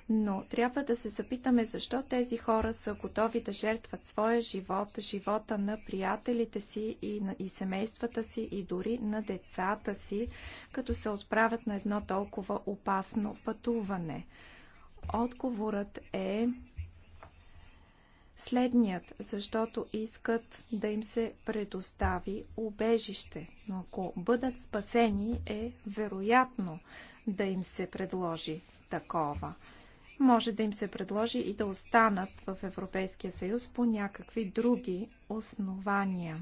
но трябва да се запитаме защо тези хора са готови да жертват своя живот, живота на приятелите си и, на, и семействата си и дори на децата си, като се отправят на едно толкова опасно пътуване. Отговорът е следният, защото искат да им се предостави убежище. Но ако бъдат спасени, е вероятно да им се предложи такова може да им се предложи и да останат в Европейския съюз по някакви други основания.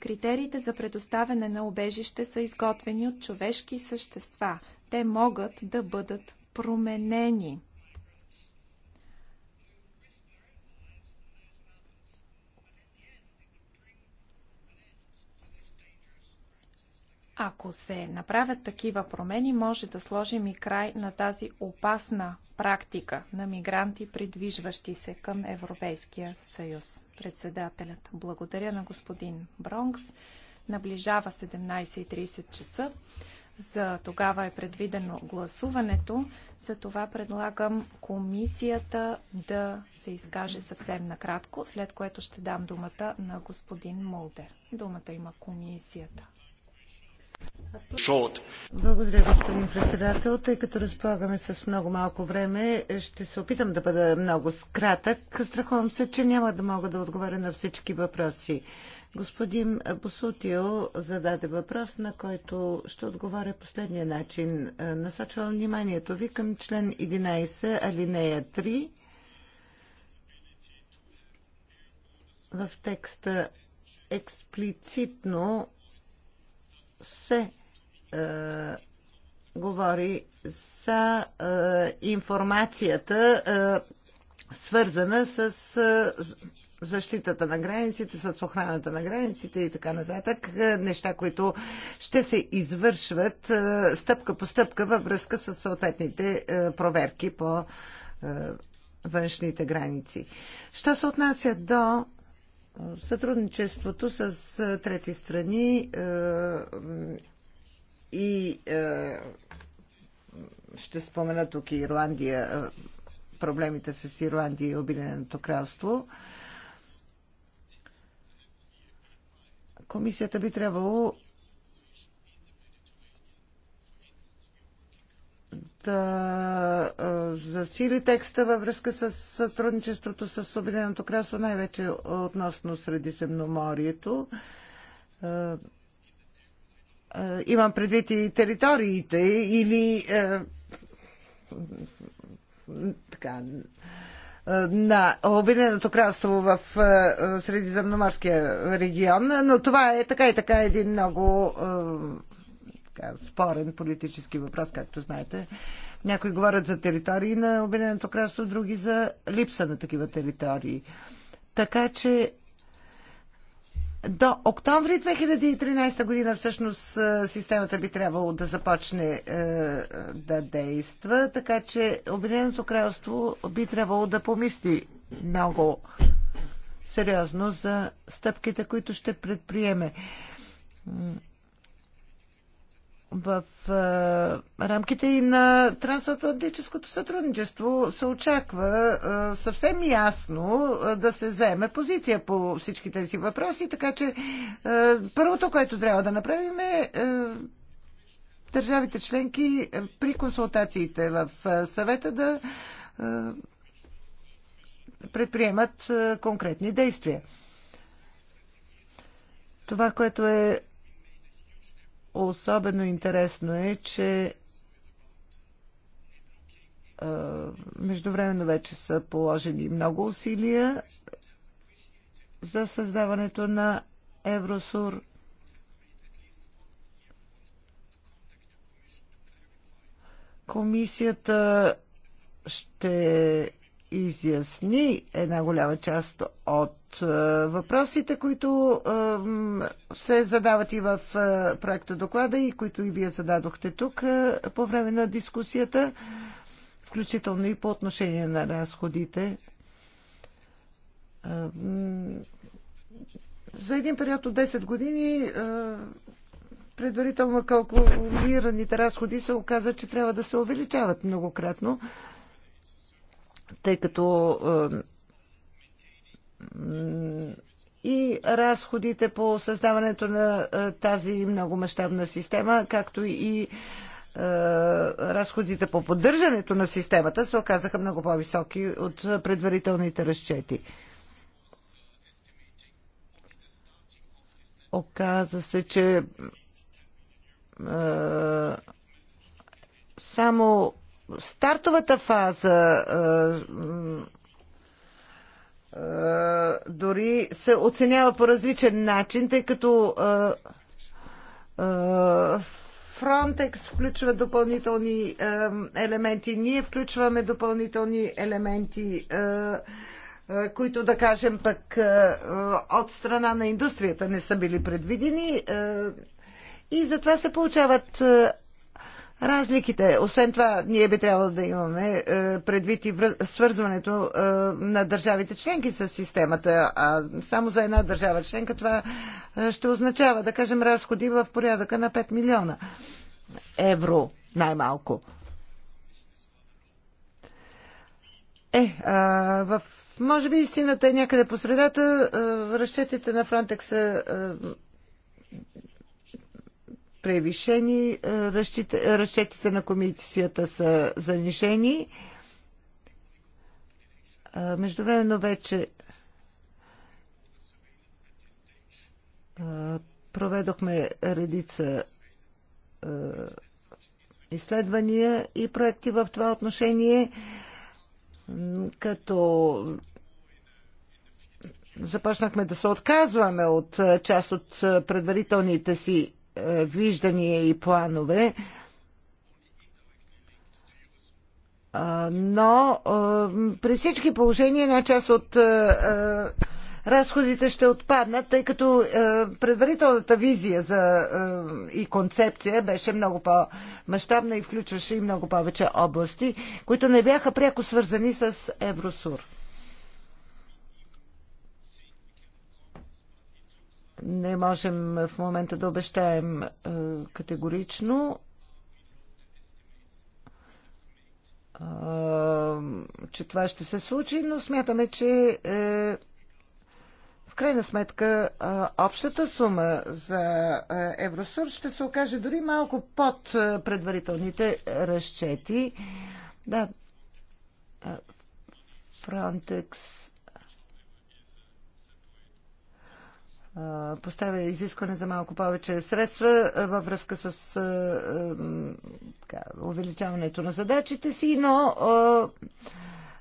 Критериите за предоставяне на обежище са изготвени от човешки същества. Те могат да бъдат променени. Ако се направят такива промени, може да сложим и край на тази опасна практика на мигранти, придвижващи се към Европейския съюз. Председателят. Благодаря на господин Бронкс. Наближава 17.30 часа. За тогава е предвидено гласуването. За това предлагам комисията да се изкаже съвсем накратко, след което ще дам думата на господин Молдер. Думата има комисията. Благодаря, господин председател. Тъй като разполагаме с много малко време, ще се опитам да бъда много кратък. Страхувам се, че няма да мога да отговоря на всички въпроси. Господин Босутил зададе въпрос, на който ще отговоря последния начин. Насочвам вниманието ви към член 11, алинея 3. В текста експлицитно се е, говори за е, информацията, е, свързана с е, защитата на границите, с охраната на границите и така нататък. Е, неща, които ще се извършват е, стъпка по стъпка във връзка с съответните е, проверки по е, външните граници. Що се отнася до Сътрудничеството с трети страни и ще спомена тук и Ирландия, проблемите с Ирландия и Обединеното кралство. Комисията би трябвало а, засили текста във връзка с сътрудничеството с Обединеното кралство, най-вече относно Средиземноморието. Имам предвид и териториите или така, на Обединеното кралство в Средиземноморския регион, но това е така и така един много така, спорен политически въпрос, както знаете. Някои говорят за територии на Обединеното кралство, други за липса на такива територии. Така че до октомври 2013 година всъщност системата би трябвало да започне е, да действа, така че Обединеното кралство би трябвало да помисли много сериозно за стъпките, които ще предприеме. В а, рамките и на трансатлантическото сътрудничество се очаква а, съвсем ясно а, да се вземе позиция по всички тези въпроси, така че а, първото, което трябва да направим е, а, държавите членки а, при консултациите в а, съвета да а, предприемат а, конкретни действия. Това, което е Особено интересно е, че междувременно вече са положени много усилия за създаването на Евросур. Комисията ще изясни една голяма част от е, въпросите, които е, се задават и в е, проекта доклада и които и вие зададохте тук по време на дискусията, включително и по отношение на разходите. За един период от 10 години предварително калкулираните разходи се оказа, че трябва да се увеличават многократно тъй като е, и разходите по създаването на е, тази много мащабна система, както и е, разходите по поддържането на системата се оказаха много по-високи от предварителните разчети. Оказа се, че само стартовата фаза дори се оценява по различен начин, тъй като Frontex включва допълнителни елементи, ние включваме допълнителни елементи, които да кажем пък от страна на индустрията не са били предвидени. И затова се получават разликите. Освен това, ние би трябвало да имаме е, предвид и свързването е, на държавите членки с системата. А само за една държава членка това е, ще означава, да кажем, разходи в порядъка на 5 милиона евро най-малко. Е, а, в, може би истината е някъде по средата. разчетите на Фронтекса превишени, е, разчетите на комисията са занижени. Е, междувременно вече е, проведохме редица изследвания и проекти в това отношение, като започнахме да се отказваме от част от предварителните си е, виждания и планове, е, но е, при всички положения една част от разходите ще отпаднат, тъй като предварителната визия за, и концепция беше много по-масштабна и включваше и много повече области, които не бяха пряко свързани с Евросур. не можем в момента да обещаем е, категорично. Е, че това ще се случи, но смятаме, че е, в крайна сметка общата сума за Евросур ще се окаже дори малко под предварителните разчети. Да, Фронтекс поставя изискване за малко повече средства във връзка с така, увеличаването на задачите си, но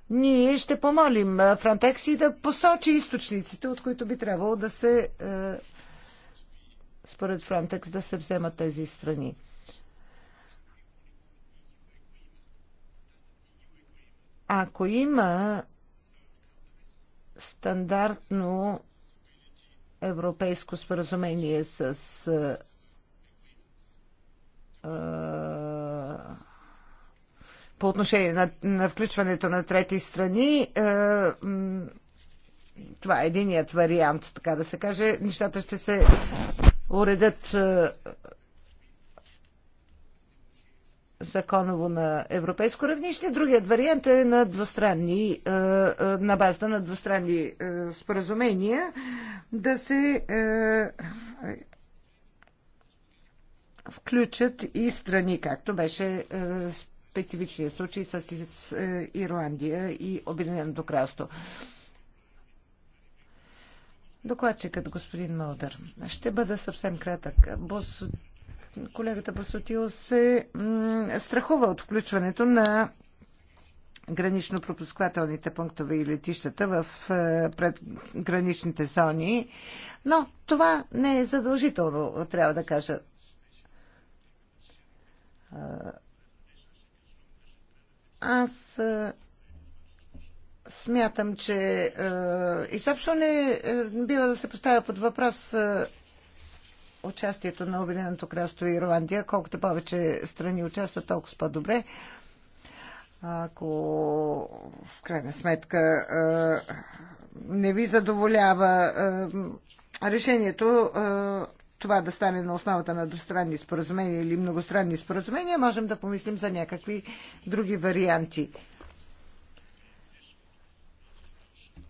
ние ще помолим Франтекс и да посочи източниците, от които би трябвало да се, според Франтекс, да се вземат тези страни. Ако има стандартно европейско споразумение с по отношение на, на включването на трети страни. м- това е единият вариант, така да се каже. Нещата ще се уредят А, законово на европейско равнище. Другият вариант е на двустранни, е, е, на базата на двустранни е, споразумения да се включат и страни, както беше специфичния случай с Ирландия и Обединеното кралство. Докладчикът господин Мълдър. Ще бъда съвсем кратък. Бос Колегата Басотил се страхува от включването на гранично-пропусквателните пунктове и летищата в е, предграничните зони, но това не е задължително, трябва да кажа. Е, аз е, смятам, че изобщо не бива да се поставя под въпрос участието на Обединеното кралство и Ирландия. Колкото повече страни участват, толкова по-добре. Ако в крайна сметка не ви задоволява решението това да стане на основата на двустранни споразумения или многостранни споразумения, можем да помислим за някакви други варианти.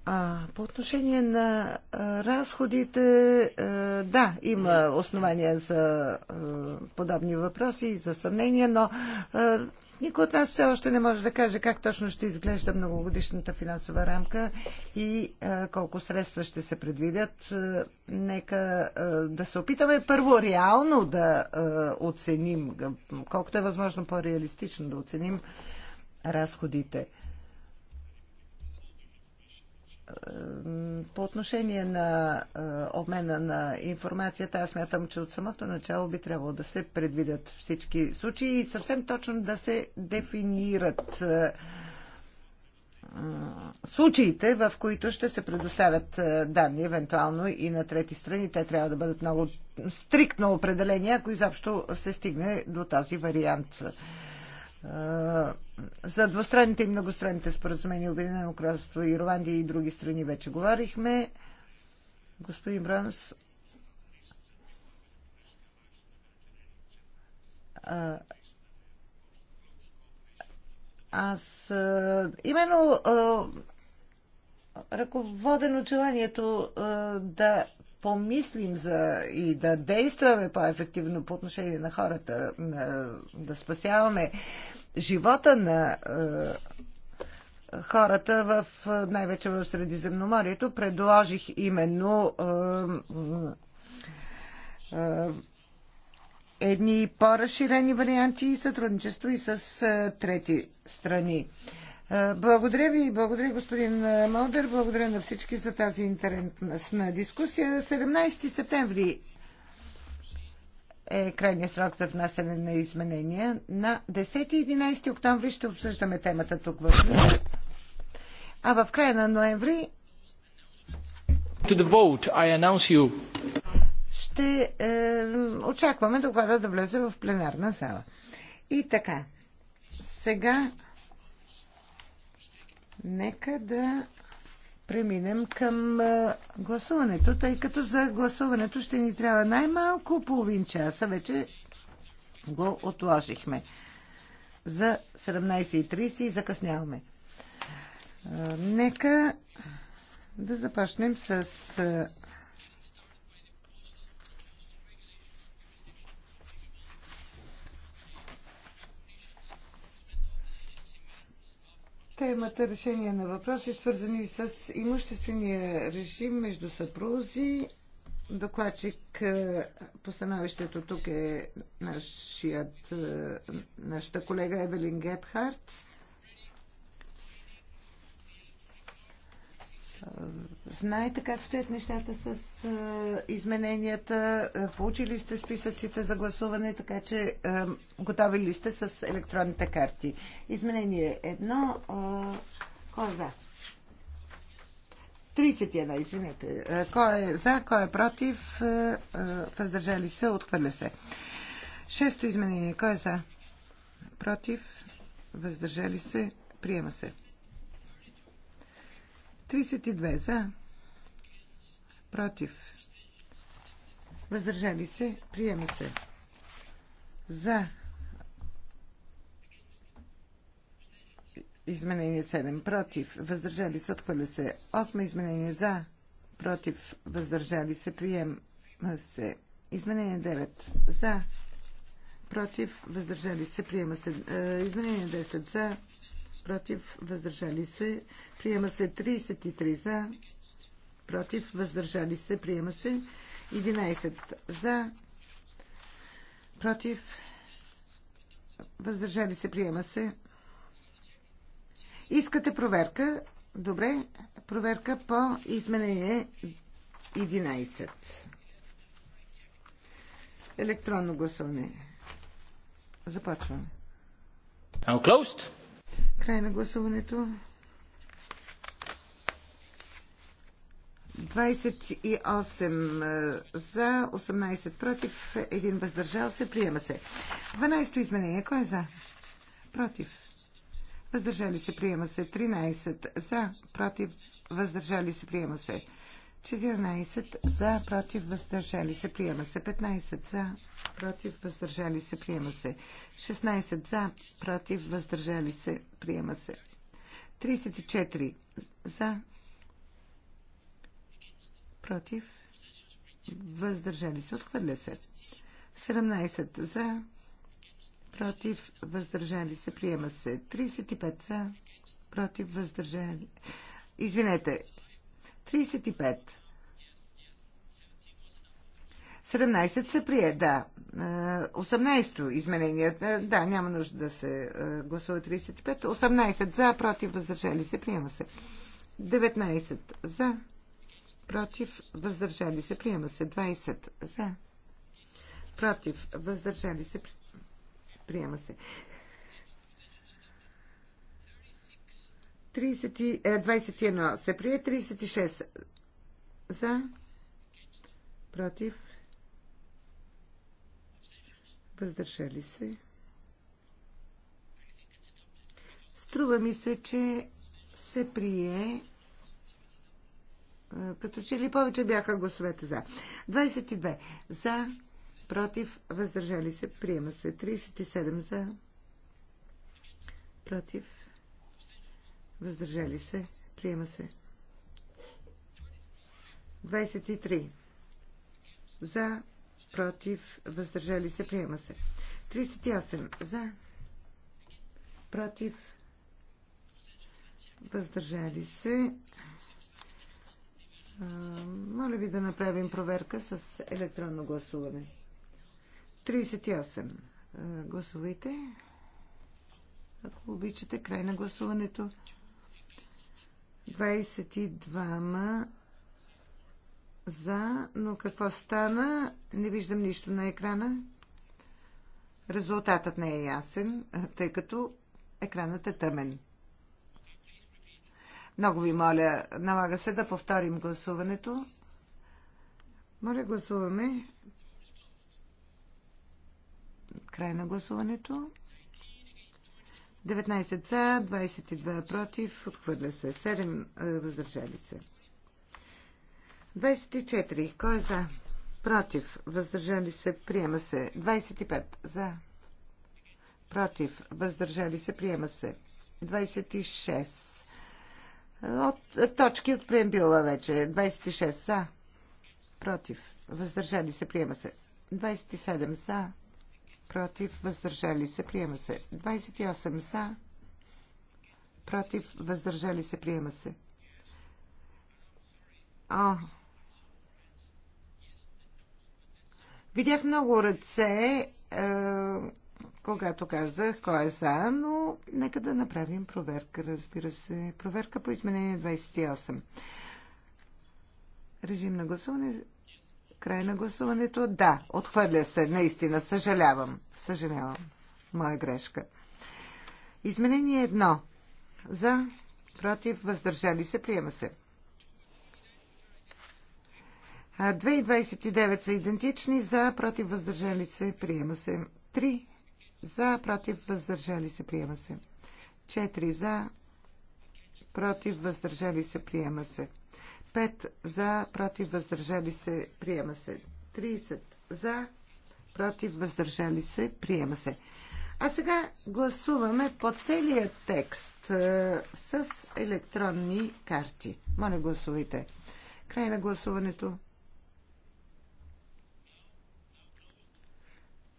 А, по отношение на а, разходите, а, да, има основания за а, подобни въпроси и за съмнения, но а, никой от нас все още не може да каже как точно ще изглежда многогодишната финансова рамка и а, колко средства ще се предвидят. А, нека а, да се опитаме първо реално да а, оценим, колкото е възможно по-реалистично да оценим разходите. По отношение на е, обмена на информацията, аз мятам, че от самото начало би трябвало да се предвидят всички случаи и съвсем точно да се дефинират е, е, случаите, в които ще се предоставят данни, евентуално и на трети страни. Те трябва да бъдат много стриктно определени, ако изобщо се стигне до тази вариант. За двустранните и многостранните споразумения Обединено кралство Ирландия и други страни вече говорихме. Господин Бранс, аз именно ръководен от желанието да помислим за и да действаме по-ефективно по отношение на хората, да спасяваме живота на е, хората в, най-вече в Средиземноморието, предложих именно е, е, е едни по-разширени варианти и сътрудничество и с е, трети страни. Благодаря ви, благодаря господин Малдер, благодаря на всички за тази интересна дискусия. 17 септември е крайният срок за внасяне на изменения. На 10 и 11 октомври ще обсъждаме темата тук в А в края на ноември vote, ще е, очакваме доклада да влезе в пленарна зала. И така, сега Нека да преминем към гласуването, тъй като за гласуването ще ни трябва най-малко половин часа. Вече го отложихме за 17.30 и закъсняваме. Нека да започнем с Темата решение на въпроси, свързани с имуществения режим между съпрузи. Докладчик е, по становището тук е нашият, е, нашата колега Евелин Гепхарт. Знаете как стоят нещата с измененията? Получили сте списъците за гласуване, така че готови ли сте с електронните карти? Изменение едно. Кой е за? 31, извинете. Кой е за, кой е против? Въздържали се, отхвърля се. Шесто изменение. Кой е за? Против? Въздържали се? Приема се. 32 за. Против. Въздържали се. Приема се. За. Изменение 7. Против. Въздържали се. Отхвърля се. 8 изменение за. Против. Въздържали се. Приема се. Изменение 9. За. Против. Въздържали се. Приема се. Е, изменение 10. За против, въздържали се, приема се 33 за, против, въздържали се, приема се 11 за, против, въздържали се, приема се. Искате проверка? Добре, проверка по изменение 11. Електронно гласуване. Започваме. I'm closed. Край на гласуването. 28 е, за, 18 против, 1 въздържал се. Приема се. 12-то изменение. Кой е за? Против. Въздържали се. Приема се. 13 за, против, въздържали се. Приема се. 14 за, против, въздържали се, приема се. 15 за, против, въздържали се, приема се. 16 за, против, въздържали се, приема се. 34 за, против, въздържали се, отхвърля се. 17 за, против, въздържали се, приема се. 35 за, против, въздържали. Извинете, 35. 17 се прие, да. 18-то е, изменение. Е, да, няма нужда да се е, гласува 35. 18 за, против, въздържали се, приема се. 19 за, против, въздържали се, приема се. 20 за, против, въздържали се, приема се. 30, 21 е, се прие, 36 за, против, въздържали се. Струва ми се, че се прие е, като че ли повече бяха гласовете за. 22 за, против, въздържали се, приема се. 37 за, против, Въздържали се. Приема се. 23. За. Против. Въздържали се. Приема се. 38. За. Против. Въздържали се. Моля ви да направим проверка с електронно гласуване. 38. Гласувайте. Ако обичате, край на гласуването. 22 за, но какво стана? Не виждам нищо на екрана. Резултатът не е ясен, тъй като екранът е тъмен. Много ви моля, налага се да повторим гласуването. Моля, гласуваме. Край на гласуването. 19 за, 22 против, отхвърля се. 7 е, въздържали се. 24. Кой е за? Против. Въздържали се. Приема се. 25. За. Против. Въздържали се. Приема се. 26. От, е, точки от преембила вече. 26. За. Против. Въздържали се. Приема се. 27. За против, въздържали се, приема се. 28 са. против, въздържали се, приема се. А. Видях много ръце, е, когато казах кой е за, но нека да направим проверка, разбира се. Проверка по изменение 28. Режим на гласуване Край на гласуването. Да, отхвърля се. Наистина, съжалявам. Съжалявам. Моя грешка. Изменение едно. За, против, въздържали се, приема се. 229 са идентични. За, против, въздържали се, приема се. 3 за, против, въздържали се, приема се. 4 за, против, въздържали се, приема се. 5 за, против, въздържали се, приема се. 30 за, против, въздържали се, приема се. А сега гласуваме по целия текст е, с електронни карти. Моля, гласувайте. Край на гласуването.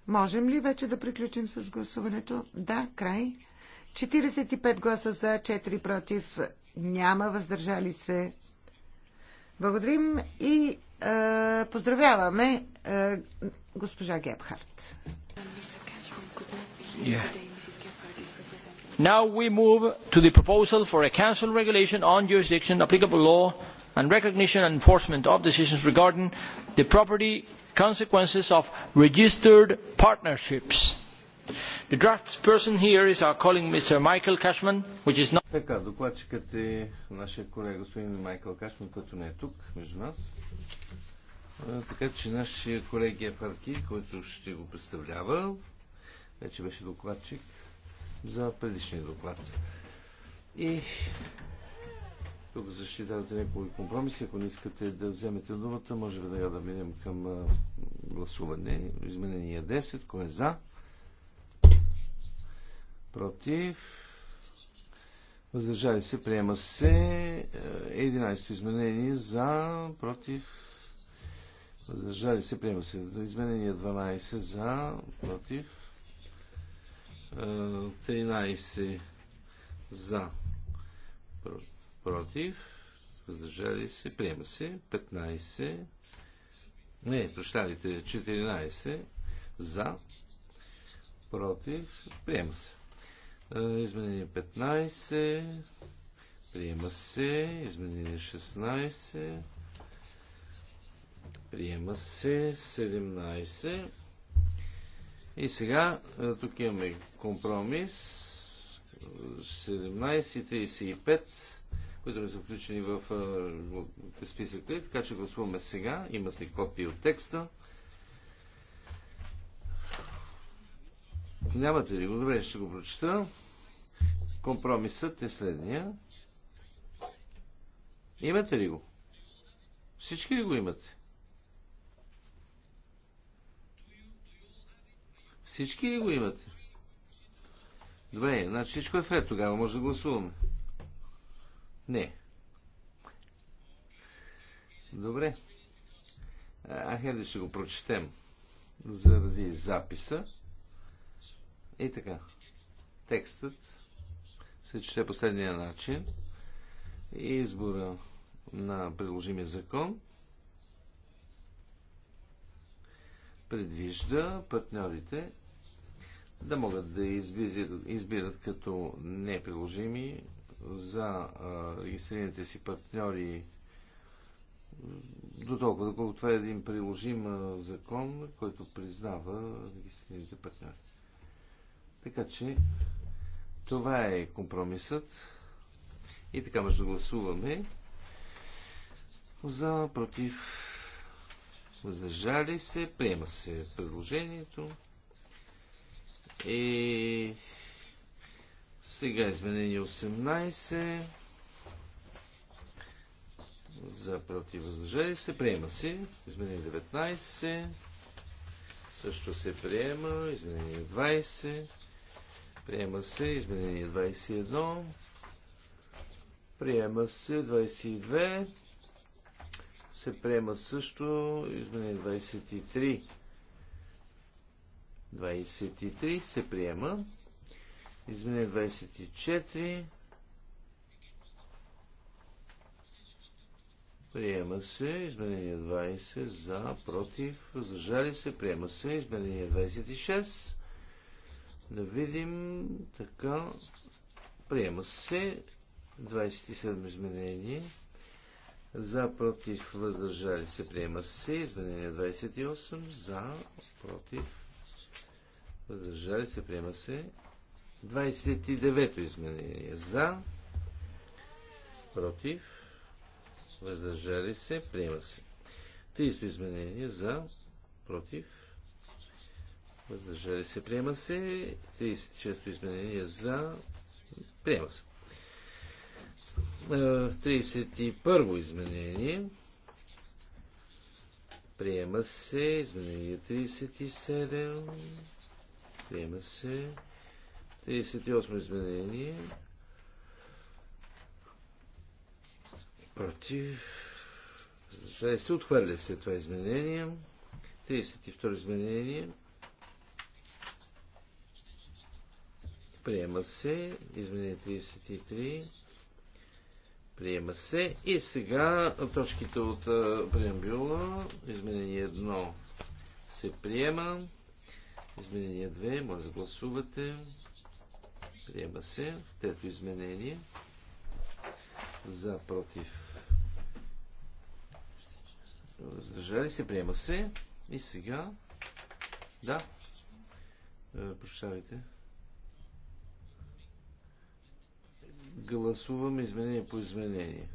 Можем ли вече да приключим с гласуването? Да, край. 45 гласа за, 4 против, няма въздържали се. Благодарим и е, поздравяваме е, госпожа Гебхарт. Yeah. Now we move to the proposal for a council regulation on jurisdiction, applicable law, and recognition and enforcement of decisions regarding the property consequences of registered partnerships The draft person here is our colleague Mr. Michael Cashman, which is not... Така, докладчикът е нашия колега господин Майкъл Кашман, който не е тук между нас. Така че нашия колегия е Парки, който ще го представлява, вече беше докладчик за предишния доклад. И тук защитавате някои компромиси. Ако не искате да вземете думата, може веднага да минем към гласуване. Изменение 10. Кой е за? против, въздържали се, приема се. 11-то е, изменение за, против, въздържали се, приема се. Изменение 12 за, против, 13 е, за, против, въздържали се, приема се. 15, не, прощавайте, 14 за, против, приема се. Изменение 15. Приема се. Изменение 16. Приема се. 17. И сега тук имаме компромис. 17.35, които не са включени в списъка. Така че гласуваме сега. Имате копия от текста. Нямате ли го? Добре, ще го прочета. Компромисът е следния. Имате ли го? Всички ли го имате? Всички ли го имате? Добре, значи всичко е вред тогава, може да гласуваме. Не. Добре. Ахе да ще го прочетем заради записа. И така. Текстът се чете последния начин. Избора на приложимия закон предвижда партньорите да могат да избират, избират като неприложими за регистрираните си партньори до толкова, доколкото това е един приложим закон, който признава регистрираните партньори. Така че това е компромисът. И така може да гласуваме за против въздържали се. Приема се предложението. И сега изменение 18 за против въздържали се. Приема се. Изменение 19 също се приема. Изменение 20 Приема се. Изменение 21. Приема се. 22. Се приема също. Изменение 23. 23 се приема. Изменение 24. Приема се. Изменение 20. За, против. Въздържали се. Приема се. Изменение 26. Да видим така. Приема се 27 изменение. За, против, въздържали се. Приема се. Изменение 28. За, против, въздържали се. Приема се. 29-то изменение. За, против, въздържали се. Приема се. 30 изменение. За, против, въздържали се, приема се. 36 изменения за, приема се. 31 е, изменение, приема се. Изменение 37, приема се. 38 изменение. Против. Въздържали се. Отхвърля се това изменение. 32 изменение. Приема се. Изменение 33. Приема се. И сега точките от преамбюла. Изменение 1 се приема. Изменение 2. Може да гласувате. Приема се. Трето изменение. За против. Въздържали се. Приема се. И сега. Да. Е, прощавайте. гласуваме изменение по изменение.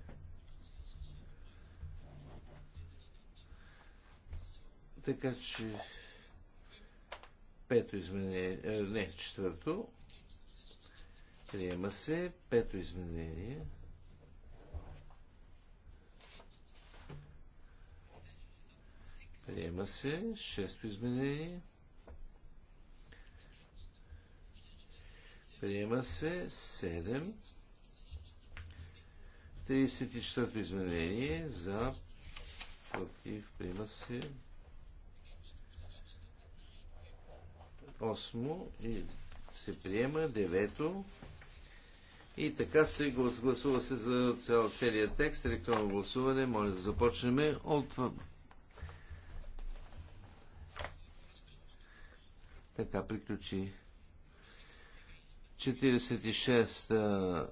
Така че пето изменение, е, не, четвърто, приема се, пето изменение. Приема се, шесто изменение. Приема се, седем. 34-то изменение за против приема се. 8 и се приема. 9 и така се гласува се за цял, целият текст. Електронно гласуване. Моля да започнем от Така, приключи. 46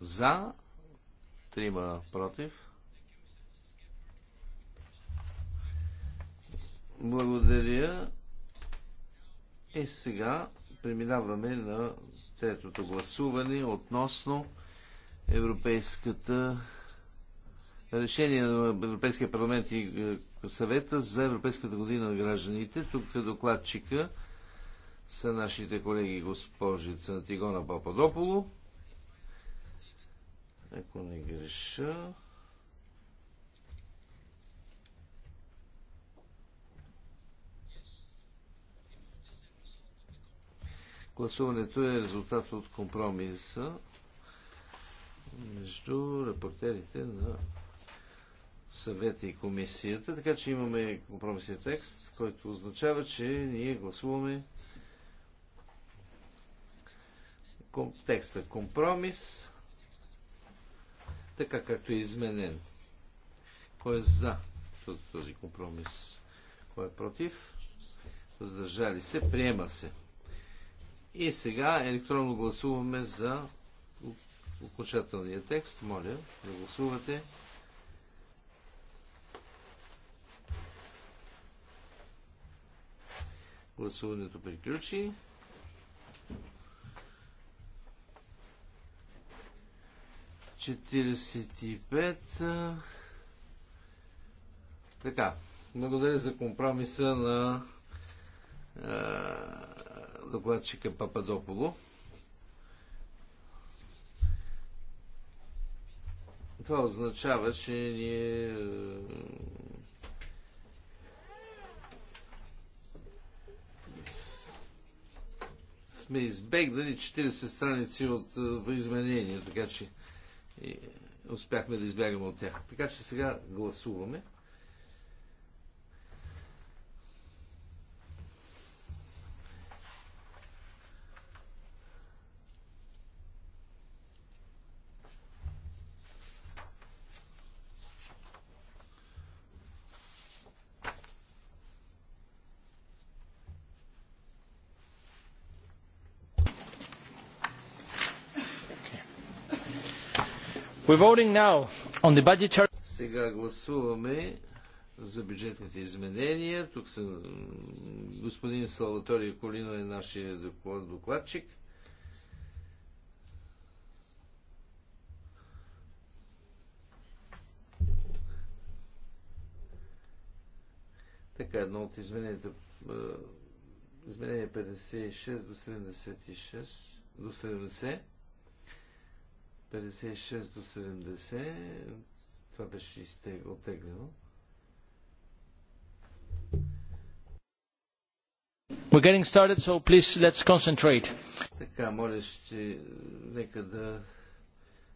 за, Трима против. Благодаря. И сега преминаваме на третото гласуване относно Европейската решение на Европейския парламент и е, съвета за Европейската година на гражданите. Тук е докладчика са нашите колеги госпожи Цантигона Пападополо ако не греша. Гласуването е резултат от компромиса между репортерите на съвета и комисията. Така че имаме компромисния текст, който означава, че ние гласуваме текста компромис така както е изменен. Кой е за този компромис? Кой е против? Въздържали се? Приема се. И сега електронно гласуваме за окончателния текст. Моля да гласувате. Гласуването приключи. 45. Така, благодаря за компромиса на е, докладчика Пападополо. Това означава, че ние е, сме избегнали 40 страници от изменения, така че и успяхме да избягаме от тях. Така че сега гласуваме. Budgetary... Сега гласуваме за бюджетните изменения. Тук са господин Салватория Колино е нашия докладчик. Така, едно от измененията изменение 56 до 76 до 70 56 до 70. Това беше оттеглено. We're getting started, so please let's concentrate. Така, моля, ще... нека да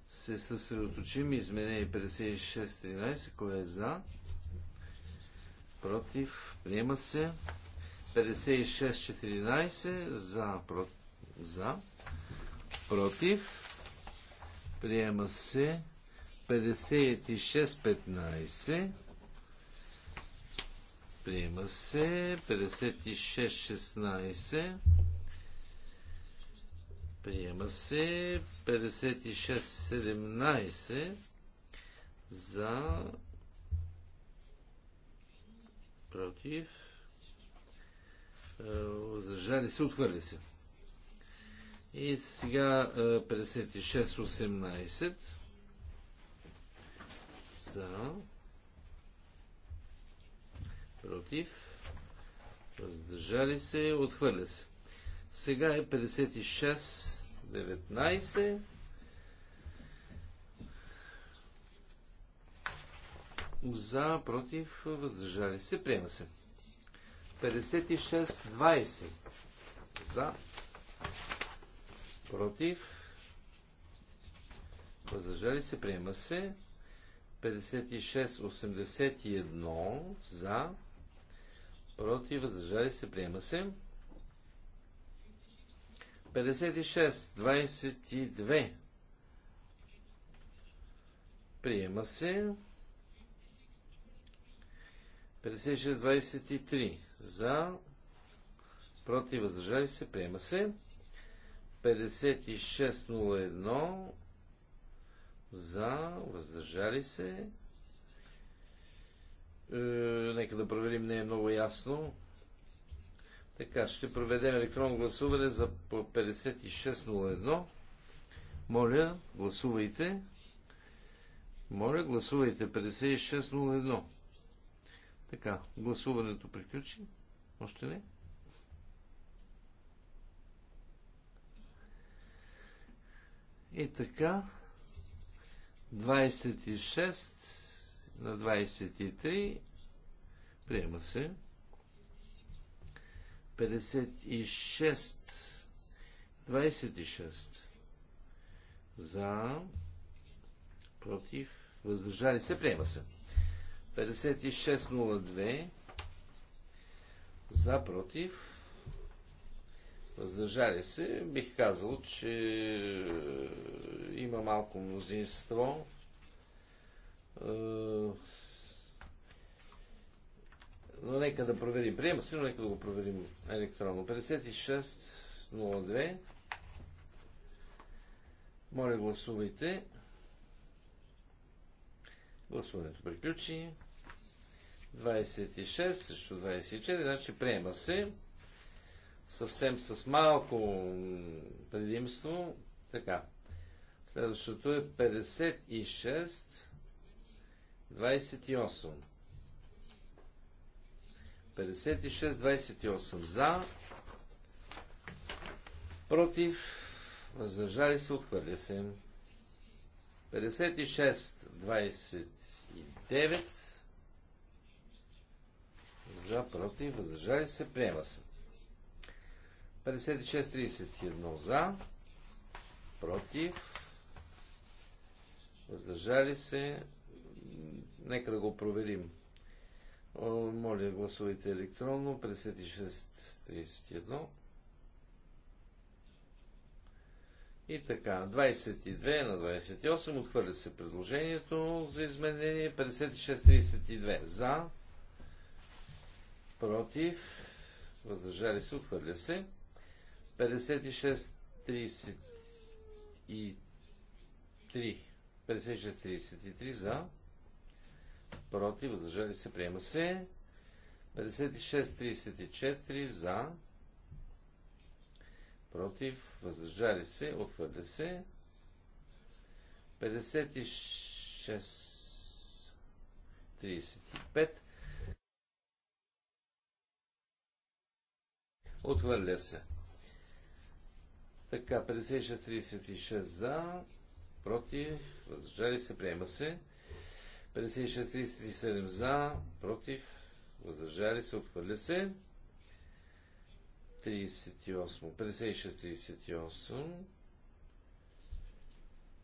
се съсредоточим. Изменение 56-13, кое е за? Против, приема се. 56-14, за, про... за, против, Приема се 56-15. Приема се 56-16. Приема се 56-17 за против. Зажали се, отхвърли се. И сега 56-18 е, за против въздържали се, отхвърля се. Сега е 56-19 за против въздържали се, приема се. 56-20 за против, въздържали се, приема се. 56-81 за, против, въздържали се, приема се. 56-22 приема се. 56-23 за, против, въздържали се, приема се. 5601 за, въздържали се. Е, нека да проверим, не е много ясно. Така, ще проведем електронно гласуване за 5601. Моля, гласувайте. Моля, гласувайте 5601. Така, гласуването приключи. Още не? И така, 26 на 23 приема се. 56 26 за против въздържали се приема се. 5602 за против въздържали се, бих казал, че е, има малко мнозинство. Е, но нека да проверим. Приема се, но нека да го проверим електронно. 5602. Моля, гласувайте. Гласуването приключи. 26 срещу 24, значи приема се съвсем с малко предимство. Така. Следващото е 56, 28. 56, 28 за, против, въздържали се, отхвърля се. 56, 29 за, против, въздържали се, приема се. 56-31 за, против, въздържали се. Нека да го проверим. Моля, гласувайте електронно. 56-31. И така, 22 на 28 отхвърля се предложението за изменение. 56-32 за, против, въздържали се, отхвърля се. 56-33 56-33 за. Против. Въздържали се. Приема се. 56-34 за. Против. Въздържали се. отвърля се. 56 35 Отвърля се. Така, 56-36 за, против, въздържали се, приема се. 56-37 за, против, въздържали се, отхвърля се. 38, 56-38,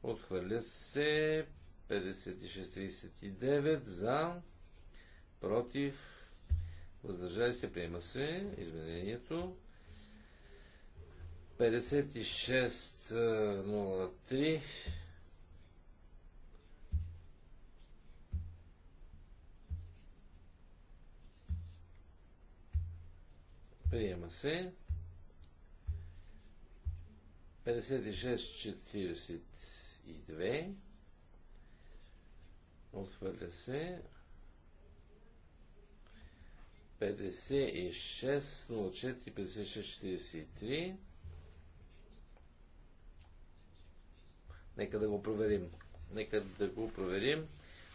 отхвърля се. 56-39 за, против, въздържали се, приема се изменението. 5603 е, Приема се. 56-42. Отвърля се. 56-04-56-43. Нека да го проверим. Нека да го проверим.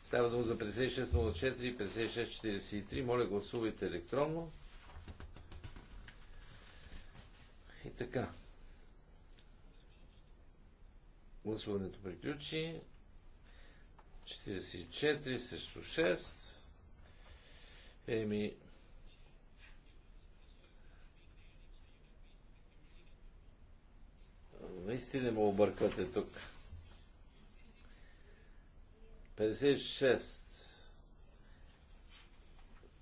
Става дума за 5604 и 5643. Моля, гласувайте електронно. И така. Гласуването приключи. 44 срещу 6. Еми, наистина ме обърквате тук. 56.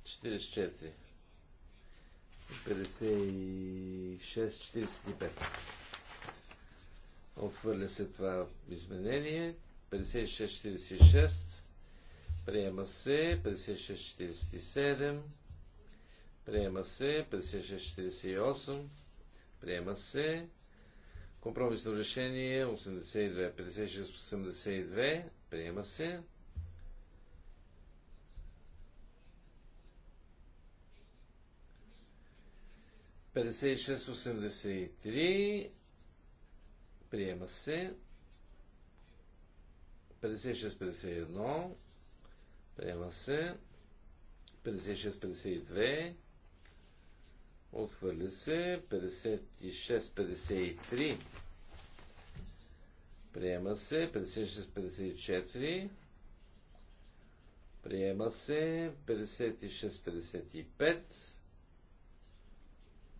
44. 56-45. Отхвърля се това изменение. 56-46. Приема се. 56-47. Приема се. 56-48. Приема се. Компромисно решение 82. 56-82. Приема се. Приема се. 56-51. Приема се. 56-52. Отхвърля се. 56-53. Приема се 56-54. Приема се 56-55.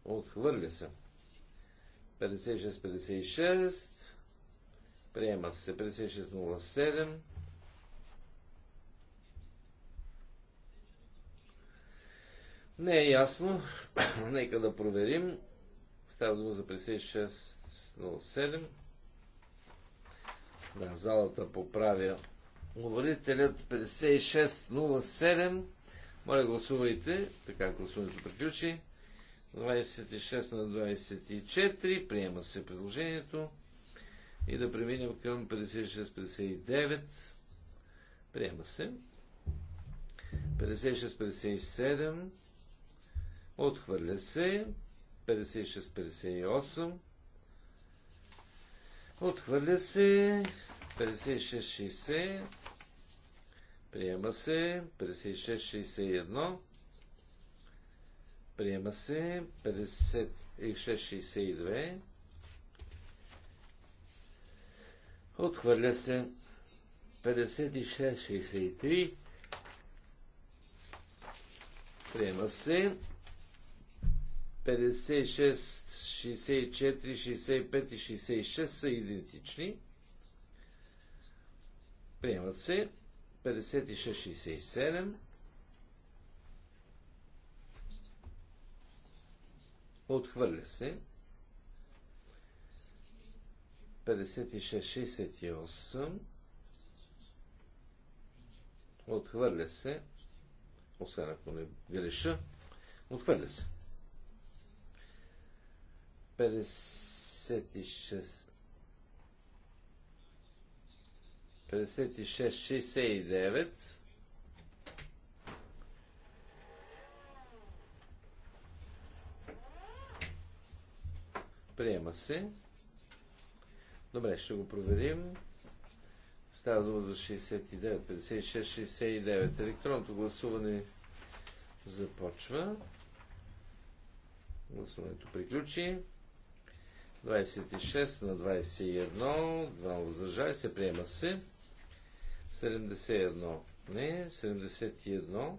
Отхвърля се. 56-56. Приема се 56-07. Не е ясно. Нека да проверим. Става дума за 5607 на залата поправя говорителят 5607. Моля, гласувайте. Така гласуването приключи. 26 на 24. Приема се предложението. И да преминем към 56-59. Приема се. 56-57. Отхвърля се. 56-58. Отхвърля се. 56-60. Приема се. 56-61. Приема се. 56-62. Отхвърля се. 56-63. Приема се. 56, 64, 65 и 66 са идентични. Приемат се 56-67. Отхвърля се. 56-68. Отхвърля се. Освен ако не греша. Отхвърля се. 56. 56-69 Приема се. Добре, ще го проверим. Става дума за 69. 56-69. Електронното гласуване започва. Гласуването приключи. 26 на 21. 2 въздържали се. Приема се. 71. Не, 71.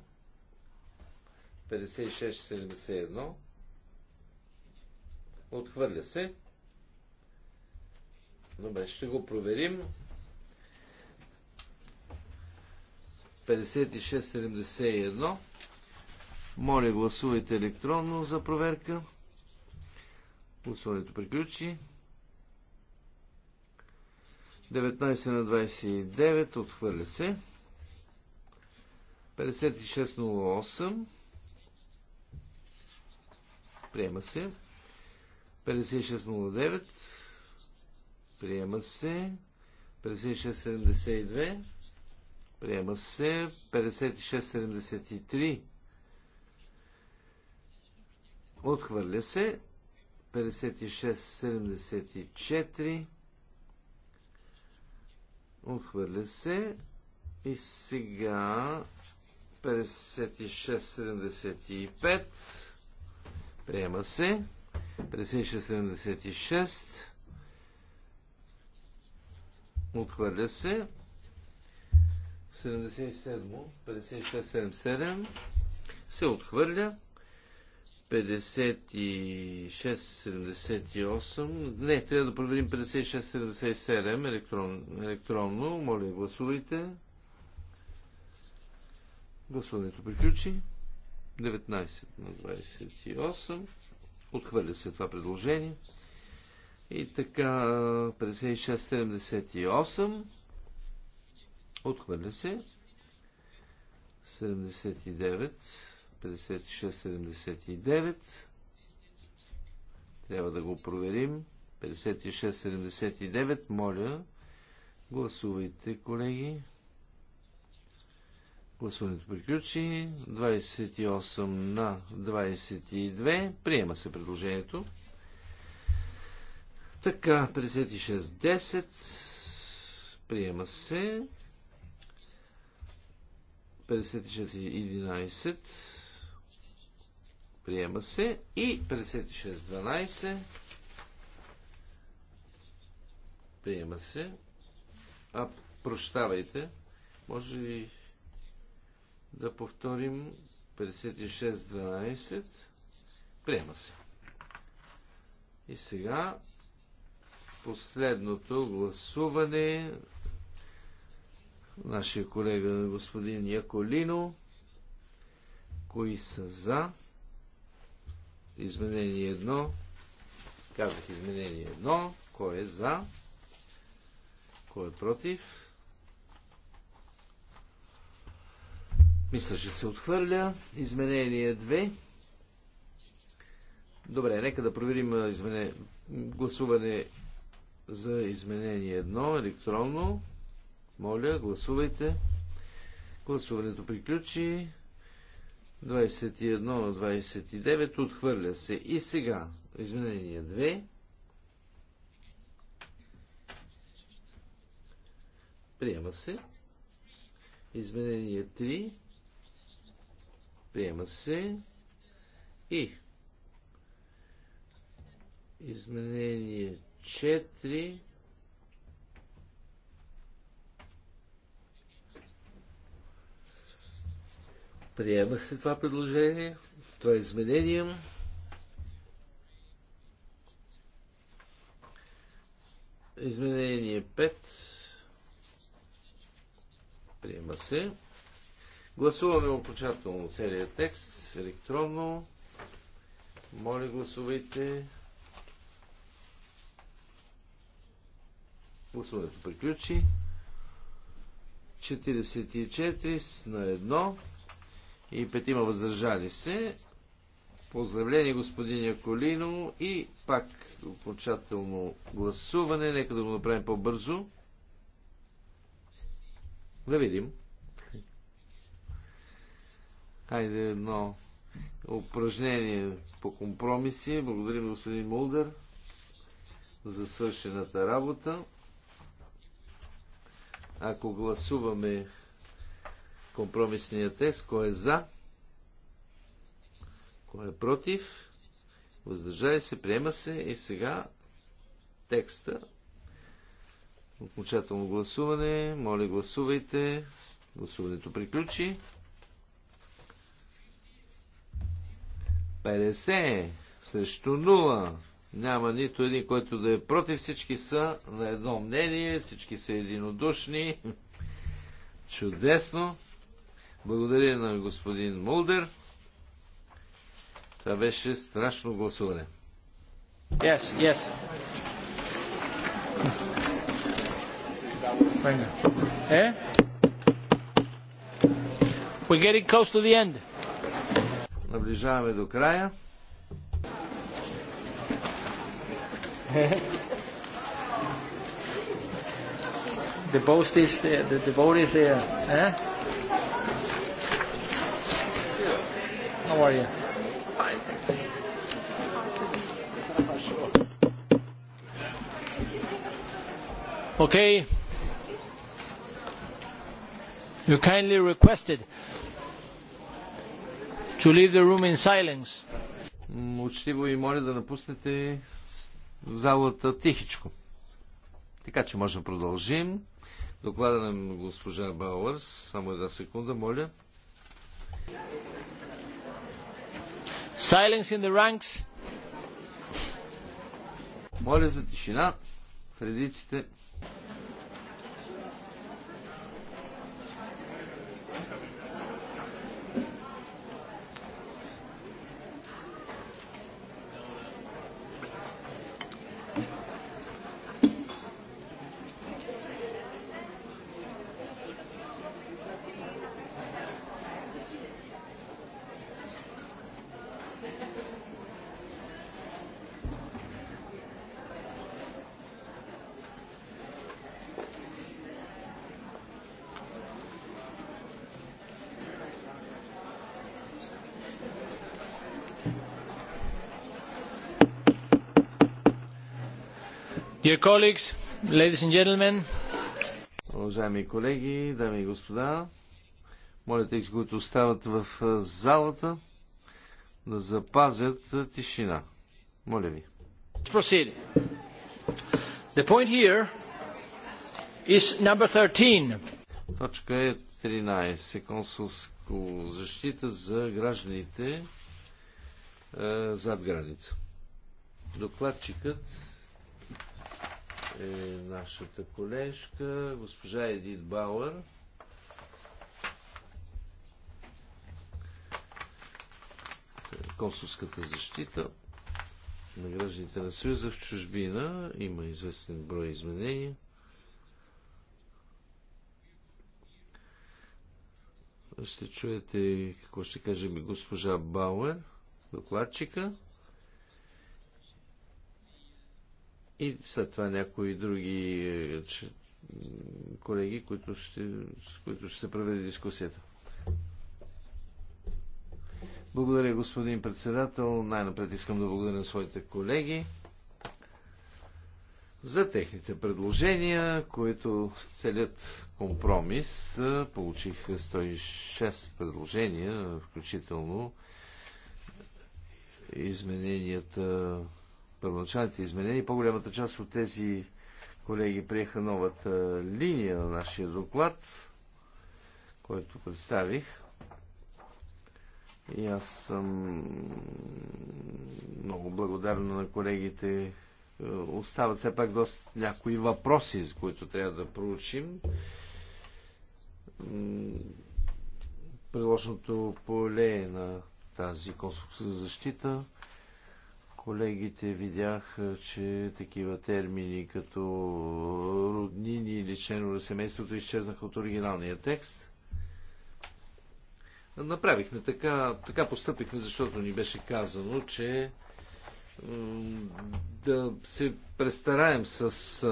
56-71. Отхвърля се. Добре, ще го проверим. 56-71. Моля, гласувайте електронно за проверка. Гласуването приключи. 19 на 29 отхвърля се. 5608 приема се. 5609 приема се. 5672 приема се. 5673 отхвърля се. 5674 Отхвърля се. И сега 56-75. Приема се. 56-76. Отхвърля се. 77, 56-77 се отхвърля. 56-78. Не, трябва да проверим 56-77 електрон, електронно. Моля, гласувайте. Гласуването приключи. 19 на 28. Отхвърля се това предложение. И така, 56-78. Отхвърля се. 79. 5679. Трябва да го проверим. 5679. Моля, гласувайте, колеги. Гласуването приключи. 28 на 22. Приема се предложението. Така, 56-10. Приема се. 54-11. Приема се. И 56.12. Приема се. А, прощавайте. Може ли да повторим 56.12? Приема се. И сега последното гласуване. Нашия колега господин Яколино. Кои са за? Изменение едно. Казах изменение 1. Кой е за? Кой е против? Мисля, че се отхвърля. Изменение 2. Добре, нека да проверим измене... гласуване за изменение 1 електронно. Моля, гласувайте. Гласуването приключи. 21 29 отхвърля се. И сега изменение 2. Приема се. Изменение 3. Приема се. И изменение 4 Приема се това предложение, това е изменение. Изменение 5. Приема се. Гласуваме окончателно целия текст електронно. Моля, гласувайте. Гласуването приключи. 44 на 1 и петима въздържали се. Поздравление господин Яколино и пак окончателно гласуване. Нека да го направим по-бързо. Да видим. Хайде едно упражнение по компромиси. Благодарим господин Мулдър за свършената работа. Ако гласуваме Компромисният текст, кой е за, кой е против, въздържали се, приема се и сега текста. Окончателно гласуване. Моля, гласувайте. Гласуването приключи. 50 срещу 0. Няма нито един, който да е против. Всички са на едно мнение, всички са единодушни. Чудесно. Благодаря на господин Мулдер. Това беше страшно гласуване. Yes, yes. Е? We're getting close to the end. Наближаваме до края. the boat is there. The, the boat is there. Eh? How are you? Okay. You kindly requested to leave the room in silence. Учтиво ви моля да напуснете залата тихичко. Така че можем да продължим. Доклада на госпожа Бауърс. Само една секунда, моля. Silence in the ranks. Моля за тишина в редиците. Dear colleagues, ladies and gentlemen. Уважаеми колеги, дами и господа, моля тези, които остават в залата, да запазят тишина. Моля ви. Proceed. The point here is number 13. Точка е 13. Консулско защита за гражданите е, зад граница. Докладчикът е нашата колежка, госпожа Едит Бауер. Консулската защита на гражданите на Съюза в чужбина. Има известен брой изменения. Ще чуете какво ще кажем госпожа Бауер, докладчика. И след това някои други е, колеги, които ще, с които ще се проведе дискусията. Благодаря, господин председател. Най-напред искам да благодаря на своите колеги за техните предложения, които целят компромис. Получих 106 предложения, включително измененията първоначалните изменения, по-голямата част от тези колеги приеха новата линия на нашия доклад, който представих. И аз съм много благодарен на колегите. Остават все пак доста някои въпроси, с които трябва да проучим. Приложното поле на тази за защита – колегите видях, че такива термини като роднини или членове на семейството изчезнаха от оригиналния текст. Направихме така, така постъпихме, защото ни беше казано, че да се престараем с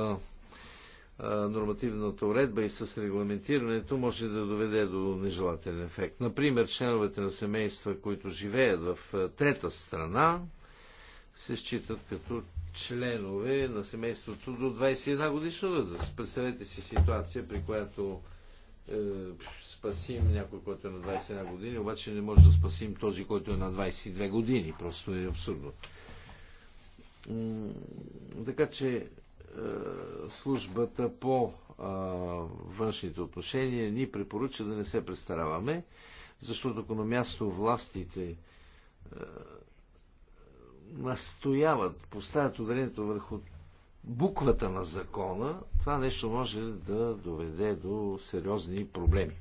нормативната уредба и с регламентирането може да доведе до нежелателен ефект. Например, членовете на семейства, които живеят в трета страна, се считат като членове на семейството до 21 годишна възраст. Представете си ситуация, при която е, спасим някой, който е на 21 години, обаче не може да спасим този, който е на 22 години. Просто е абсурдно. Така че е, службата по е, външните отношения ни препоръча да не се престараваме, защото ако на място властите е, настояват, поставят ударението върху буквата на закона, това нещо може да доведе до сериозни проблеми.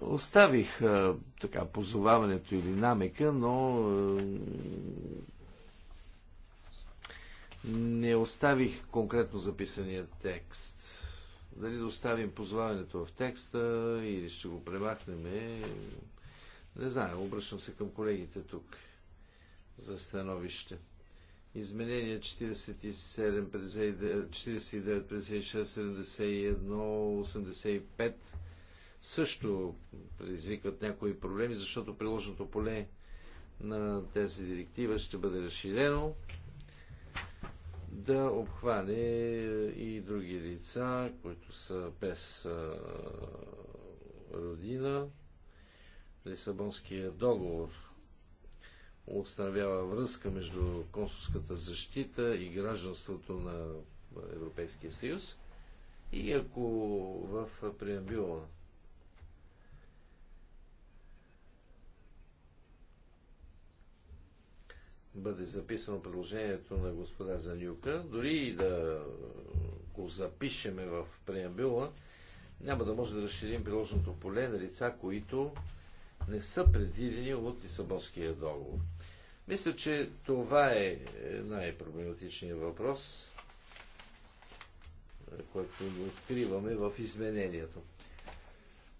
Оставих а, така позоваването или намека, но а, не оставих конкретно записания текст дали да оставим позваването в текста или ще го премахнем. Е, не знам, обръщам се към колегите тук за становище. Изменения 47, 59, 49, 56, 71, 85 също предизвикват някои проблеми, защото приложното поле на тази директива ще бъде разширено да обхване е, и други лица, които са без родина. Лисабонския договор установява връзка между консулската защита и гражданството на Европейския съюз. И ако в преамбюла бъде записано предложението на господа Занюка, дори и да го запишеме в преамбюла, няма да може да разширим приложното поле на лица, които не са предвидени от Лисабонския договор. Мисля, че това е най-проблематичният въпрос, който откриваме в изменението.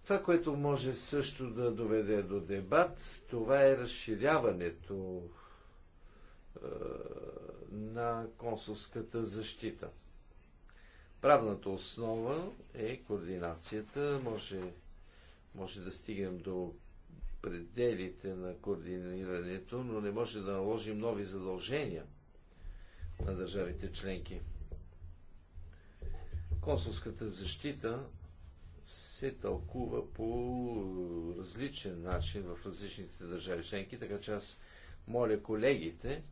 Това, което може също да доведе до дебат, това е разширяването на консулската защита. Правната основа е координацията. Може, може да стигнем до пределите на координирането, но не може да наложим нови задължения на държавите членки. Консулската защита се тълкува по различен начин в различните държави членки, така че аз моля колегите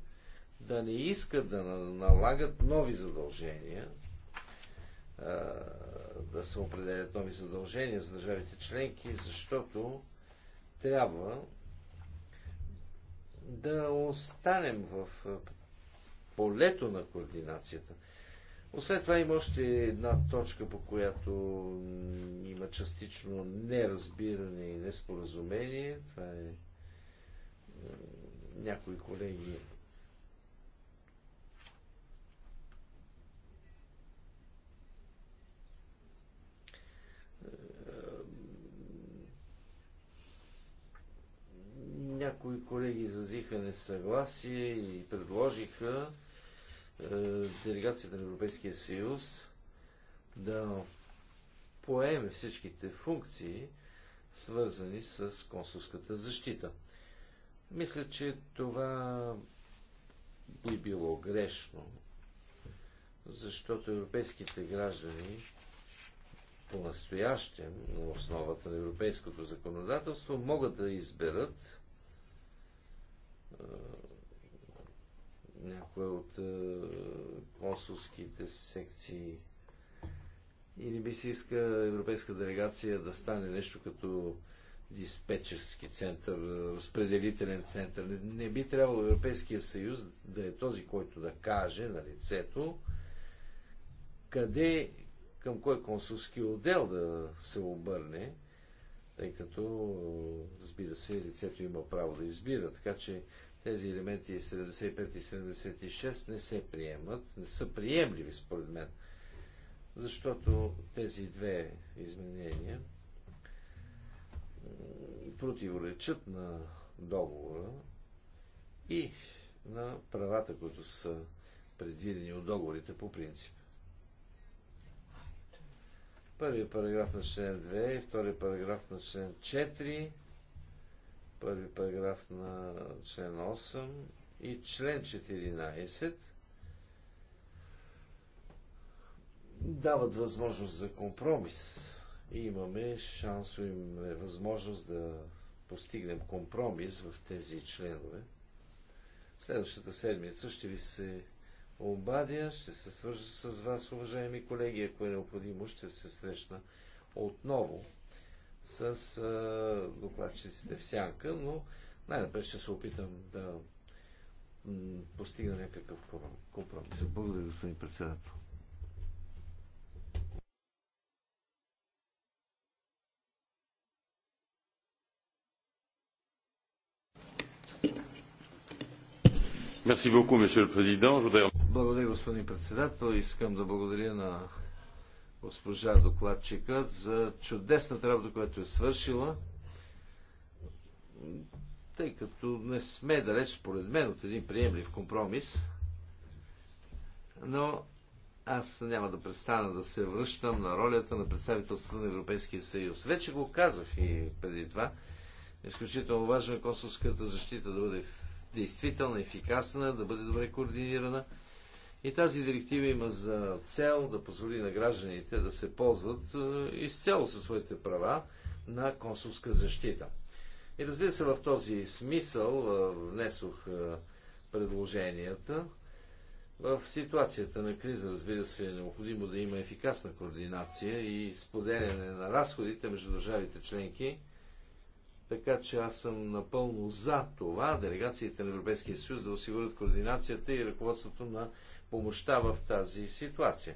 да не искат да налагат нови задължения, да се определят нови задължения за държавите членки, защото трябва да останем в полето на координацията. Освен това има още една точка, по която има частично неразбиране и неспоразумение. Това е някои колеги Някои колеги изразиха несъгласие и предложиха е, делегацията на Европейския съюз да поеме всичките функции, свързани с консулската защита. Мисля, че това би било грешно, защото европейските граждани по-настоящем, на основата на европейското законодателство, могат да изберат е, някоя от е, консулските секции. И не би се иска европейска делегация да стане нещо като диспетчерски център, е, разпределителен център. Не, не би трябвало Европейския съюз да е този, който да каже на лицето къде, към кой консулски отдел да се обърне, тъй като, разбира се, лицето има право да избира. Така че тези елементи 75 и 76 не се приемат, не са приемливи според мен, защото тези две изменения противоречат на договора и на правата, които са предвидени от договорите по принцип. Първият параграф на член 2 и вторият параграф на член 4 първи параграф на член 8 и член 14 дават възможност за компромис. И имаме шансо имаме възможност да постигнем компромис в тези членове. Следващата седмица ще ви се обадя, ще се свържа с вас, уважаеми колеги, ако е необходимо, ще се срещна отново с а, докладчиците в сянка, но най-напред ще се опитам да постигна някакъв компромис. Благодаря, господин председател. Благодаря, господин председател. Искам да благодаря на госпожа докладчика за чудесната работа, която е свършила, тъй като не сме далеч, според мен, от един приемлив компромис, но аз няма да престана да се връщам на ролята на представителството на Европейския съюз. Вече го казах и преди това. Изключително важно е консулската защита да бъде действителна, ефикасна, да бъде добре координирана – и тази директива има за цел да позволи на гражданите да се ползват е, изцяло със своите права на консулска защита. И разбира се, в този смисъл е, внесох е, предложенията. В ситуацията на криза, разбира се, е необходимо да има ефикасна координация и споделяне на разходите между държавите членки – така че аз съм напълно за това делегациите на Европейския съюз да осигурят координацията и ръководството на помощта в тази ситуация.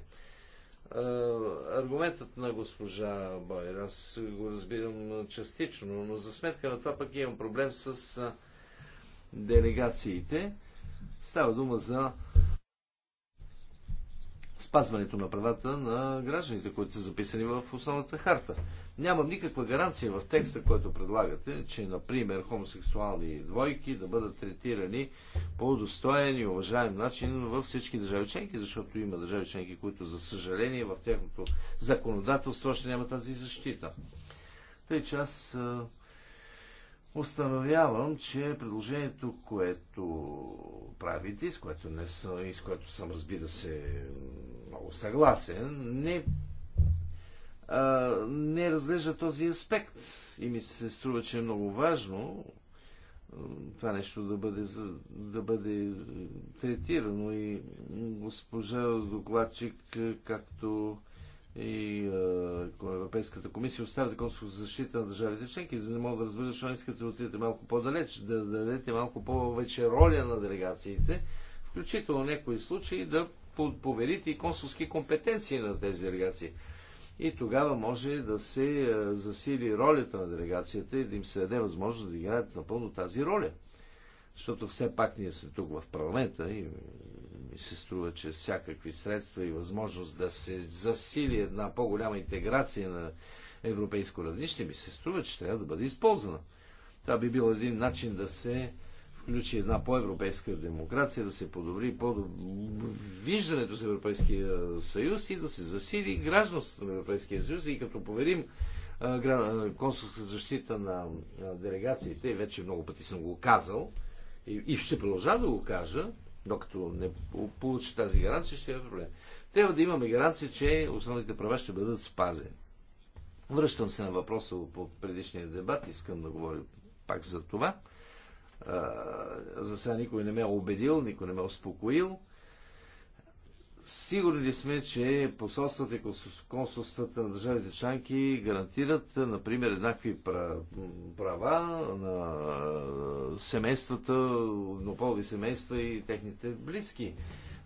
Аргументът на госпожа Бойер, аз го разбирам частично, но за сметка на това пък имам проблем с делегациите. Става дума за спазването на правата на гражданите, които са записани в основната харта. Нямам никаква гаранция в текста, който предлагате, че, например, хомосексуални двойки да бъдат третирани по достоен и уважаем начин във всички държави членки, защото има държави членки, които, за съжаление, в тяхното законодателство още няма тази защита. Тъй, че аз установявам, че предложението, което правите, с което, не съ, и с което съм, разбира се, много съгласен, не не разглежда този аспект. И ми се струва, че е много важно това нещо да бъде, да бъде третирано и госпожа докладчик, както и е, Европейската комисия оставя за защита на държавите членки, за да не мога да разбера, защо искате да отидете малко по-далеч, да дадете малко по-вече роля на делегациите, включително някои случаи да поверите и консулски компетенции на тези делегации и тогава може да се е, засили ролята на делегацията и да им се даде възможност да играят напълно тази роля. Защото все пак ние сме тук в парламента и ми се струва, че всякакви средства и възможност да се засили една по-голяма интеграция на европейско равнище, ми се струва, че трябва да бъде използвана. Това би бил един начин да се включи една по-европейска демокрация, да се подобри по виждането с Европейския съюз и да се засили гражданството на Европейския съюз и като поверим консулска защита на делегациите, и вече много пъти съм го казал, и ще продължа да го кажа, докато не получи тази гаранция, ще има проблем. Трябва да имаме гаранция, че основните права ще бъдат спазени. Връщам се на въпроса по предишния дебат, искам да говоря пак за това. За сега никой не ме е убедил, никой не ме е успокоил. Сигурни сме, че посолствата и консулствата на държавите членки гарантират, например, еднакви права на семействата, еднополови семейства и техните близки.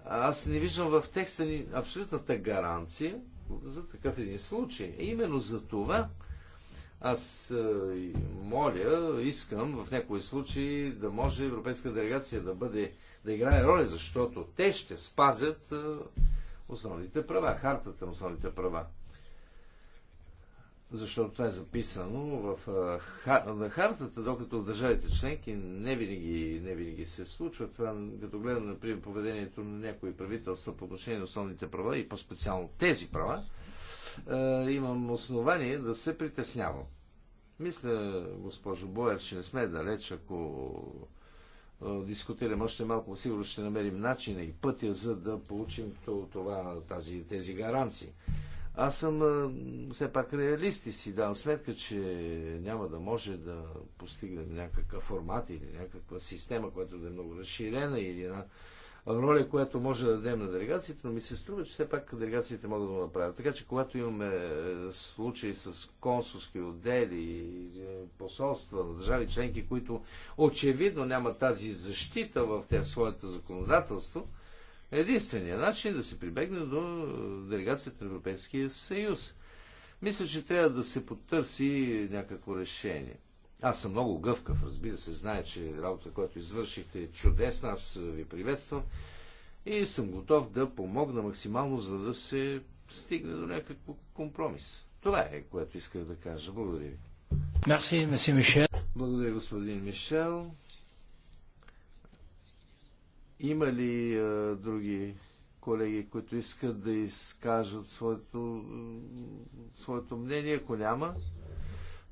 Аз не виждам в текста ни абсолютната гаранция за такъв един случай. именно за това аз е, моля, искам в някои случаи да може европейска делегация да бъде, да играе роля, защото те ще спазят е, основните права, хартата на основните права. Защото това е записано в е, на хартата, докато в държавите членки не винаги, не винаги се случва. Това, като гледам, например, поведението на някои правителства по отношение на основните права и по-специално тези права, имам основание да се притеснявам. Мисля, госпожо Боер, че не сме далеч, ако дискутираме още малко, сигурно ще намерим начина и пътя, за да получим това, тази, тези гаранции. Аз съм все пак реалист и си дам сметка, че няма да може да постигнем някакъв формат или някаква система, която да е много разширена или една роля, която може да дадем на делегациите, но ми се струва, че все пак делегациите могат да го направят. Така че, когато имаме е, случаи с консулски отдели, и е, посолства на държави членки, които очевидно нямат тази защита в те, своето законодателство, единственият начин е да се прибегне до е, делегацията на Европейския съюз. Мисля, че трябва да се потърси някакво решение. Аз съм много гъвкав, разбира се, знае, че работа, която извършихте е чудесна, аз ви приветствам и съм готов да помогна максимално, за да се стигне до някакъв компромис. Това е, което исках да кажа. Благодаря ви. Мерси, меси Мишел. Благодаря, господин Мишел. Има ли а, други колеги, които искат да изкажат своето, своето мнение? Ако няма,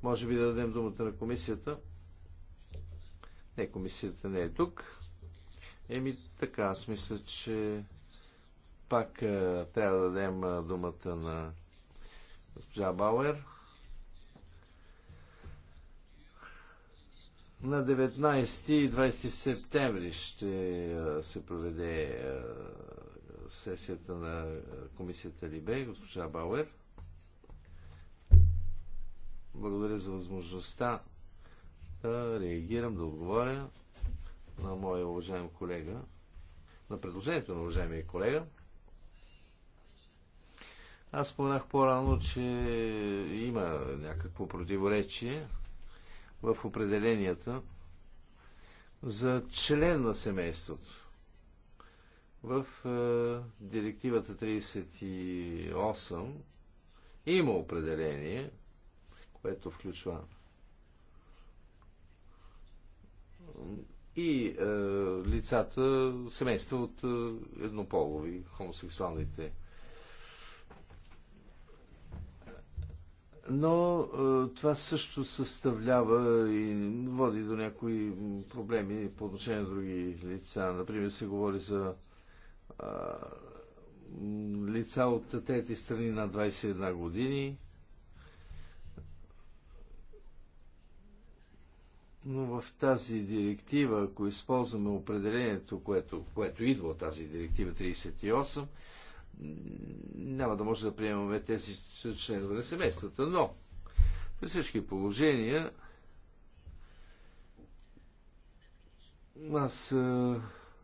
може би да дадем думата на комисията. Не, комисията не е тук. Еми така, аз мисля, че пак е, трябва да дадем е, думата на госпожа Бауер. На 19 и 20 септември ще е, се проведе е, сесията на комисията Либе, госпожа Бауер. Благодаря за възможността да реагирам, да отговоря на моя уважаем колега, на предложението на уважаемия колега. Аз споменах по-рано, че има някакво противоречие в определенията за член на семейството. В е, директивата 38 има определение – което включва и е, лицата, семейства от е, еднополови, хомосексуалните. Но е, това също съставлява и води до някои проблеми по отношение на други лица. Например, се говори за е, лица от трети страни на 21 години, Но в тази директива, ако използваме определението, което, което идва от тази директива 38, няма да може да приемаме тези членове на семействата. Но при всички положения аз е,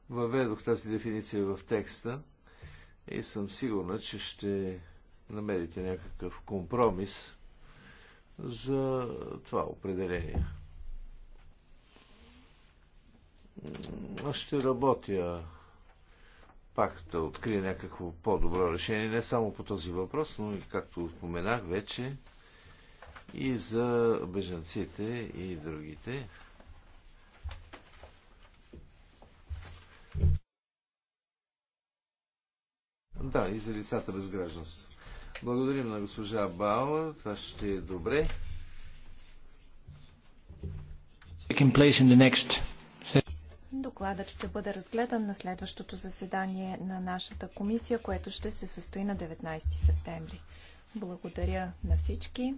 въведох тази дефиниция в текста и съм сигурна, че ще намерите някакъв компромис за това определение. Аз ще работя пак да открия някакво по-добро решение, не само по този въпрос, но и както споменах вече, и за бежанците и другите. Да, и за лицата без гражданство. Благодарим на госпожа Бауър. Това ще е добре. Taking place in the next Докладът ще бъде разгледан на следващото заседание на нашата комисия, което ще се състои на 19 септември. Благодаря на всички.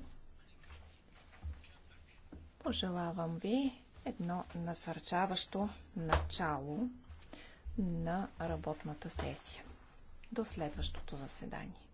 Пожелавам ви едно насърчаващо начало на работната сесия. До следващото заседание.